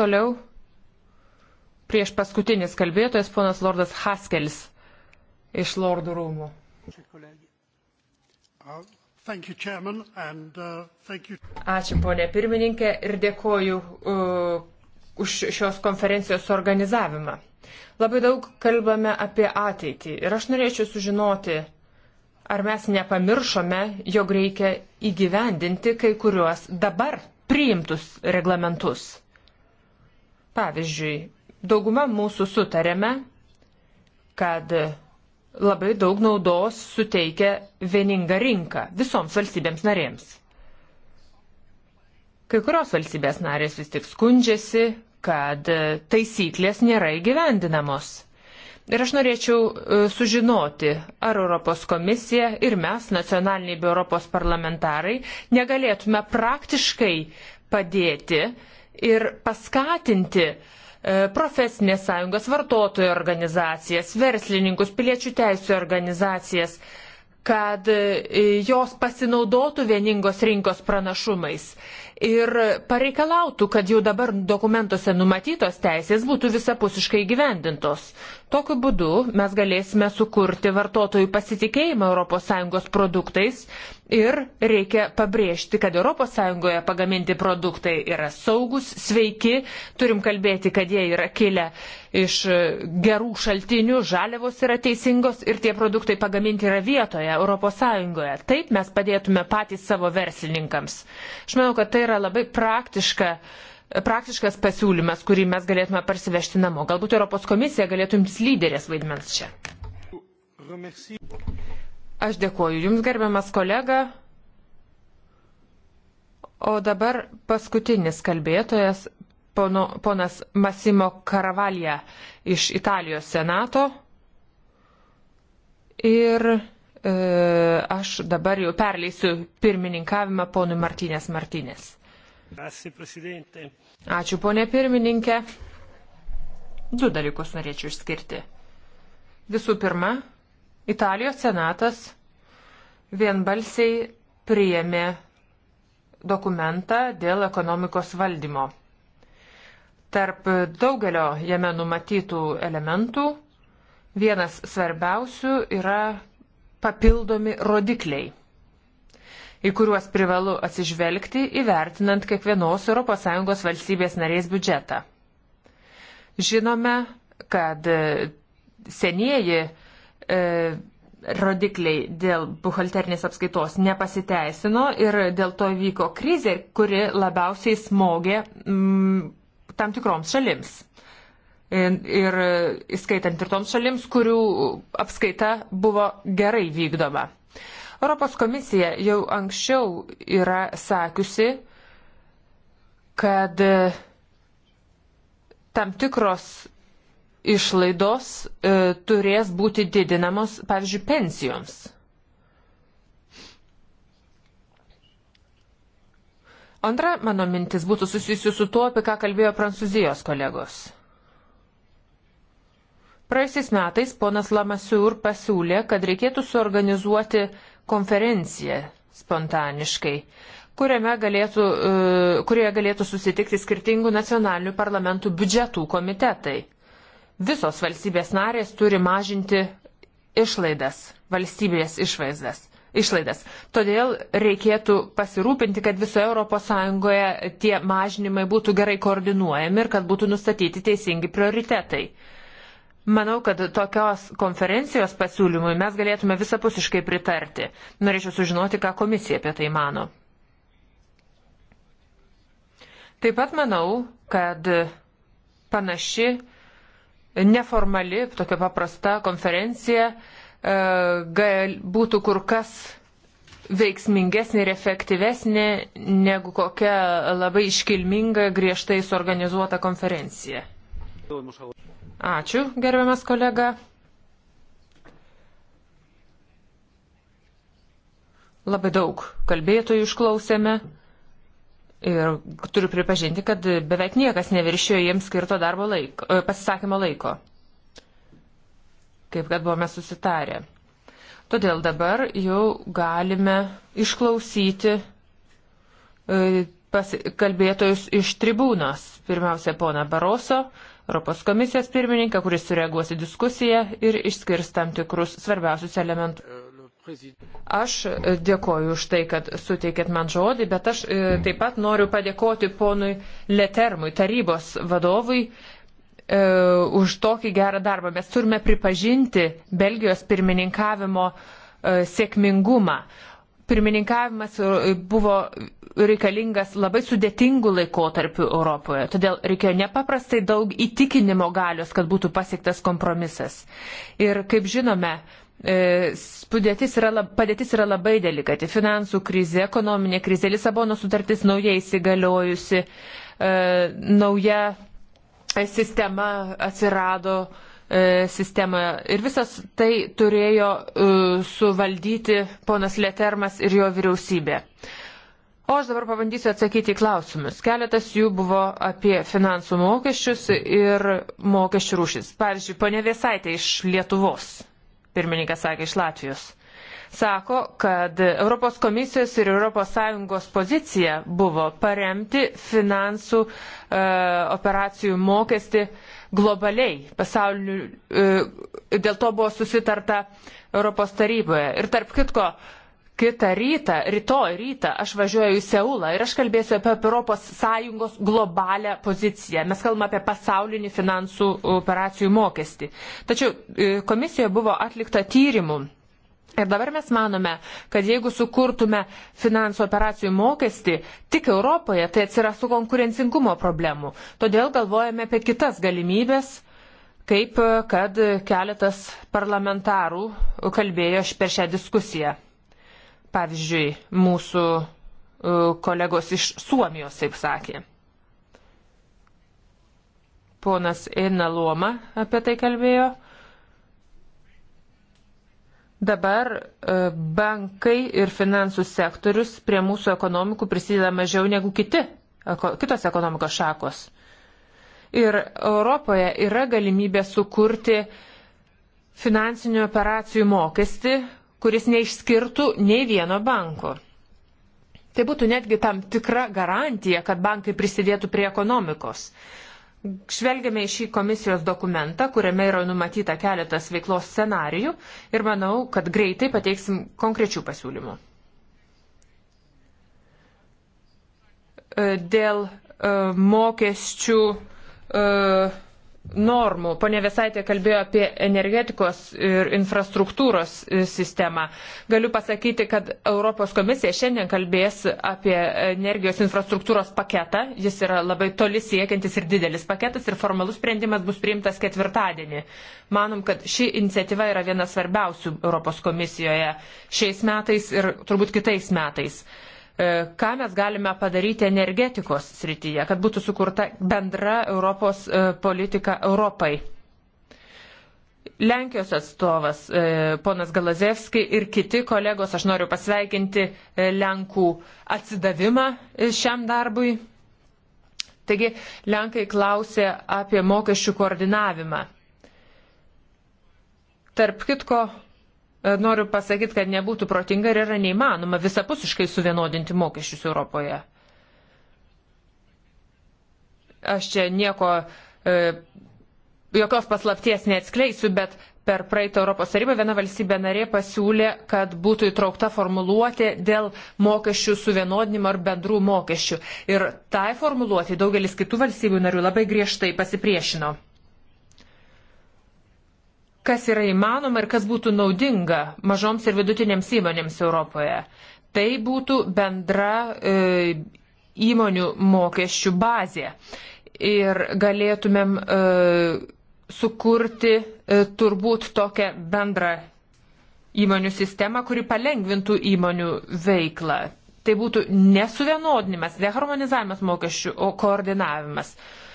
Toliau Prieš paskutinis kalbėtojas ponas Lordas Haskelis iš Lordų rūmų. Ačiū ponė pirmininkė ir dėkoju uh, už šios konferencijos organizavimą. Labai daug kalbame apie ateitį ir aš norėčiau sužinoti, ar mes nepamiršome, jog reikia įgyvendinti kai kuriuos dabar priimtus reglamentus. Pavyzdžiui, Dauguma mūsų sutarėme, kad labai daug naudos suteikia vieninga rinka visoms valstybėms narėms. Kai kurios valstybės narės vis tik skundžiasi, kad taisyklės nėra įgyvendinamos. Ir aš norėčiau e, sužinoti, ar Europos komisija ir mes, nacionaliniai bei Europos parlamentarai, negalėtume praktiškai padėti ir paskatinti uh, E, profesinės sąjungas, vartotojų organizacijas, verslininkus, piliečių teisų organizacijas, kad e, jos pasinaudotų vieningos rinkos pranašumais ir pareikalautų, kad jau dabar dokumentuose numatytos teisės būtų visapusiškai gyvendintos. Tokiu būdu mes galėsime sukurti vartotojų pasitikėjimą ES produktais ir reikia pabrėžti, kad ES pagaminti produktai yra saugus, sveiki, turim kalbėti, kad jie yra kilę iš gerų šaltinių, žaliavos yra teisingos ir tie produktai pagaminti yra vietoje ES. Taip mes padėtume patys savo verslininkams. Aš manau, kad tai yra yra labai praktiška, praktiškas pasiūlymas, kurį mes galėtume parsivežti namo. Galbūt Europos komisija galėtų imtis lyderės vaidmens čia. Aš dėkuoju Jums, gerbiamas kolega. O dabar paskutinis kalbėtojas, pono, ponas Masimo Karavalija iš Italijos senato. Ir e, aš dabar jau perleisiu pirmininkavimą ponui Martinės Martinės. Ačiū, ponė pirmininkė. Du dalykus norėčiau išskirti. Visų pirma, Italijos senatas vienbalsiai priėmė dokumentą dėl ekonomikos valdymo. Tarp daugelio jame numatytų elementų vienas svarbiausių yra papildomi rodikliai į kuriuos privalu atsižvelgti įvertinant kiekvienos ES valstybės narės biudžetą. Žinome, kad e, senieji e, rodikliai dėl buhalternės apskaitos nepasiteisino ir dėl to vyko krizė, kuri labiausiai smogė mm, tam tikroms šalims. E, ir, ir e, įskaitant ir toms šalims, kurių apskaita buvo gerai vykdoma. Europos komisija jau anksčiau yra sakiusi, kad e, tam tikros išlaidos e, turės būti didinamos, pavyzdžiui, pensijoms. Antra mano mintis būtų susijusi su tuo, apie ką kalbėjo prancūzijos kolegos. Praėjusiais metais ponas Lamasiur pasiūlė, kad reikėtų suorganizuoti konferenciją spontaniškai, galėtų, e, kurioje galėtų susitikti skirtingų nacionalinių parlamentų biudžetų komitetai. Visos valstybės narės turi mažinti išlaidas, valstybės išvaizdas išlaidas. Todėl reikėtų pasirūpinti, kad visoje ES tie mažinimai būtų gerai koordinuojami ir kad būtų nustatyti teisingi prioritetai. Manau, kad tokios konferencijos pasiūlymui mes galėtume visapusiškai pritarti. Norėčiau sužinoti, ką komisija apie tai mano. Taip pat manau, kad panaši neformali, tokia paprasta konferencija e, gal, būtų kur kas veiksmingesnė ir efektyvesnė negu kokia labai iškilminga, griežtai suorganizuota konferencija. Ačiū, gerbiamas kolega. Labai daug kalbėtojų išklausėme ir turiu pripažinti, kad beveik niekas neviršėjo jiems skirto darbo laiko, e, pasisakymo laiko, kaip kad buvome susitarę. Todėl dabar jau galime išklausyti e, kalbėtojus iš tribūnos. Pirmiausia, pona Baroso, Europos komisijos pirmininką, kuris sureaguos į diskusiją ir išskirs tam tikrus svarbiausius elementus. Aš e, dėkoju už tai, kad suteikėt man žodį, bet aš e, taip pat noriu padėkoti ponui Letermui, tarybos vadovui, e, už tokį gerą darbą. Mes turime pripažinti Belgijos pirmininkavimo sėkmingumą pirmininkavimas e, buvo reikalingas labai sudėtingų laikotarpių Europoje. Todėl reikėjo nepaprastai daug įtikinimo galios, kad būtų pasiektas kompromisas. Ir kaip žinome, e, Padėtis yra, lab, padėtis yra labai delikati. Finansų krizė, ekonominė krizė, Lisabono sutartis naujai įsigaliojusi, e, nauja sistema atsirado, E, sistemoje. Ir visas tai turėjo e, suvaldyti ponas Letermas ir jo vyriausybė. O aš dabar pabandysiu atsakyti į klausimus. Keletas jų buvo apie finansų mokesčius ir mokesčių rūšis. Pavyzdžiui, ponė Vėsaitė iš Lietuvos, pirmininkas sakė, iš Latvijos sako, kad Europos komisijos ir ES pozicija buvo paremti finansų e, operacijų mokestį globaliai, pasauliniu, e, dėl to buvo susitarta Europos taryboje. Ir tarp kitko, kitą rytą, rytoj rytą aš važiuoju į Seulą ir aš kalbėsiu apie ES globalią poziciją. Mes kalbame apie pasaulinį finansų operacijų mokestį. Tačiau e, komisijoje buvo atlikta tyrimų Ir dabar mes manome, kad jeigu sukurtume finansų operacijų mokestį tik Europoje, tai atsirastų konkurencingumo problemų. Todėl galvojame apie kitas galimybės, kaip e, kad keletas parlamentarų kalbėjo per šią diskusiją. Pavyzdžiui, mūsų e, kolegos iš Suomijos taip sakė. Ponas Eina Luoma apie tai kalbėjo Dabar e, bankai ir finansų sektorius prie mūsų ekonomikų prisideda mažiau negu kiti, kitos ekonomikos šakos. Ir Europoje yra galimybė sukurti finansinių operacijų mokestį, kuris neišskirtų nei vieno banko. Tai būtų netgi tam tikra garantija, kad bankai prisidėtų prie ekonomikos. Žvelgiame į šį komisijos dokumentą, kuriame yra numatyta keletas veiklos scenarijų ir manau, kad greitai pateiksim konkrečių pasiūlymų. E, dėl e, mokesčių e, normų. Pone Vesaitė kalbėjo apie energetikos ir infrastruktūros e, sistemą. Galiu pasakyti, kad Europos komisija šiandien kalbės apie energijos infrastruktūros paketą. Jis yra labai toli siekiantis ir didelis paketas ir formalus sprendimas bus priimtas ketvirtadienį. Manom, kad ši iniciatyva yra viena svarbiausių Europos komisijoje šiais metais ir turbūt kitais metais. E, ką mes galime padaryti energetikos srityje, kad būtų sukurta bendra Europos e, politika Europai. Lenkijos atstovas, e, ponas Galazevski ir kiti kolegos, aš noriu pasveikinti Lenkų atsidavimą šiam darbui. Taigi, Lenkai klausė apie mokesčių koordinavimą. Tarp kitko, E, noriu pasakyti, kad nebūtų protinga ir yra neįmanoma visapusiškai suvienodinti mokesčius Europoje. Aš čia nieko, e, jokios paslapties neatskleisiu, bet per praeitą Europos tarybą viena valstybė narė pasiūlė, kad būtų įtraukta formuluotė dėl mokesčių suvienodinimo ar bendrų mokesčių. Ir tai formuluotė daugelis kitų valstybių narių labai griežtai pasipriešino kas yra įmanoma ir kas būtų naudinga mažoms ir vidutinėms įmonėms Europoje. Tai būtų bendra e, įmonių mokesčių bazė. Ir galėtumėm e, sukurti e, turbūt tokią bendrą įmonių sistemą, kuri palengvintų įmonių veiklą. Tai būtų nesuvienodinimas, neharmonizavimas mokesčių, o koordinavimas. E,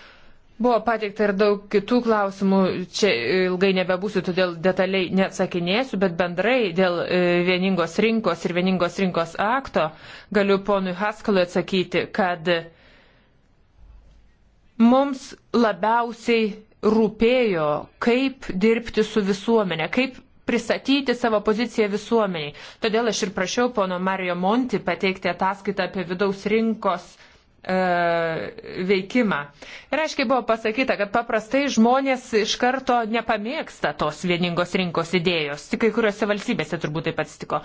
Buvo pateikta ir daug kitų klausimų, čia ilgai nebebūsiu, todėl detaliai neatsakinėsiu, bet bendrai dėl e, vieningos rinkos ir vieningos rinkos akto galiu ponui Haskalui atsakyti, kad mums labiausiai rūpėjo, kaip dirbti su visuomenė, kaip pristatyti savo poziciją visuomeniai. Todėl aš ir prašiau pono Mario Monti pateikti ataskaitą apie vidaus rinkos uh, E, veikimą. Ir aiškiai buvo pasakyta, kad paprastai žmonės iš karto nepamėgsta tos vieningos rinkos idėjos. Tik kai kuriuose valstybėse turbūt taip atsitiko.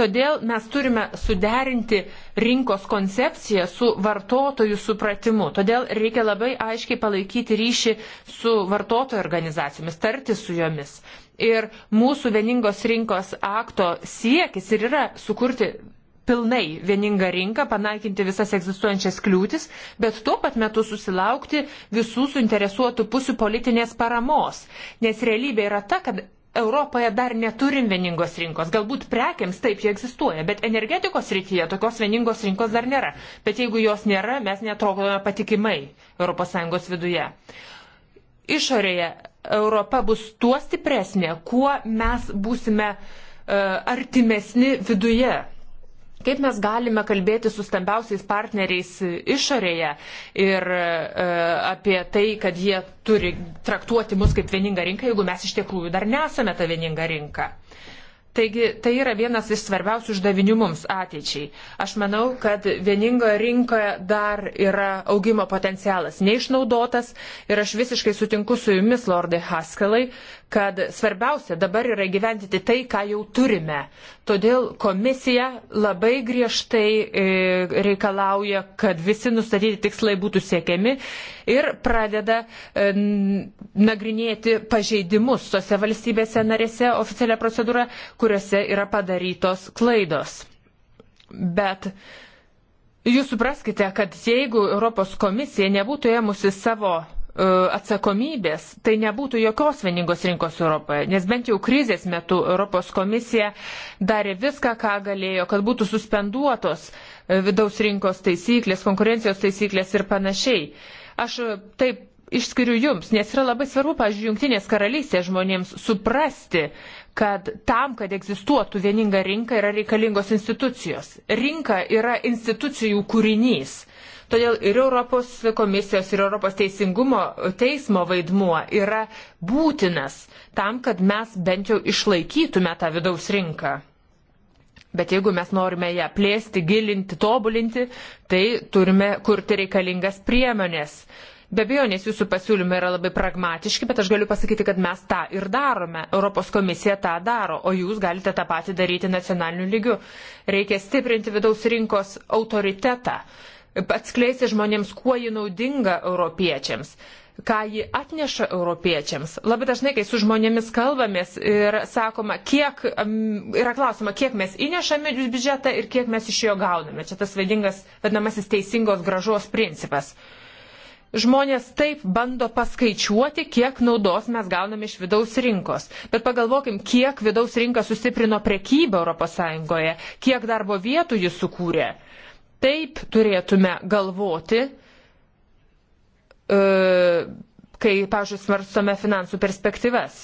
Todėl mes turime suderinti rinkos koncepciją su vartotojų supratimu. Todėl reikia labai aiškiai palaikyti ryšį su vartotojų organizacijomis, tarti su jomis. Ir mūsų vieningos rinkos akto siekis ir yra sukurti pilnai vieningą rinką, panaikinti visas egzistuojančias kliūtis, bet tuo pat metu susilaukti visų suinteresuotų pusių politinės paramos. Nes realybė yra ta, kad Europoje dar neturim vieningos rinkos. Galbūt prekiams taip jie egzistuoja, bet energetikos rytyje tokios vieningos rinkos dar nėra. Bet jeigu jos nėra, mes netrodome patikimai ES viduje. Išorėje Europa bus tuo stipresnė, kuo mes būsime uh, artimesni viduje Kaip mes galime kalbėti su stambiausiais partneriais išorėje ir e, apie tai, kad jie turi traktuoti mus kaip vieningą rinką, jeigu mes iš tikrųjų dar nesame ta vieninga rinka. Taigi tai yra vienas iš svarbiausių uždavinių mums ateičiai. Aš manau, kad vieningoje rinkoje dar yra augimo potencialas neišnaudotas ir aš visiškai sutinku su jumis, Lordai Haskellai, kad svarbiausia dabar yra gyventi tai, ką jau turime. Todėl komisija labai griežtai e, reikalauja, kad visi nustatyti tikslai būtų siekiami ir pradeda e, nagrinėti pažeidimus tose valstybėse narėse oficialią procedūrą, kuriuose yra padarytos klaidos. Bet jūs supraskite, kad jeigu Europos komisija nebūtų ėmusi savo E, atsakomybės, tai nebūtų jokios vieningos rinkos Europoje, nes bent jau krizės metu Europos komisija darė viską, ką galėjo, kad būtų suspenduotos e, vidaus rinkos taisyklės, konkurencijos taisyklės ir panašiai. Aš e, taip išskiriu jums, nes yra labai svarbu, pažiūrėjau, jungtinės karalystės žmonėms suprasti, kad tam, kad egzistuotų vieninga rinka, yra reikalingos institucijos. Rinka yra institucijų kūrinys Todėl ir Europos komisijos, ir Europos teisingumo teismo vaidmuo yra būtinas tam, kad mes bent jau išlaikytume tą vidaus rinką. Bet jeigu mes norime ją plėsti, gilinti, tobulinti, tai turime kurti reikalingas priemonės. Be abejo, nes jūsų pasiūlymai yra labai pragmatiški, bet aš galiu pasakyti, kad mes tą ir darome. Europos komisija tą daro, o jūs galite tą patį daryti nacionaliniu lygiu. Reikia stiprinti vidaus rinkos autoritetą atskleisti žmonėms, kuo ji naudinga europiečiams ką ji atneša europiečiams. Labai dažnai, kai su žmonėmis kalbamės ir sakoma, kiek, yra klausima, kiek mes įnešame į biudžetą ir kiek mes iš jo gauname. Čia tas vadingas, vadinamasis teisingos gražos principas. Žmonės taip bando paskaičiuoti, kiek naudos mes gauname iš vidaus rinkos. Bet pagalvokim, kiek vidaus rinka sustiprino prekybą ES, kiek darbo vietų jis sukūrė. Uh, Taip turėtume galvoti, e, kai, pažiūrėjau, svarstome finansų perspektyves.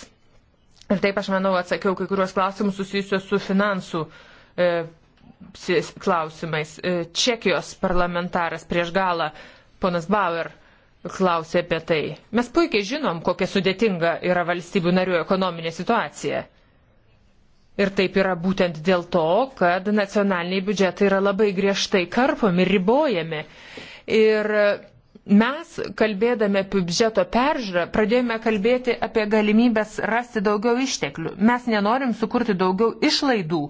Ir taip aš manau atsakiau kai kuriuos klausimus susijusios su finansų e, klausimais. E, Čekijos parlamentaras prieš galą, ponas Bauer, klausė apie tai. Mes puikiai žinom, kokia sudėtinga yra valstybių narių ekonominė situacija. Ir taip yra būtent dėl to, kad nacionaliniai biudžetai yra labai griežtai karpomi, ribojami. Ir mes, kalbėdami apie biudžeto peržiūrą, pradėjome kalbėti apie galimybės rasti daugiau išteklių. Mes nenorim sukurti daugiau išlaidų.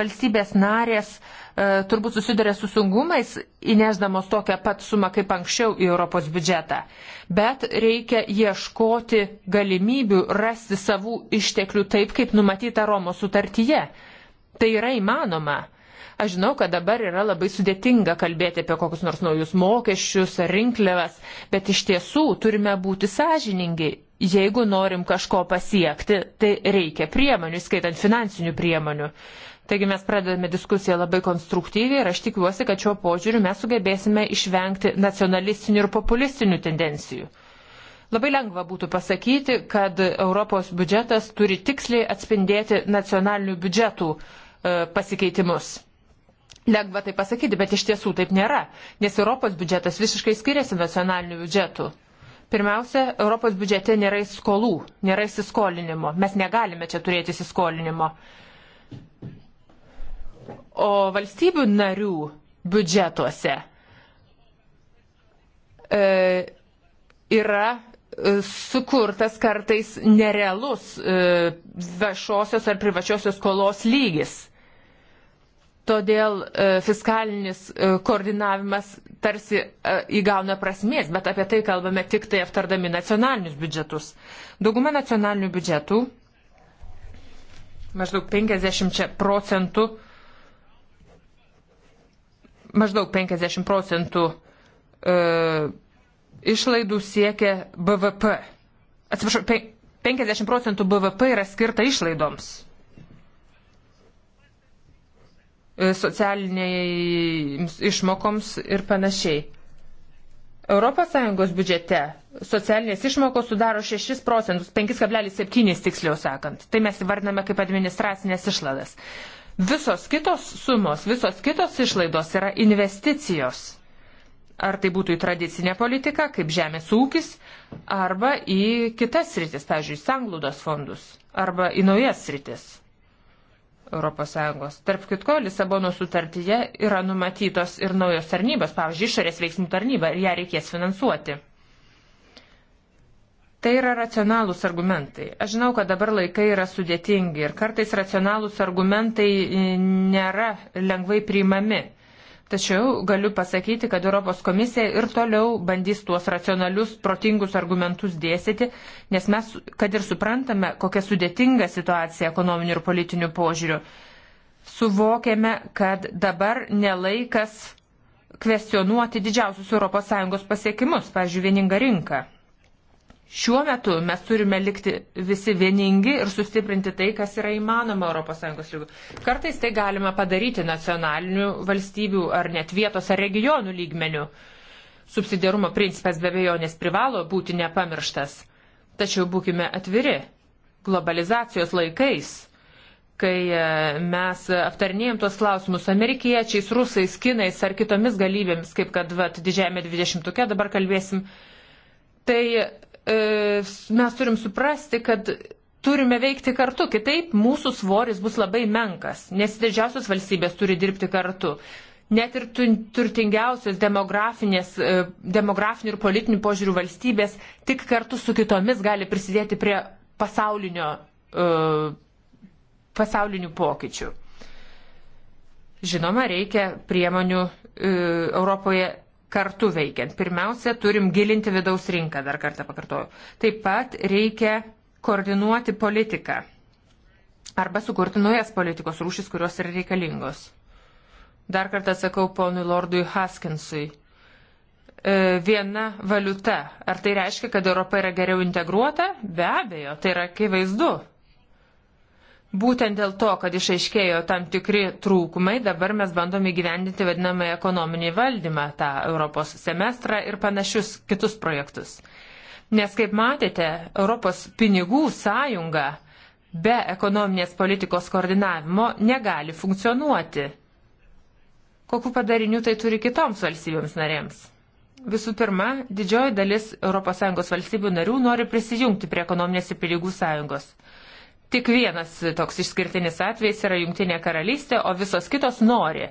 Valstybės narės uh, E, turbūt susiduria su sunkumais, įneždamos tokią pat sumą kaip anksčiau į Europos biudžetą. Bet reikia ieškoti galimybių rasti savų išteklių taip, kaip numatyta Romos sutartyje. Tai yra įmanoma. Aš žinau, kad dabar yra labai sudėtinga kalbėti apie kokius nors naujus mokesčius ar rinkliavas, bet iš tiesų turime būti sąžiningi. Jeigu norim kažko pasiekti, tai reikia priemonių, skaitant finansinių priemonių. Taigi mes pradedame diskusiją labai konstruktyviai ir aš tikiuosi, kad šiuo požiūriu mes sugebėsime išvengti nacionalistinių ir populistinių tendencijų. Labai lengva būtų pasakyti, kad Europos biudžetas turi tiksliai atspindėti nacionalinių biudžetų e, pasikeitimus. Lengva tai pasakyti, bet iš tiesų taip nėra, nes Europos biudžetas visiškai skiriasi nacionalinių biudžetų. Pirmiausia, Europos biudžete nėra skolų, nėra įsiskolinimo. Mes negalime čia turėti įsiskolinimo o valstybių narių biudžetuose e, yra e, sukurtas kartais nerealus e, viešosios ar privačiosios skolos lygis. Todėl e, fiskalinis e, koordinavimas tarsi e, įgauna prasmės, bet apie tai kalbame tik tai aptardami nacionalinius biudžetus. Dauguma nacionalinių biudžetų, maždaug 50 procentų, e, maždaug 50 procentų e, išlaidų siekia BVP. Atsiprašau, pe, 50 procentų BVP yra skirta išlaidoms. E, socialiniai išmokoms ir panašiai. ES biudžete socialinės išmokos sudaro 6 procentus, 5,7 tiksliau sakant. Tai mes įvardiname kaip administracinės išladas. Visos kitos sumos, visos kitos išlaidos yra investicijos. Ar tai būtų į tradicinę politiką, kaip žemės ūkis, arba į kitas sritis, pavyzdžiui, sanglūdos fondus, arba į naujas sritis. ES. Tarp kitko, Lisabono sutartyje yra numatytos ir naujos tarnybos, pavyzdžiui, išorės veiksmų tarnyba, ir ją reikės finansuoti. Tai yra racionalūs argumentai. Aš žinau, kad dabar laikai yra sudėtingi ir kartais racionalūs argumentai e, nėra lengvai priimami. Tačiau galiu pasakyti, kad Europos komisija ir toliau bandys tuos racionalius, protingus argumentus dėstyti, nes mes, kad ir suprantame, kokia sudėtinga situacija ekonominių ir politinių požiūrių, suvokėme, kad dabar nelaikas kvestionuoti didžiausius ES pasiekimus, pavyzdžiui, vieningą rinką. Šiuo metu mes turime likti visi vieningi ir sustiprinti tai, kas yra įmanoma ES lygių. Kartais tai galima padaryti nacionalinių valstybių ar net vietos ar regionų lygmenių. Subsidiarumo principas be abejonės privalo būti nepamirštas. Tačiau būkime atviri. Globalizacijos laikais, kai e, mes aptarnėjom tuos klausimus amerikiečiais, rusais, kinais ar kitomis galybėmis, kaip kad vat, didžiame 20-uke dabar kalbėsim, tai E, mes turim suprasti, kad turime veikti kartu, kitaip mūsų svoris bus labai menkas, nes didžiausios valstybės turi dirbti kartu. Net ir turtingiausios e, demografinių ir politinių požiūrių valstybės tik kartu su kitomis gali prisidėti prie pasaulinio, uh, pasaulinių pokyčių. Žinoma, reikia priemonių uh, Europoje kartu veikiant. Pirmiausia, turim gilinti vidaus rinką, dar kartą pakartoju. Taip pat reikia koordinuoti politiką arba sukurti naujas politikos rūšis, kurios yra reikalingos. Dar kartą sakau ponui Lordui Haskinsui. E, viena valiuta. Ar tai reiškia, kad Europa yra geriau integruota? Be abejo, tai yra akivaizdu. Būtent dėl to, kad išaiškėjo tam tikri trūkumai, dabar mes bandome įgyvendinti vadinamą ekonominį valdymą, tą Europos semestrą ir panašius kitus projektus. Nes, kaip matėte, Europos pinigų sąjunga be ekonominės politikos koordinavimo negali funkcionuoti. Kokiu padariniu tai turi kitoms valstybėms narėms? Visų pirma, didžioji dalis ES valstybių narių nori prisijungti prie ekonominės ir pinigų sąjungos. Tik vienas toks išskirtinis atvejis yra Junktinė karalystė, o visos kitos nori.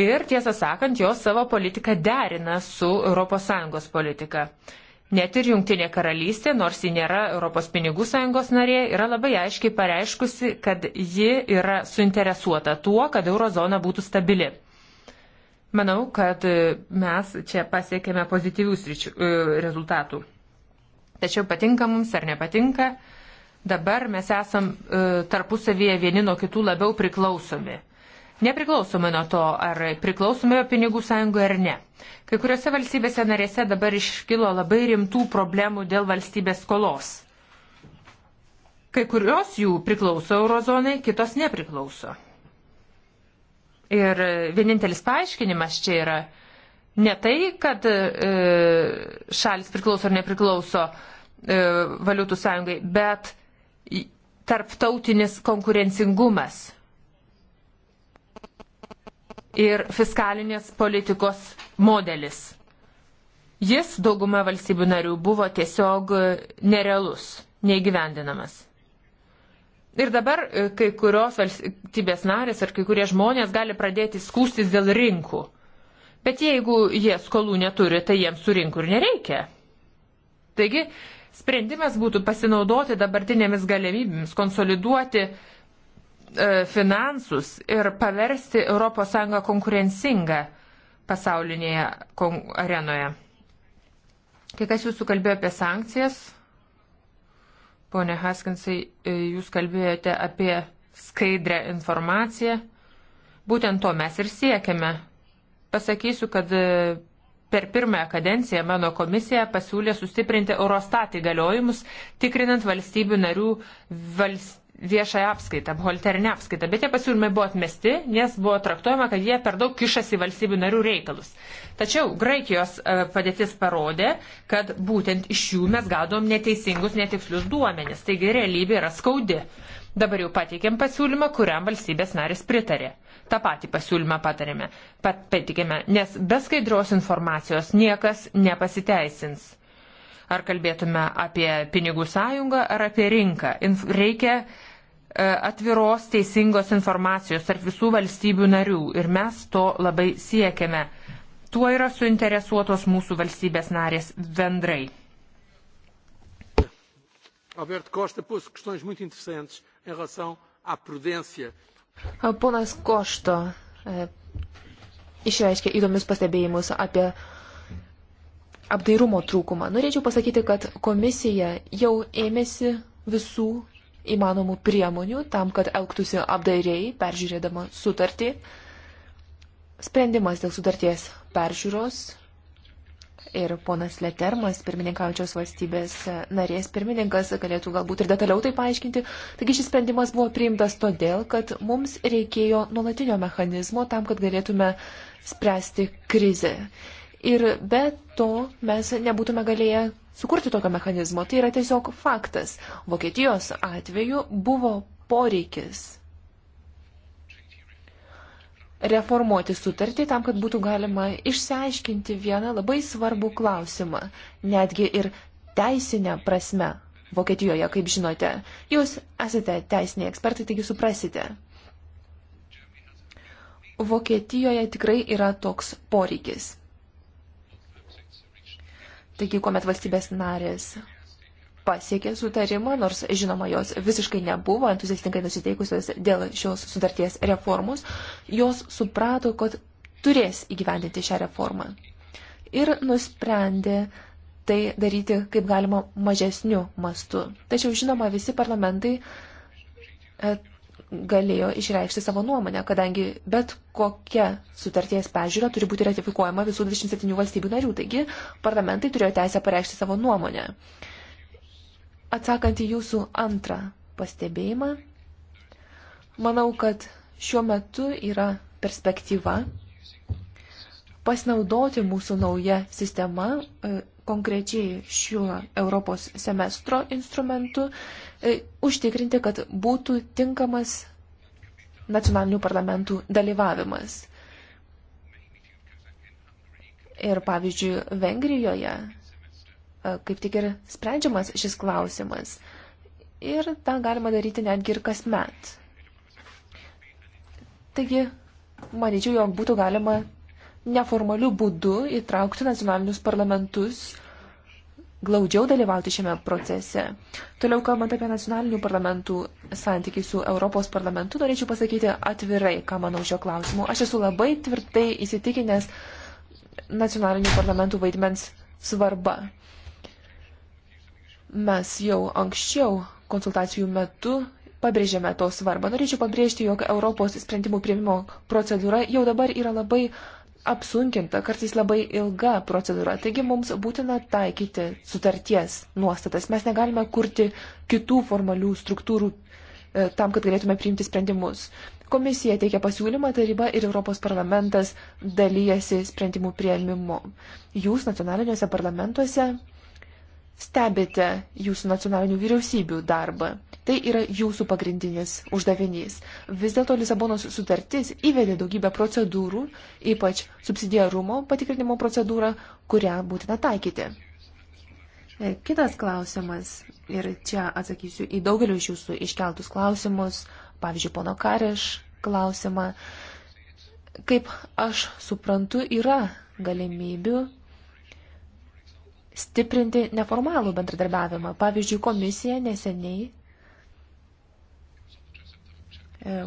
Ir tiesą sakant, jos savo politiką derina su ES politika. Net ir Junktinė karalystė, nors ji nėra Europos pinigų sąjungos narė, yra labai aiškiai pareiškusi, kad ji yra suinteresuota tuo, kad eurozona būtų stabili. Manau, kad e, mes čia pasiekėme pozityvių sričių, e, rezultatų. Tačiau patinka mums ar nepatinka, uh, Dabar mes esam e, tarpusavyje vieni nuo kitų labiau priklausomi. Nepriklausomai nuo to, ar priklausomai pinigų sąjungoje ar ne. Kai kuriuose valstybėse narėse dabar iškilo labai rimtų problemų dėl valstybės skolos. Kai kurios jų priklauso eurozonai, kitos nepriklauso. Ir vienintelis paaiškinimas čia yra ne tai, kad e, šalis priklauso ar nepriklauso e, valiutų sąjungai, bet tarptautinis konkurencingumas ir fiskalinės politikos modelis. Jis dauguma valstybių narių buvo tiesiog nerealus, neįgyvendinamas. Ir dabar e, kai kurios valstybės narės ar kai kurie žmonės gali pradėti skūstis dėl rinkų. Bet jeigu jie skolų neturi, tai jiems tų rinkų ir nereikia. Taigi Sprendimas būtų pasinaudoti dabartinėmis galimybėmis, konsoliduoti e, finansus ir paversti ES konkurencingą pasaulinėje kon arenoje. Kai kas jūsų kalbėjo apie sankcijas, ponė Haskinsai, e, jūs kalbėjote apie skaidrę informaciją. Būtent to mes ir siekiame. Pasakysiu, kad e, per pirmąją kadenciją mano komisija pasiūlė sustiprinti Eurostat įgaliojimus, tikrinant valstybių narių valst... viešąją apskaitą, buhalterinę apskaitą. Bet tie pasiūlymai buvo atmesti, nes buvo traktuojama, kad jie per daug kišasi valstybių narių reikalus. Tačiau Graikijos e, padėtis parodė, kad būtent iš jų mes gaudom neteisingus, netikslius duomenis. Taigi realybė yra skaudi. Dabar jau pateikėm pasiūlymą, kuriam valstybės narės pritarė tą patį pasiūlymą patarėme, pat patikėme, nes be skaidrios informacijos niekas nepasiteisins. Ar kalbėtume apie pinigų sąjungą ar apie rinką, Inf reikia e, atviros teisingos informacijos tarp visų valstybių narių ir mes to labai siekiame. Tuo yra suinteresuotos mūsų valstybės narės bendrai. Alberto Costa pôs questões muito interessantes em relação à prudência Ponas Košto e, išreiškė įdomius pastebėjimus apie apdairumo trūkumą. Norėčiau pasakyti, kad komisija jau ėmėsi visų įmanomų priemonių tam, kad elgtųsi apdairiai, peržiūrėdama sutartį. Sprendimas dėl sutarties peržiūros ir ponas Letermas, pirmininkaujančios valstybės narės pirmininkas, galėtų galbūt ir detaliau tai paaiškinti. Taigi šis sprendimas buvo priimtas todėl, kad mums reikėjo nuolatinio mechanizmo tam, kad galėtume spręsti krizę. Ir be to mes nebūtume galėję sukurti tokio mechanizmo. Tai yra tiesiog faktas. Vokietijos atveju buvo poreikis reformuoti sutartį tam, kad būtų galima išsiaiškinti vieną labai svarbų klausimą, netgi ir teisinę prasme. Vokietijoje, kaip žinote, jūs esate teisiniai ekspertai, taigi suprasite. Vokietijoje tikrai yra toks poreikis. Taigi, kuomet valstybės narės pasiekė sutarimą, nors žinoma, jos visiškai nebuvo entuziastingai nusiteikusios dėl šios sutarties reformos, jos suprato, kad turės įgyvendinti šią reformą. Ir nusprendė tai daryti kaip galima mažesniu mastu. Tačiau, žinoma, visi parlamentai e, galėjo išreikšti savo nuomonę, kadangi bet kokia sutarties pežiūra turi būti ratifikuojama visų 27 valstybių narių, taigi parlamentai turėjo teisę pareikšti savo nuomonę. Atsakant į jūsų antrą pastebėjimą, manau, kad šiuo metu yra perspektyva pasinaudoti mūsų nauja sistema, e, konkrečiai šiuo Europos semestro instrumentu, e, užtikrinti, kad būtų tinkamas nacionalinių parlamentų dalyvavimas. Ir pavyzdžiui, Vengrijoje E, kaip tik ir sprendžiamas šis klausimas. Ir tą galima daryti netgi ir kasmet. Taigi, manyčiau, jog būtų galima neformalių būdų įtraukti nacionalinius parlamentus glaudžiau dalyvauti šiame procese. Toliau kalbant apie nacionalinių parlamentų santykį su Europos parlamentu, norėčiau pasakyti atvirai, ką manau šio klausimu. Aš esu labai tvirtai įsitikinęs nacionalinių parlamentų vaidmens svarba. Mes jau anksčiau konsultacijų metu pabrėžėme to svarbą. Norėčiau pabrėžti, jog Europos sprendimų prieimimo procedūra jau dabar yra labai apsunkinta, kartais labai ilga procedūra. Taigi mums būtina taikyti sutarties nuostatas. Mes negalime kurti kitų formalių struktūrų e, tam, kad galėtume priimti sprendimus. Komisija teikia pasiūlymą, taryba ir Europos parlamentas dalyjasi sprendimų prieimimu. Jūs nacionaliniuose parlamentuose stebite jūsų nacionalinių vyriausybių darbą. Tai yra jūsų pagrindinis uždavinys. Vis dėlto Lisabonos sutartis įvedė daugybę procedūrų, ypač subsidiarumo patikrinimo procedūrą, kurią būtina taikyti. E, kitas klausimas, ir čia atsakysiu į daugelį iš jūsų iškeltus klausimus, pavyzdžiui, pono Kareš klausimą. Kaip aš suprantu, yra galimybių stiprinti neformalų bendradarbiavimą. Pavyzdžiui, komisija neseniai e,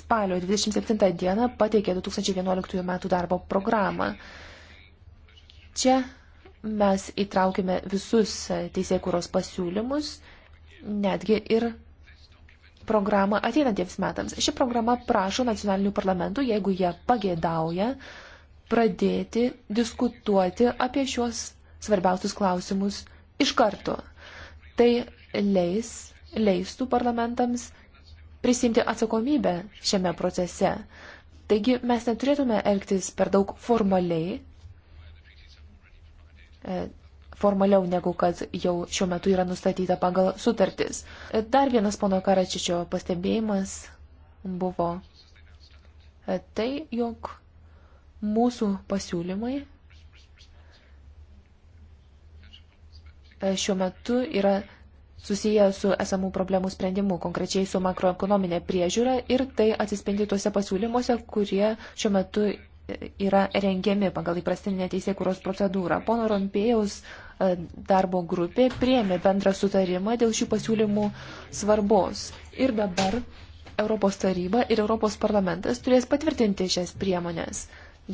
spalio 27 dieną pateikė 2011 metų darbo programą. Čia mes įtraukime visus teisėkūros pasiūlymus, netgi ir programą ateinantiems metams. Ši programa prašo nacionalinių parlamentų, jeigu jie pagėdauja, pradėti diskutuoti apie šiuos svarbiausius klausimus iš karto. Tai leis, leistų parlamentams prisimti atsakomybę šiame procese. Taigi mes neturėtume elgtis per daug formaliai, e, formaliau negu kad jau šiuo metu yra nustatyta pagal sutartis. E, dar vienas pono Karačičio pastebėjimas buvo e, tai, jog mūsų pasiūlymai E, šiuo metu yra susiję su esamų problemų sprendimu, konkrečiai su makroekonominė priežiūra ir tai atsispindi tuose pasiūlymuose, kurie šiuo metu yra rengiami pagal įprastinę teisėkūros procedūrą. Pono Rompėjaus e, darbo grupė priemė bendrą sutarimą dėl šių pasiūlymų svarbos. Ir dabar Europos taryba ir Europos parlamentas turės patvirtinti šias priemonės,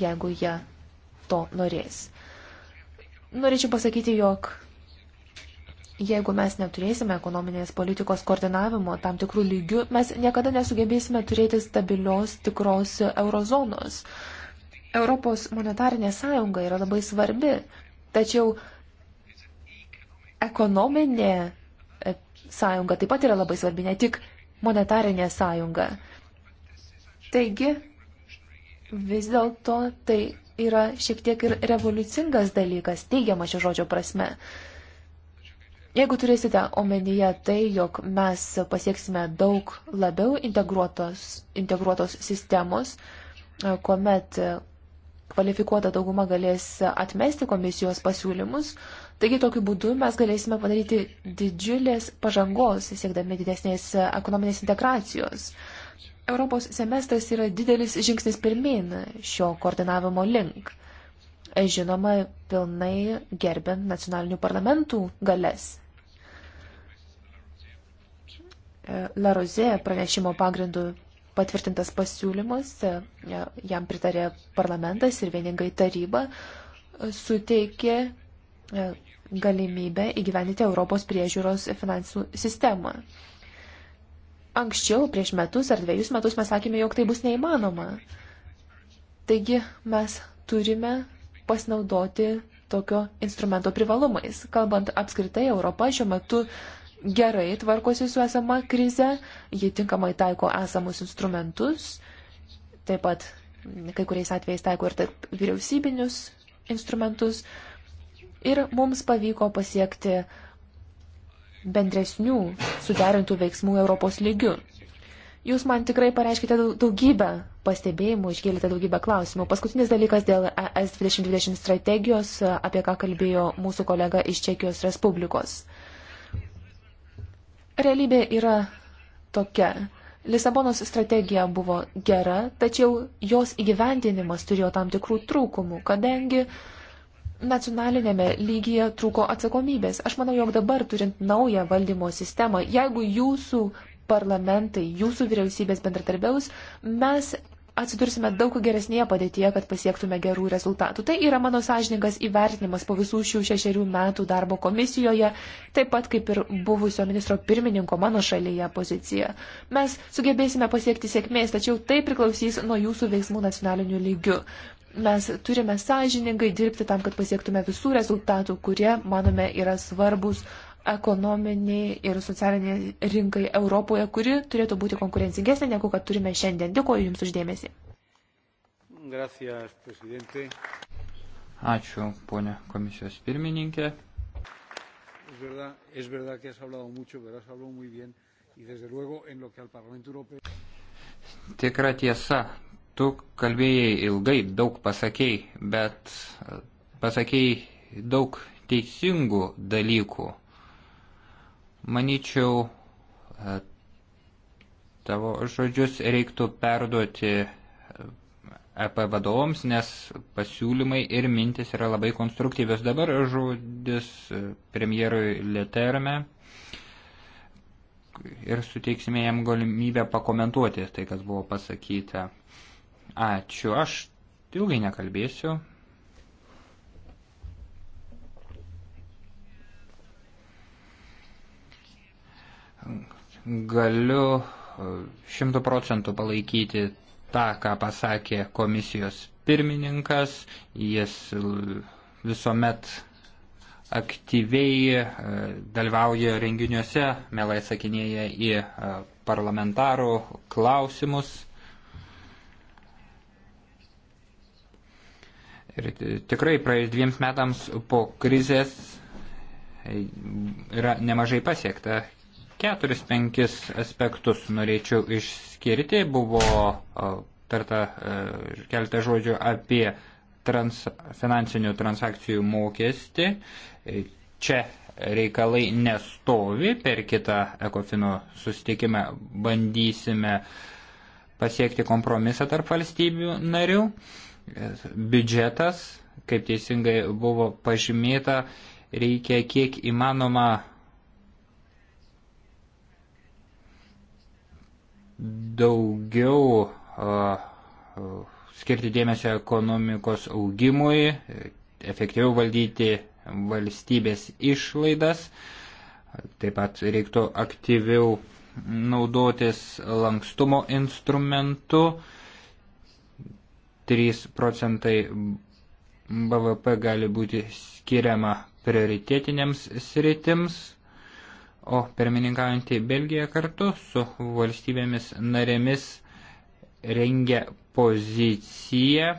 jeigu jie to norės. Norėčiau pasakyti, jog Jeigu mes neturėsime ekonominės politikos koordinavimo tam tikrų lygių, mes niekada nesugebėsime turėti stabilios, tikros eurozonos. Europos monetarinė sąjunga yra labai svarbi, tačiau ekonominė e, sąjunga taip pat yra labai svarbi, ne tik monetarinė sąjunga. Taigi, vis dėlto tai yra šiek tiek ir revoliucingas dalykas, teigiama šio žodžio prasme. Jeigu turėsite omenyje tai, jog mes pasieksime daug labiau integruotos, integruotos sistemos, kuomet kvalifikuota dauguma galės atmesti komisijos pasiūlymus, taigi tokiu būdu mes galėsime padaryti didžiulės pažangos, siekdami didesnės ekonominės integracijos. Europos semestras yra didelis žingsnis pirmin šio koordinavimo link žinoma, pilnai gerbint nacionalinių parlamentų galės. Laroze pranešimo pagrindu patvirtintas pasiūlymas, e, jam pritarė parlamentas ir vieningai taryba, e, suteikė e, galimybę įgyveninti Europos priežiūros finansų sistemą. Anksčiau, prieš metus ar dviejus metus, mes sakėme, jog tai bus neįmanoma. Taigi mes turime pasinaudoti tokio instrumento privalumais. Kalbant apskritai, Europa šiuo metu gerai tvarkosi su esama krize, ji tinkamai taiko esamus instrumentus, taip pat kai kuriais atvejais taiko ir tarp vyriausybinius instrumentus. Ir mums pavyko pasiekti bendresnių suderintų veiksmų Europos lygių. Jūs man tikrai pareiškite daugybę pastebėjimų, iškėlėte daugybę klausimų. Paskutinis dalykas dėl ES 2020 strategijos, apie ką kalbėjo mūsų kolega iš Čekijos Respublikos. Realybė yra tokia. Lisabonos strategija buvo gera, tačiau jos įgyvendinimas turėjo tam tikrų trūkumų, kadangi nacionalinėme lygyje trūko atsakomybės. Aš manau, jog dabar turint naują valdymo sistemą, jeigu jūsų parlamentai, jūsų vyriausybės bendratarbiaus, mes atsidursime daug geresnėje padėtyje, kad pasiektume gerų rezultatų. Tai yra mano sąžininkas įvertinimas po visų šių šešerių metų darbo komisijoje, taip pat kaip ir buvusio ministro pirmininko mano šalyje pozicija. Mes sugebėsime pasiekti sėkmės, tačiau tai priklausys nuo jūsų veiksmų nacionaliniu lygiu. Mes turime sąžiningai dirbti tam, kad pasiektume visų rezultatų, kurie, manome, yra svarbus ekonominiai ir socialiniai rinkai Europoje, kuri turėtų būti konkurencingesnė negu kad turime šiandien. Dėkuoju Jums uždėmesi. Gracias, presidente. Ačiū, ponė komisijos pirmininkė. Tikra tiesa, tu kalbėjai ilgai, daug pasakėjai, bet pasakėjai daug teisingų dalykų. Manyčiau, e, tavo žodžius reiktų perduoti EP e vadovams, nes pasiūlymai ir mintis yra labai konstruktyvios. Dabar žodis e, premjerui Leterme ir suteiksime jam galimybę pakomentuoti tai, kas buvo pasakyta. Ačiū, aš ilgai nekalbėsiu, galiu e, šimtų procentų palaikyti tą, ką pasakė komisijos pirmininkas. Jis e, visuomet aktyviai e, dalyvauja renginiuose, mielai sakinėja į parlamentarų klausimus. Ir tikrai praėjus dviems metams po krizės yra nemažai pasiekta keturis, penkis aspektus norėčiau išskirti. Buvo tarta keletą žodžių apie trans, finansinių transakcijų mokestį. Čia reikalai nestovi, per kitą ekofino sustikimą bandysime pasiekti kompromisą tarp valstybių narių. Biudžetas, kaip teisingai buvo pažymėta, reikia kiek įmanoma daugiau skirti dėmesio ekonomikos augimui, efektyviau valdyti valstybės išlaidas, taip pat reiktų aktyviau naudotis lankstumo instrumentu, 3 procentai BVP gali būti skiriama prioritetinėms sritims, o pirmininkaujantį Belgiją kartu su valstybėmis narėmis rengia poziciją,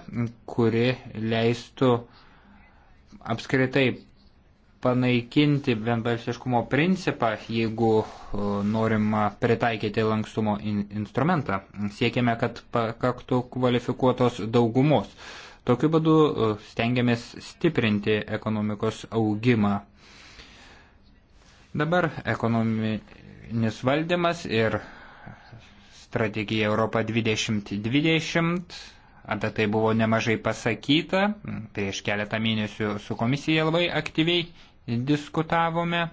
kuri leistų apskritai panaikinti vienbalsiškumo principą, jeigu norima pritaikyti lankstumo in instrumentą. Siekime, kad pakaktų kvalifikuotos daugumos. Tokiu būdu stengiamės stiprinti ekonomikos augimą. Dabar ekonominis valdymas ir strategija Europa 2020. Apie tai buvo nemažai pasakyta. Prieš keletą mėnesių su komisija labai aktyviai diskutavome.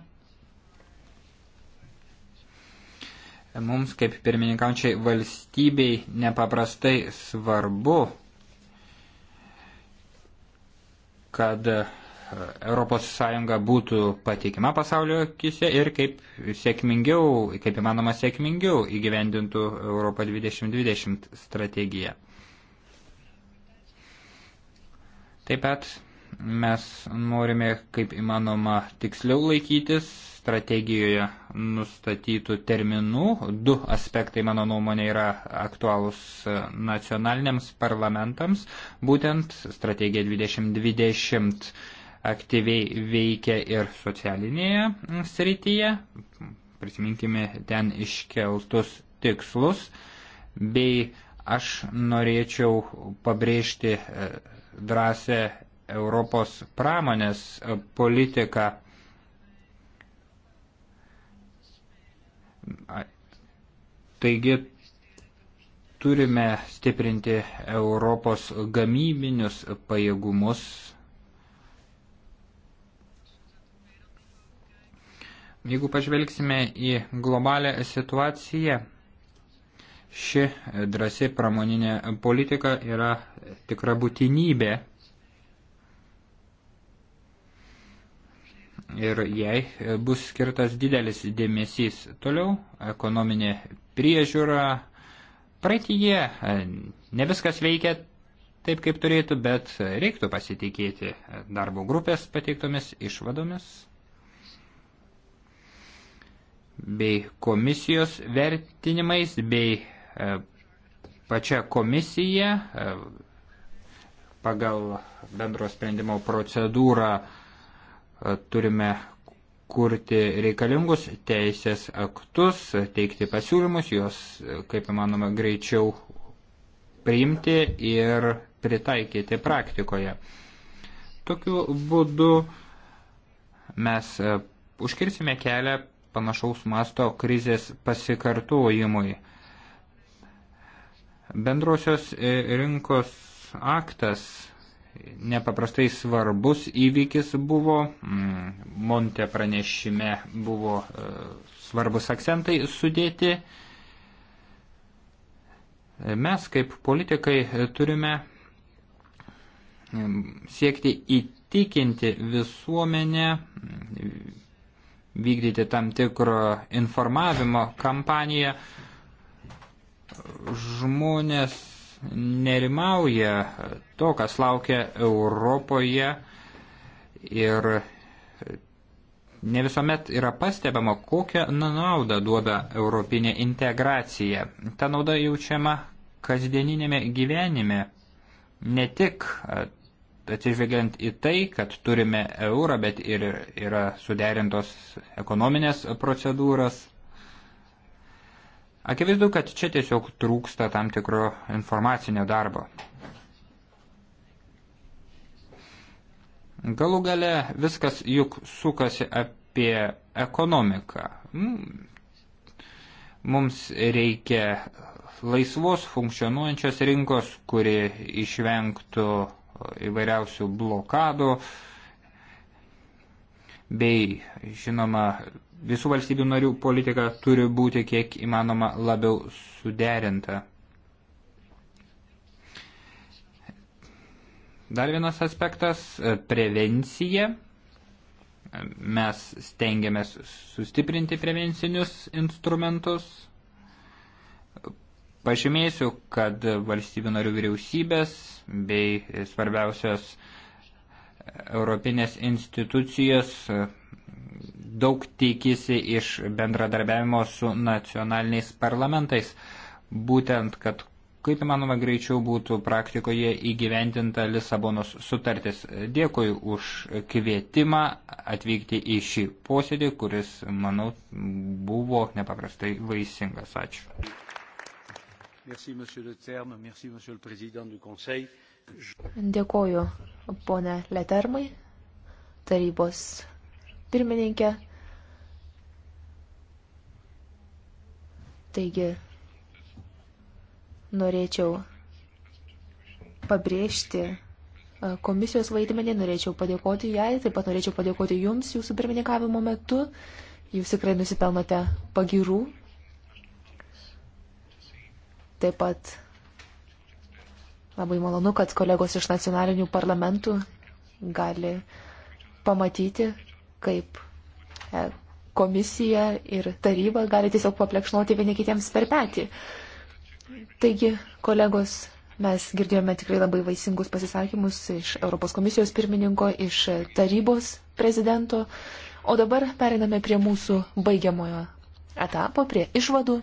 Mums kaip pirmininkaučiai valstybei nepaprastai svarbu, kad ES būtų patikima pasaulio akise ir kaip sėkmingiau, kaip įmanoma sėkmingiau įgyvendintų Europą 2020 strategiją. Taip pat mes norime kaip įmanoma tiksliau laikytis strategijoje nustatytų terminų. Du aspektai, mano nuomonė, yra aktualūs nacionaliniams parlamentams. Būtent strategija 2020 aktyviai veikia ir socialinėje mm, srityje, prisiminkime ten iškeltus tikslus, bei aš norėčiau pabrėžti e, drąsę Europos pramonės e, politiką. Taigi turime stiprinti Europos gamybinius pajėgumus Jeigu pažvelgsime į globalę situaciją, ši drasi pramoninė politika yra tikra būtinybė ir jai bus skirtas didelis dėmesys. Toliau ekonominė priežiūra. Praeitie e, ne viskas veikia taip, kaip turėtų, bet reiktų pasitikėti darbo grupės pateiktomis išvadomis bei komisijos vertinimais bei e, pačia komisija e, pagal bendro sprendimo procedūrą e, turime kurti reikalingus teisės aktus, teikti pasiūlymus, juos kaip įmanoma greičiau priimti ir pritaikyti praktikoje. Tokiu būdu mes užkirsime kelią panašaus masto krizės pasikartojimui. Bendrosios e, rinkos aktas nepaprastai svarbus įvykis buvo, mm, Monte pranešime buvo e, svarbus akcentai sudėti. Mes kaip politikai turime mm, siekti įtikinti visuomenę vykdyti tam tikro informavimo kampaniją. Žmonės nerimauja to, kas laukia Europoje ir ne visuomet yra pastebama, kokią naudą duoda europinė integracija. Ta nauda jaučiama kasdieninėme gyvenime, ne tik atsižvelgiant į tai, kad turime eurą, bet ir yra suderintos ekonominės procedūros. Akivaizdu, kad čia tiesiog trūksta tam tikro informacinio darbo. Galų gale viskas juk sukasi apie ekonomiką. Mm. Mums reikia laisvos funkcionuojančios rinkos, kuri išvengtų įvairiausių blokadų bei, žinoma, visų valstybių narių politika turi būti kiek įmanoma labiau suderinta. Dar vienas aspektas - prevencija. Mes stengiamės sustiprinti prevencinius instrumentus Pažymėsiu, kad valstybių narių vyriausybės bei svarbiausios europinės institucijos daug tikisi iš bendradarbiavimo su nacionaliniais parlamentais, būtent, kad kaip įmanoma greičiau būtų praktikoje įgyvendinta Lisabonos sutartis. Dėkui už kvietimą atvykti į šį posėdį, kuris, manau, buvo nepaprastai vaisingas. Ačiū. Merci, monsieur le terme. Merci, monsieur le président du conseil. Dėkoju, ponė Letermai, tarybos pirmininkė. Taigi, norėčiau pabrėžti e, komisijos vaidmenį, norėčiau padėkoti jai, taip pat norėčiau padėkoti jums jūsų pirmininkavimo metu. Jūs tikrai nusipelnote pagirų Taip pat labai malonu, kad kolegos iš nacionalinių parlamentų gali pamatyti, kaip e, komisija ir taryba gali tiesiog paplekšnoti vieni kitiems per petį. Taigi, kolegos, mes girdėjome tikrai labai vaisingus pasisakymus iš Europos komisijos pirmininko, iš tarybos prezidento. O dabar periname prie mūsų baigiamojo etapo, prie išvadų.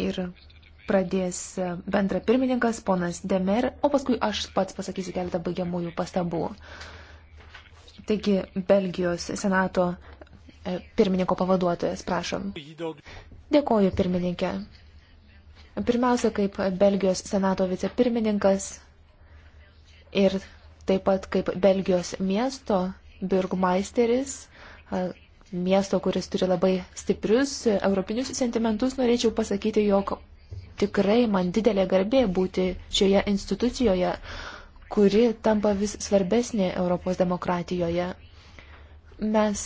ir pradės bendra pirmininkas, ponas Demer, o paskui aš pats pasakysiu keletą baigiamųjų pastabų. Taigi, Belgijos senato e, pirmininko pavaduotojas, prašom. Dėkoju, pirmininkė. Pirmiausia, kaip Belgijos senato vicepirmininkas ir taip pat kaip Belgijos miesto burgmeisteris, miesto, kuris turi labai stiprius europinius sentimentus, norėčiau pasakyti, jog tikrai man didelė garbė būti šioje institucijoje, kuri tampa vis svarbesnė Europos demokratijoje. Mes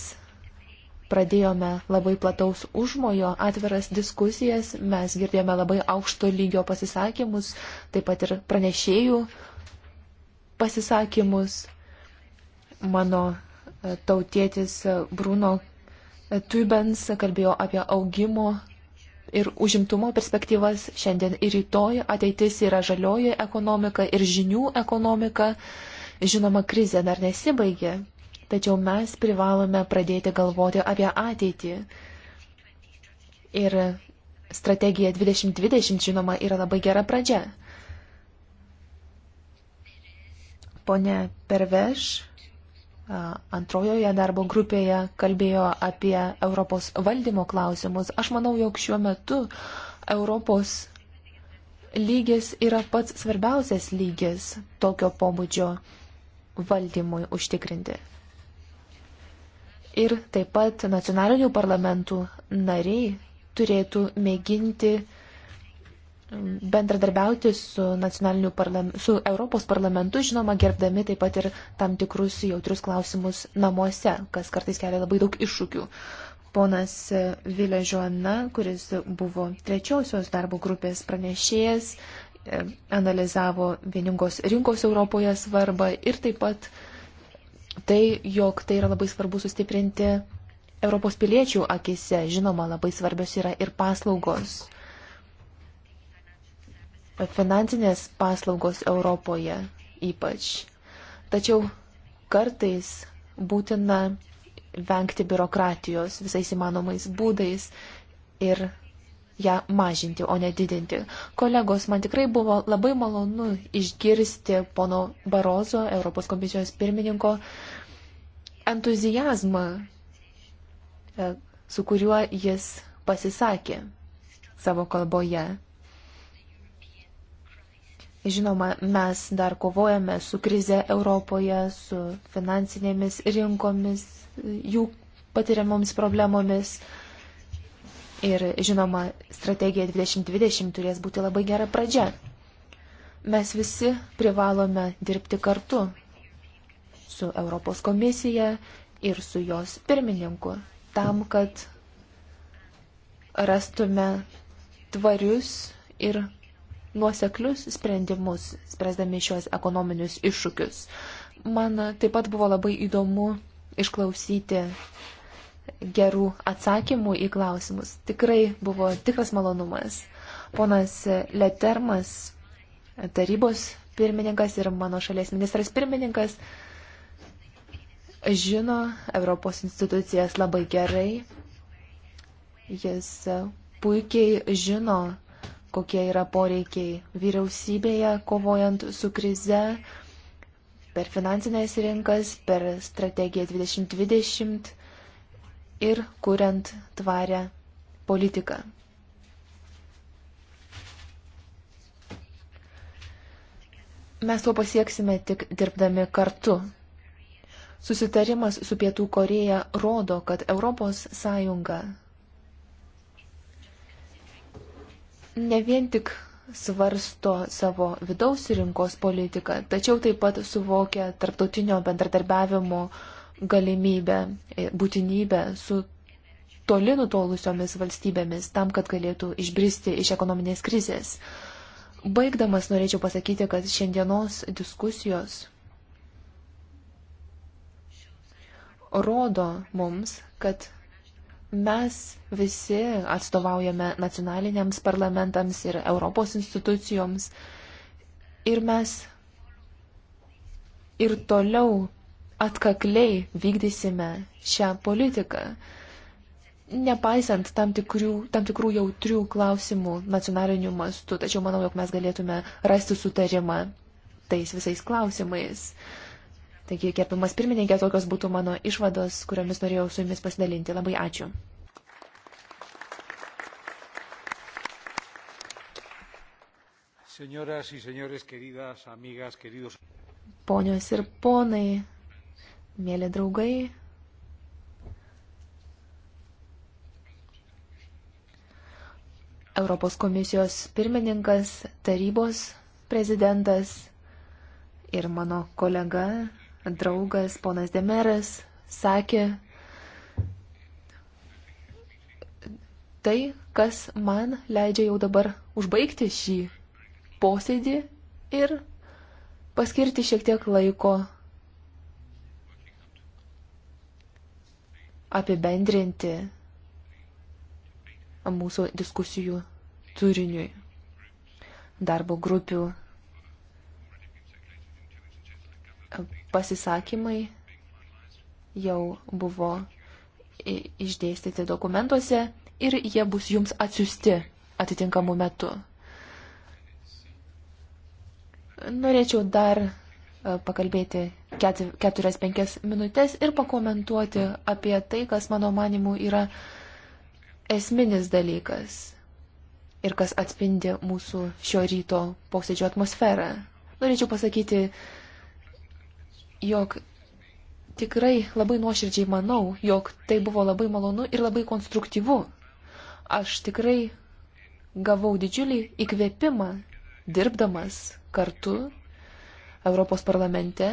pradėjome labai plataus užmojo atviras diskusijas, mes girdėjome labai aukšto lygio pasisakymus, taip pat ir pranešėjų pasisakymus. Mano e, tautietis Bruno Tubens kalbėjo apie augimo ir užimtumo perspektyvas šiandien ir rytoj. Ateitis yra žalioji ekonomika ir žinių ekonomika. Žinoma, krizė dar nesibaigė, tačiau mes privalome pradėti galvoti apie ateitį. Ir strategija 2020, žinoma, yra labai gera pradžia. Pone Perveš antrojoje darbo grupėje kalbėjo apie Europos valdymo klausimus. Aš manau, jog šiuo metu Europos lygis yra pats svarbiausias lygis tokio pobūdžio valdymui užtikrinti. Ir taip pat nacionalinių parlamentų nariai turėtų mėginti bendradarbiauti su, su Europos parlamentu, žinoma, gerbdami taip pat ir tam tikrus jautrius klausimus namuose, kas kartais kelia labai daug iššūkių. Ponas Vilė Žuana, kuris buvo trečiosios darbo grupės pranešėjas, e, analizavo vieningos rinkos Europoje svarbą ir taip pat tai, jog tai yra labai svarbu sustiprinti Europos piliečių akise. Žinoma, labai svarbios yra ir paslaugos finansinės paslaugos Europoje ypač. Tačiau kartais būtina vengti biurokratijos visais įmanomais būdais ir ją mažinti, o ne didinti. Kolegos, man tikrai buvo labai malonu išgirsti pono Barozo, Europos komisijos pirmininko, entuzijazmą, e, su kuriuo jis pasisakė savo kalboje. Žinoma, mes dar kovojame su krize Europoje, su finansinėmis rinkomis, jų patiriamomis problemomis. Ir žinoma, strategija 2020 turės būti labai gera pradžia. Mes visi privalome dirbti kartu su Europos komisija ir su jos pirmininku tam, kad rastume tvarius ir nuoseklius sprendimus, spręsdami šios ekonominius iššūkius. Man taip pat buvo labai įdomu išklausyti gerų atsakymų į klausimus. Tikrai buvo tikras malonumas. Ponas Letermas, tarybos pirmininkas ir mano šalies ministras pirmininkas, žino Europos institucijas labai gerai. Jis puikiai žino kokie yra poreikiai vyriausybėje, kovojant su krize, per finansinės rinkas, per strategiją 2020 ir kuriant tvarę politiką. Mes to pasieksime tik dirbdami kartu. Susitarimas su Pietų Koreja rodo, kad ES ne vien tik svarsto savo vidaus rinkos politiką, tačiau taip pat suvokia tarptautinio bendradarbiavimo galimybę, e, būtinybę su toli nutolusiomis valstybėmis tam, kad galėtų išbristi iš ekonominės krizės. Baigdamas norėčiau pasakyti, kad šiandienos diskusijos rodo mums, kad Mes visi atstovaujame nacionaliniams parlamentams ir Europos institucijoms ir mes ir toliau atkakliai vykdysime šią politiką, nepaisant tam tikrų, tam tikrų jautrių klausimų nacionaliniu mastu, tačiau manau, jog mes galėtume rasti sutarimą tais visais klausimais. Uh, Taigi, gerbiamas pirmininkė, tokios būtų mano išvados, kuriomis norėjau su jumis pasidalinti. Labai ačiū. Señoras y señores, queridas amigas, queridos. Ponios ir ponai, mėly draugai. Europos komisijos pirmininkas, tarybos prezidentas ir mano kolega draugas ponas Demeras sakė tai, kas man leidžia jau dabar užbaigti šį posėdį ir paskirti šiek tiek laiko apibendrinti mūsų diskusijų turiniui darbo grupių pasisakymai jau buvo išdėstyti dokumentuose ir jie bus jums atsiusti atitinkamu metu. Norėčiau dar e, pakalbėti 4-5 minutės ir pakomentuoti apie tai, kas mano manimu yra esminis dalykas ir kas atspindi mūsų šio ryto posėdžio atmosferą. Norėčiau pasakyti jog tikrai labai nuoširdžiai manau, jog tai buvo labai malonu ir labai konstruktyvu. Aš tikrai gavau didžiulį įkvėpimą dirbdamas kartu Europos parlamente,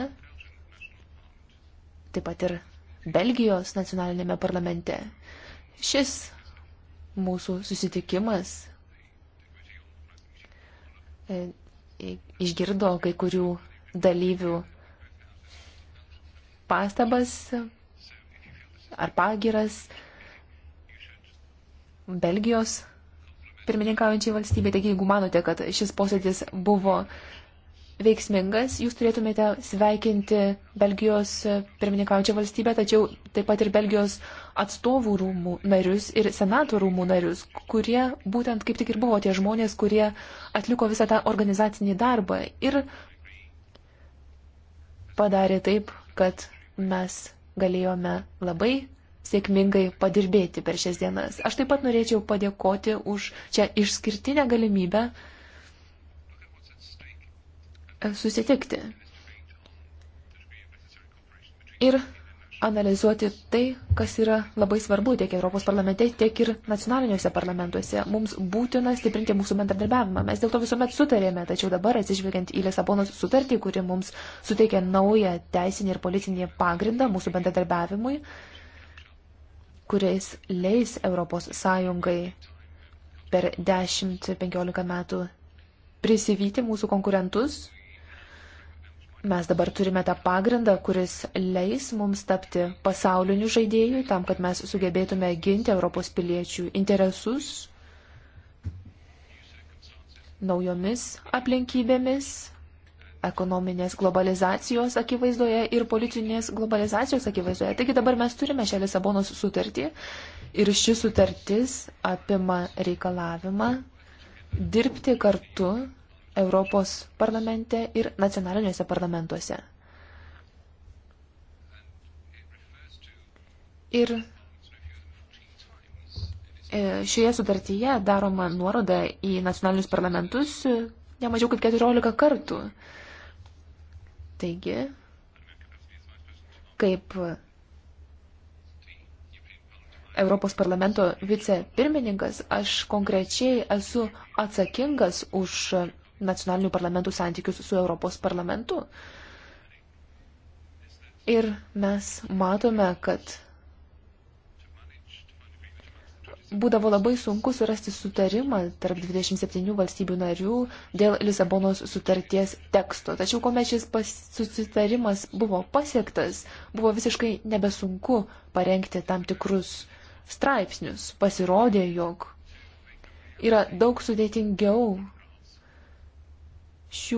taip pat ir Belgijos nacionalinėme parlamente. Šis mūsų susitikimas e, išgirdo kai kurių dalyvių pastabas ar pagiras Belgijos pirmininkaujančiai valstybė. Taigi, jeigu manote, kad šis posėdis buvo veiksmingas, jūs turėtumėte sveikinti Belgijos pirmininkaujančią valstybę, tačiau taip pat ir Belgijos atstovų rūmų narius ir senato rūmų narius, kurie būtent kaip tik ir buvo tie žmonės, kurie atliko visą tą organizacinį darbą ir padarė taip, kad mes galėjome labai sėkmingai padirbėti per šias dienas. Aš taip pat norėčiau padėkoti už čia išskirtinę galimybę susitikti. Ir analizuoti tai, kas yra labai svarbu tiek Europos parlamente, tiek ir nacionaliniuose parlamentuose. Mums būtina stiprinti mūsų bendradarbiavimą. Mes dėl to visuomet sutarėme, tačiau dabar, atsižvelgiant į Lisabonos sutartį, kuri mums suteikia naują teisinį ir politinį pagrindą mūsų bendradarbiavimui, kuriais leis Europos Sąjungai per 10-15 metų prisivyti mūsų konkurentus Mes dabar turime tą pagrindą, kuris leis mums tapti pasauliniu žaidėju, tam, kad mes sugebėtume ginti Europos piliečių interesus naujomis aplinkybėmis, ekonominės globalizacijos akivaizdoje ir politinės globalizacijos akivaizdoje. Taigi dabar mes turime šią Lisabonos sutartį ir ši sutartis apima reikalavimą dirbti kartu Europos parlamente ir nacionaliniuose parlamentuose. Ir e, šioje sutartyje daroma nuoroda į nacionalinius parlamentus e, nemažiau kaip 14 kartų. Taigi, kaip Europos parlamento vicepirmininkas, aš konkrečiai esu atsakingas už nacionalinių parlamentų santykius su Europos parlamentu. Ir mes matome, kad būdavo labai sunku surasti sutarimą tarp 27 valstybių narių dėl Lisabonos sutarties teksto. Tačiau, kuomet šis susitarimas buvo pasiektas, buvo visiškai nebesunku parengti tam tikrus straipsnius. Pasirodė, jog yra daug sudėtingiau šių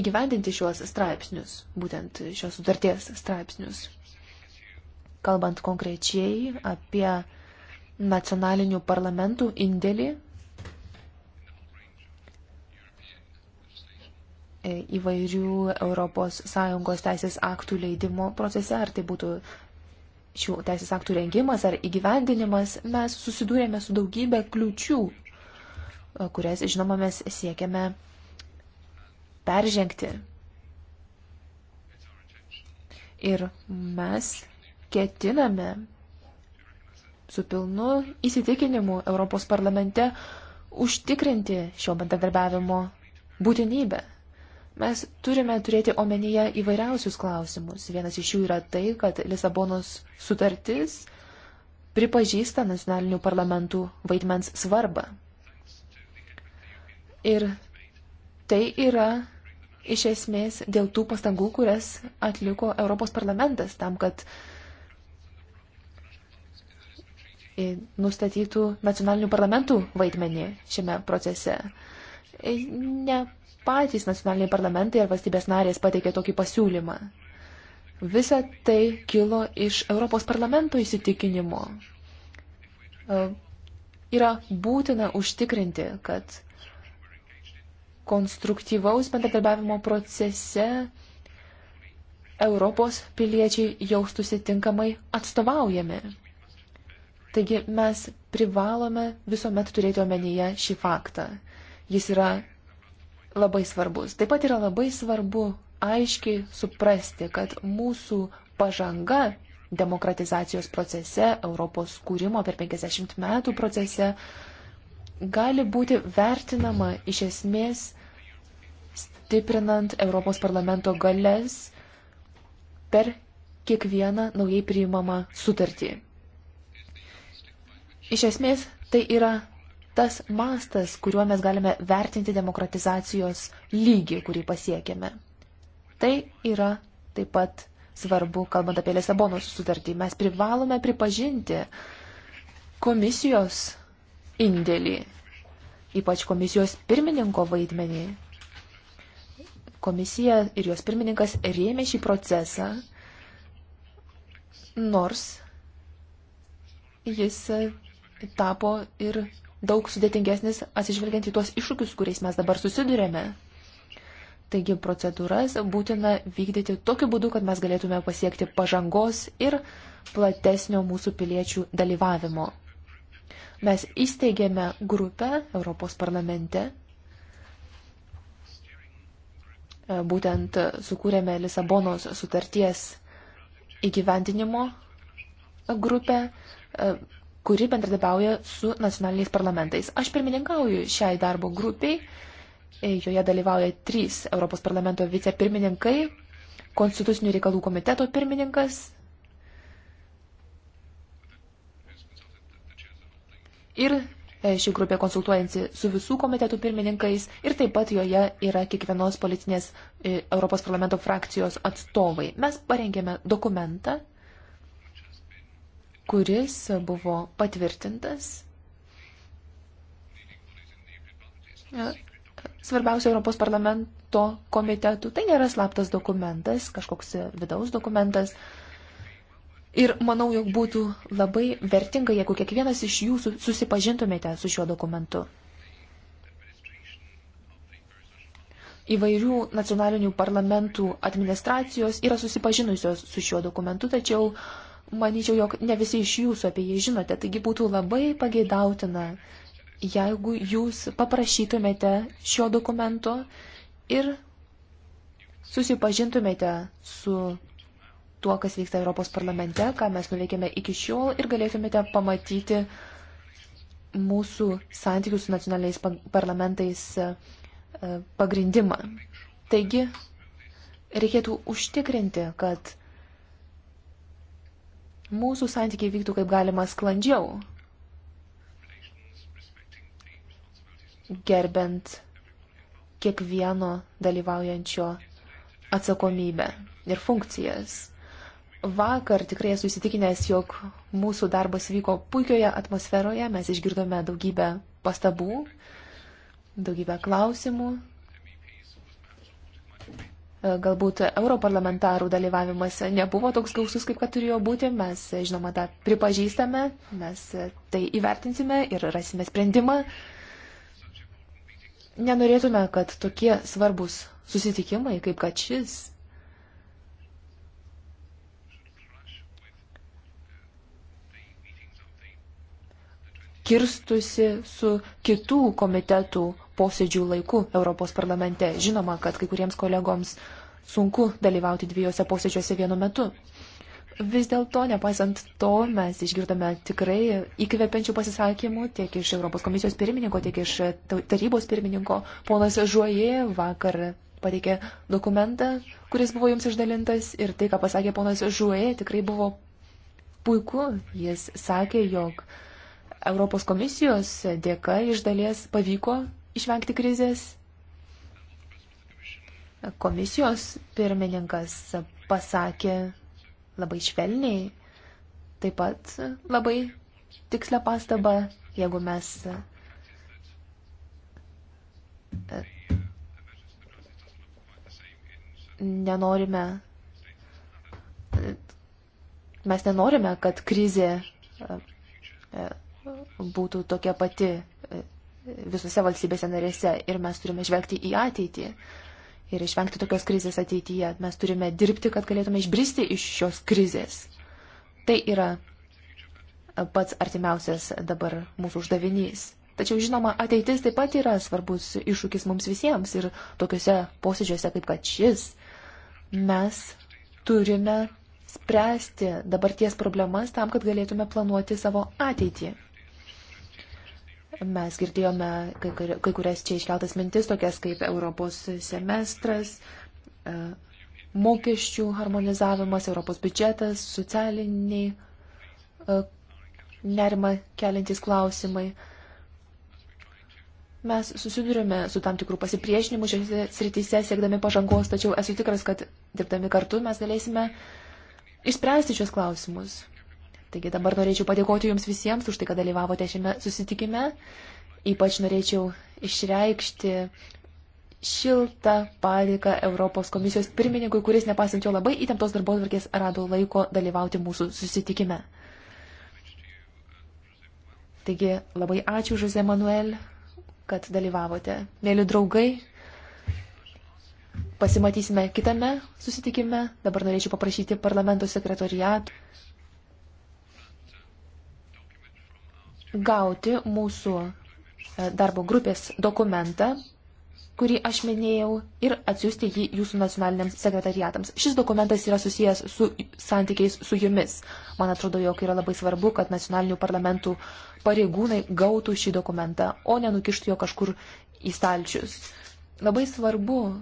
įgyvendinti šiuos straipsnius, būtent šios sutarties straipsnius. Kalbant konkrečiai apie nacionalinių parlamentų indėlį e, įvairių ES teisės aktų leidimo procese, ar tai būtų šių teisės aktų rengimas ar įgyvendinimas, mes susidūrėme su daugybė kliučių kurias, žinoma, mes siekiame peržengti. Ir mes ketiname su pilnu įsitikinimu Europos parlamente užtikrinti šio bendradarbiavimo būtinybę. Mes turime turėti omenyje įvairiausius klausimus. Vienas iš jų yra tai, kad Lisabonos sutartis pripažįsta nacionalinių parlamentų vaidmens svarbą. Ir tai yra iš esmės dėl tų pastangų, kurias atliko Europos parlamentas tam, kad nustatytų nacionalinių parlamentų vaidmenį šiame procese. E, ne patys nacionaliniai parlamentai ar valstybės narės pateikė tokį pasiūlymą. Visa tai kilo iš Europos parlamento įsitikinimo. E, yra būtina užtikrinti, kad konstruktyvaus bendradarbiavimo procese Europos piliečiai jaustųsi tinkamai atstovaujami. Taigi mes privalome visuomet turėti omenyje šį faktą. Jis yra labai svarbus. Taip pat yra labai svarbu aiškiai suprasti, kad mūsų pažanga demokratizacijos procese, Europos kūrimo per 50 metų procese gali būti vertinama iš esmės stiprinant Europos parlamento galės per kiekvieną naujai priimamą sutartį. Iš esmės tai yra tas mastas, kuriuo mes galime vertinti demokratizacijos lygį, kurį pasiekėme. Tai yra taip pat svarbu, kalbant apie Lisabonos sutartį. Mes privalome pripažinti komisijos indėlį, ypač komisijos pirmininko vaidmenį. Komisija ir jos pirmininkas rėmė šį procesą, nors jis tapo ir daug sudėtingesnis atsižvelgiant į tuos iššūkius, kuriais mes dabar susidurėme. Taigi procedūras būtina vykdyti tokiu būdu, kad mes galėtume pasiekti pažangos ir platesnio mūsų piliečių dalyvavimo. Mes įsteigėme grupę Europos parlamente. E, būtent sukūrėme Lisabonos sutarties įgyvendinimo grupę, e, kuri bendradarbiauja su nacionaliniais parlamentais. Aš pirmininkauju šiai darbo grupiai, e, joje dalyvauja trys Europos parlamento vicepirmininkai, konstitucinių reikalų komiteto pirmininkas ir e, ši grupė konsultuojasi su visų komitetų pirmininkais ir taip pat joje yra kiekvienos politinės e, Europos parlamento frakcijos atstovai. Mes parengėme dokumentą, kuris buvo patvirtintas e, svarbiausių Europos parlamento komitetų. Tai nėra slaptas dokumentas, kažkoks vidaus dokumentas. Ir manau, jog būtų labai vertinga, jeigu kiekvienas iš jūsų susipažintumėte su šiuo dokumentu. Įvairių nacionalinių parlamentų administracijos yra susipažinusios su šiuo dokumentu, tačiau manyčiau, jog ne visi iš jūsų apie jį žinote, taigi būtų labai pageidautina, jeigu jūs paprašytumėte šio dokumento ir susipažintumėte su tuo, kas vyksta Europos parlamente, ką mes nuveikėme iki šiol ir galėtumėte pamatyti mūsų santykių su nacionaliais parlamentais e, pagrindimą. Taigi, reikėtų užtikrinti, kad mūsų santykiai vyktų kaip galima sklandžiau, gerbent kiekvieno dalyvaujančio atsakomybę ir funkcijas vakar tikrai esu įsitikinęs, jog mūsų darbas vyko puikioje atmosferoje, mes išgirdome daugybę pastabų, daugybę klausimų. E, galbūt europarlamentarų dalyvavimas nebuvo toks gausus, kaip kad turėjo būti, mes e, žinoma tą pripažįstame, mes e, tai įvertinsime ir rasime sprendimą. Nenorėtume, kad tokie svarbus susitikimai, kaip kad šis, kirstusi su kitų komitetų posėdžių laiku Europos parlamente. Žinoma, kad kai kuriems kolegoms sunku dalyvauti dviejose posėdžiuose vienu metu. Vis dėlto, nepaisant to, mes išgirdome tikrai įkvepiančių pasisakymų tiek iš Europos komisijos pirmininko, tiek iš tarybos pirmininko. Ponas Žuoje vakar pateikė dokumentą, kuris buvo jums išdalintas ir tai, ką pasakė ponas Žuoje, tikrai buvo puiku. Jis sakė, jog uh, Europos komisijos dėka iš dalies pavyko išvengti krizės. Komisijos pirmininkas pasakė labai švelniai, taip pat labai tikslę pastabą, jeigu mes e, nenorime, e, mes nenorime, kad krizė e, būtų tokia pati e, visose valstybėse narėse ir mes turime žvelgti į ateitį ir išvengti tokios krizės ateityje. Mes turime dirbti, kad galėtume išbristi iš šios krizės. Tai yra pats artimiausias dabar mūsų uždavinys. Tačiau, žinoma, ateitis taip pat yra svarbus iššūkis mums visiems ir tokiuose posėdžiuose kaip kad šis mes turime spręsti dabarties problemas tam, kad galėtume planuoti savo ateitį. Mes girdėjome kai, kai kurias čia iškeltas mintis, tokias kaip Europos semestras, e, mokesčių harmonizavimas, Europos biudžetas, socialiniai e, nerima keliantys klausimai. Mes susidurime su tam tikrų pasipriešinimų šiose srityse, siekdami pažangos, tačiau esu tikras, kad dirbdami kartu mes galėsime išspręsti šios klausimus. Taigi dabar norėčiau padėkoti Jums visiems už tai, kad dalyvavote šiame susitikime. Ypač norėčiau išreikšti šiltą padėką Europos komisijos pirmininkui, kuris nepasint jo labai įtemptos darbotvarkės rado laiko dalyvauti mūsų susitikime. Taigi labai ačiū, Žuze Manuel, kad dalyvavote. Mėly draugai, pasimatysime kitame susitikime. Dabar norėčiau paprašyti parlamento sekretoriatų gauti mūsų e, darbo grupės dokumentą, kurį aš minėjau, ir atsiųsti jį jūsų nacionaliniams sekretariatams. Šis dokumentas yra susijęs su santykiais su jumis. Man atrodo, jog yra labai svarbu, kad nacionalinių parlamentų pareigūnai gautų šį dokumentą, o nenukištų jo kažkur į stalčius. Labai svarbu e,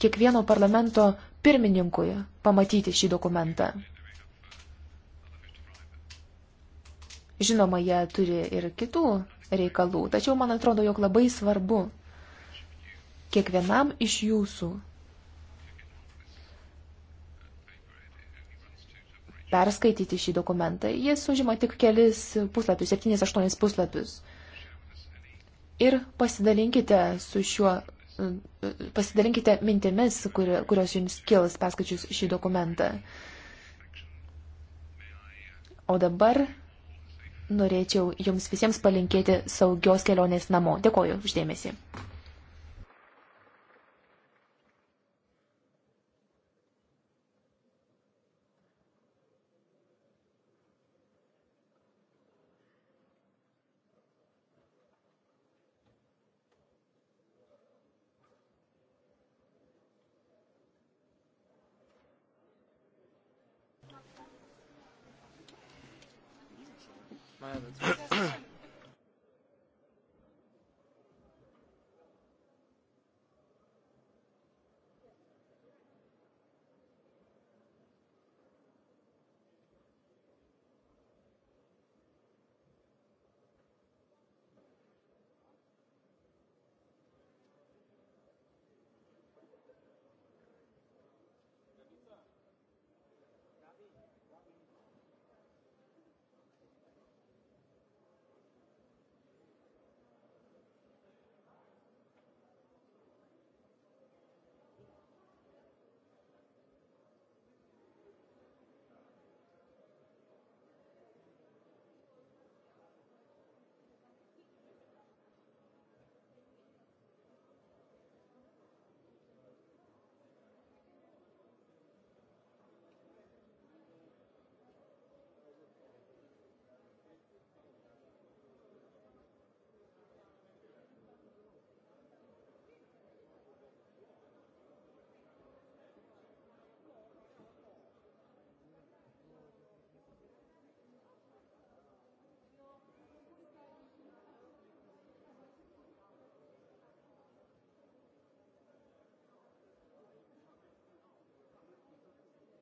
kiekvieno parlamento pirmininkui pamatyti šį dokumentą. Žinoma, jie turi ir kitų reikalų, tačiau man atrodo, jog labai svarbu kiekvienam iš jūsų perskaityti šį dokumentą. Jis užima tik kelis puslapius, 7-8 puslapius. Ir pasidalinkite su šiuo, pasidalinkite mintimis, kur, kurios jums kils perskaičius šį dokumentą. O dabar norėčiau jums visiems palinkėti saugios kelionės namo. Dėkoju uždėmesi.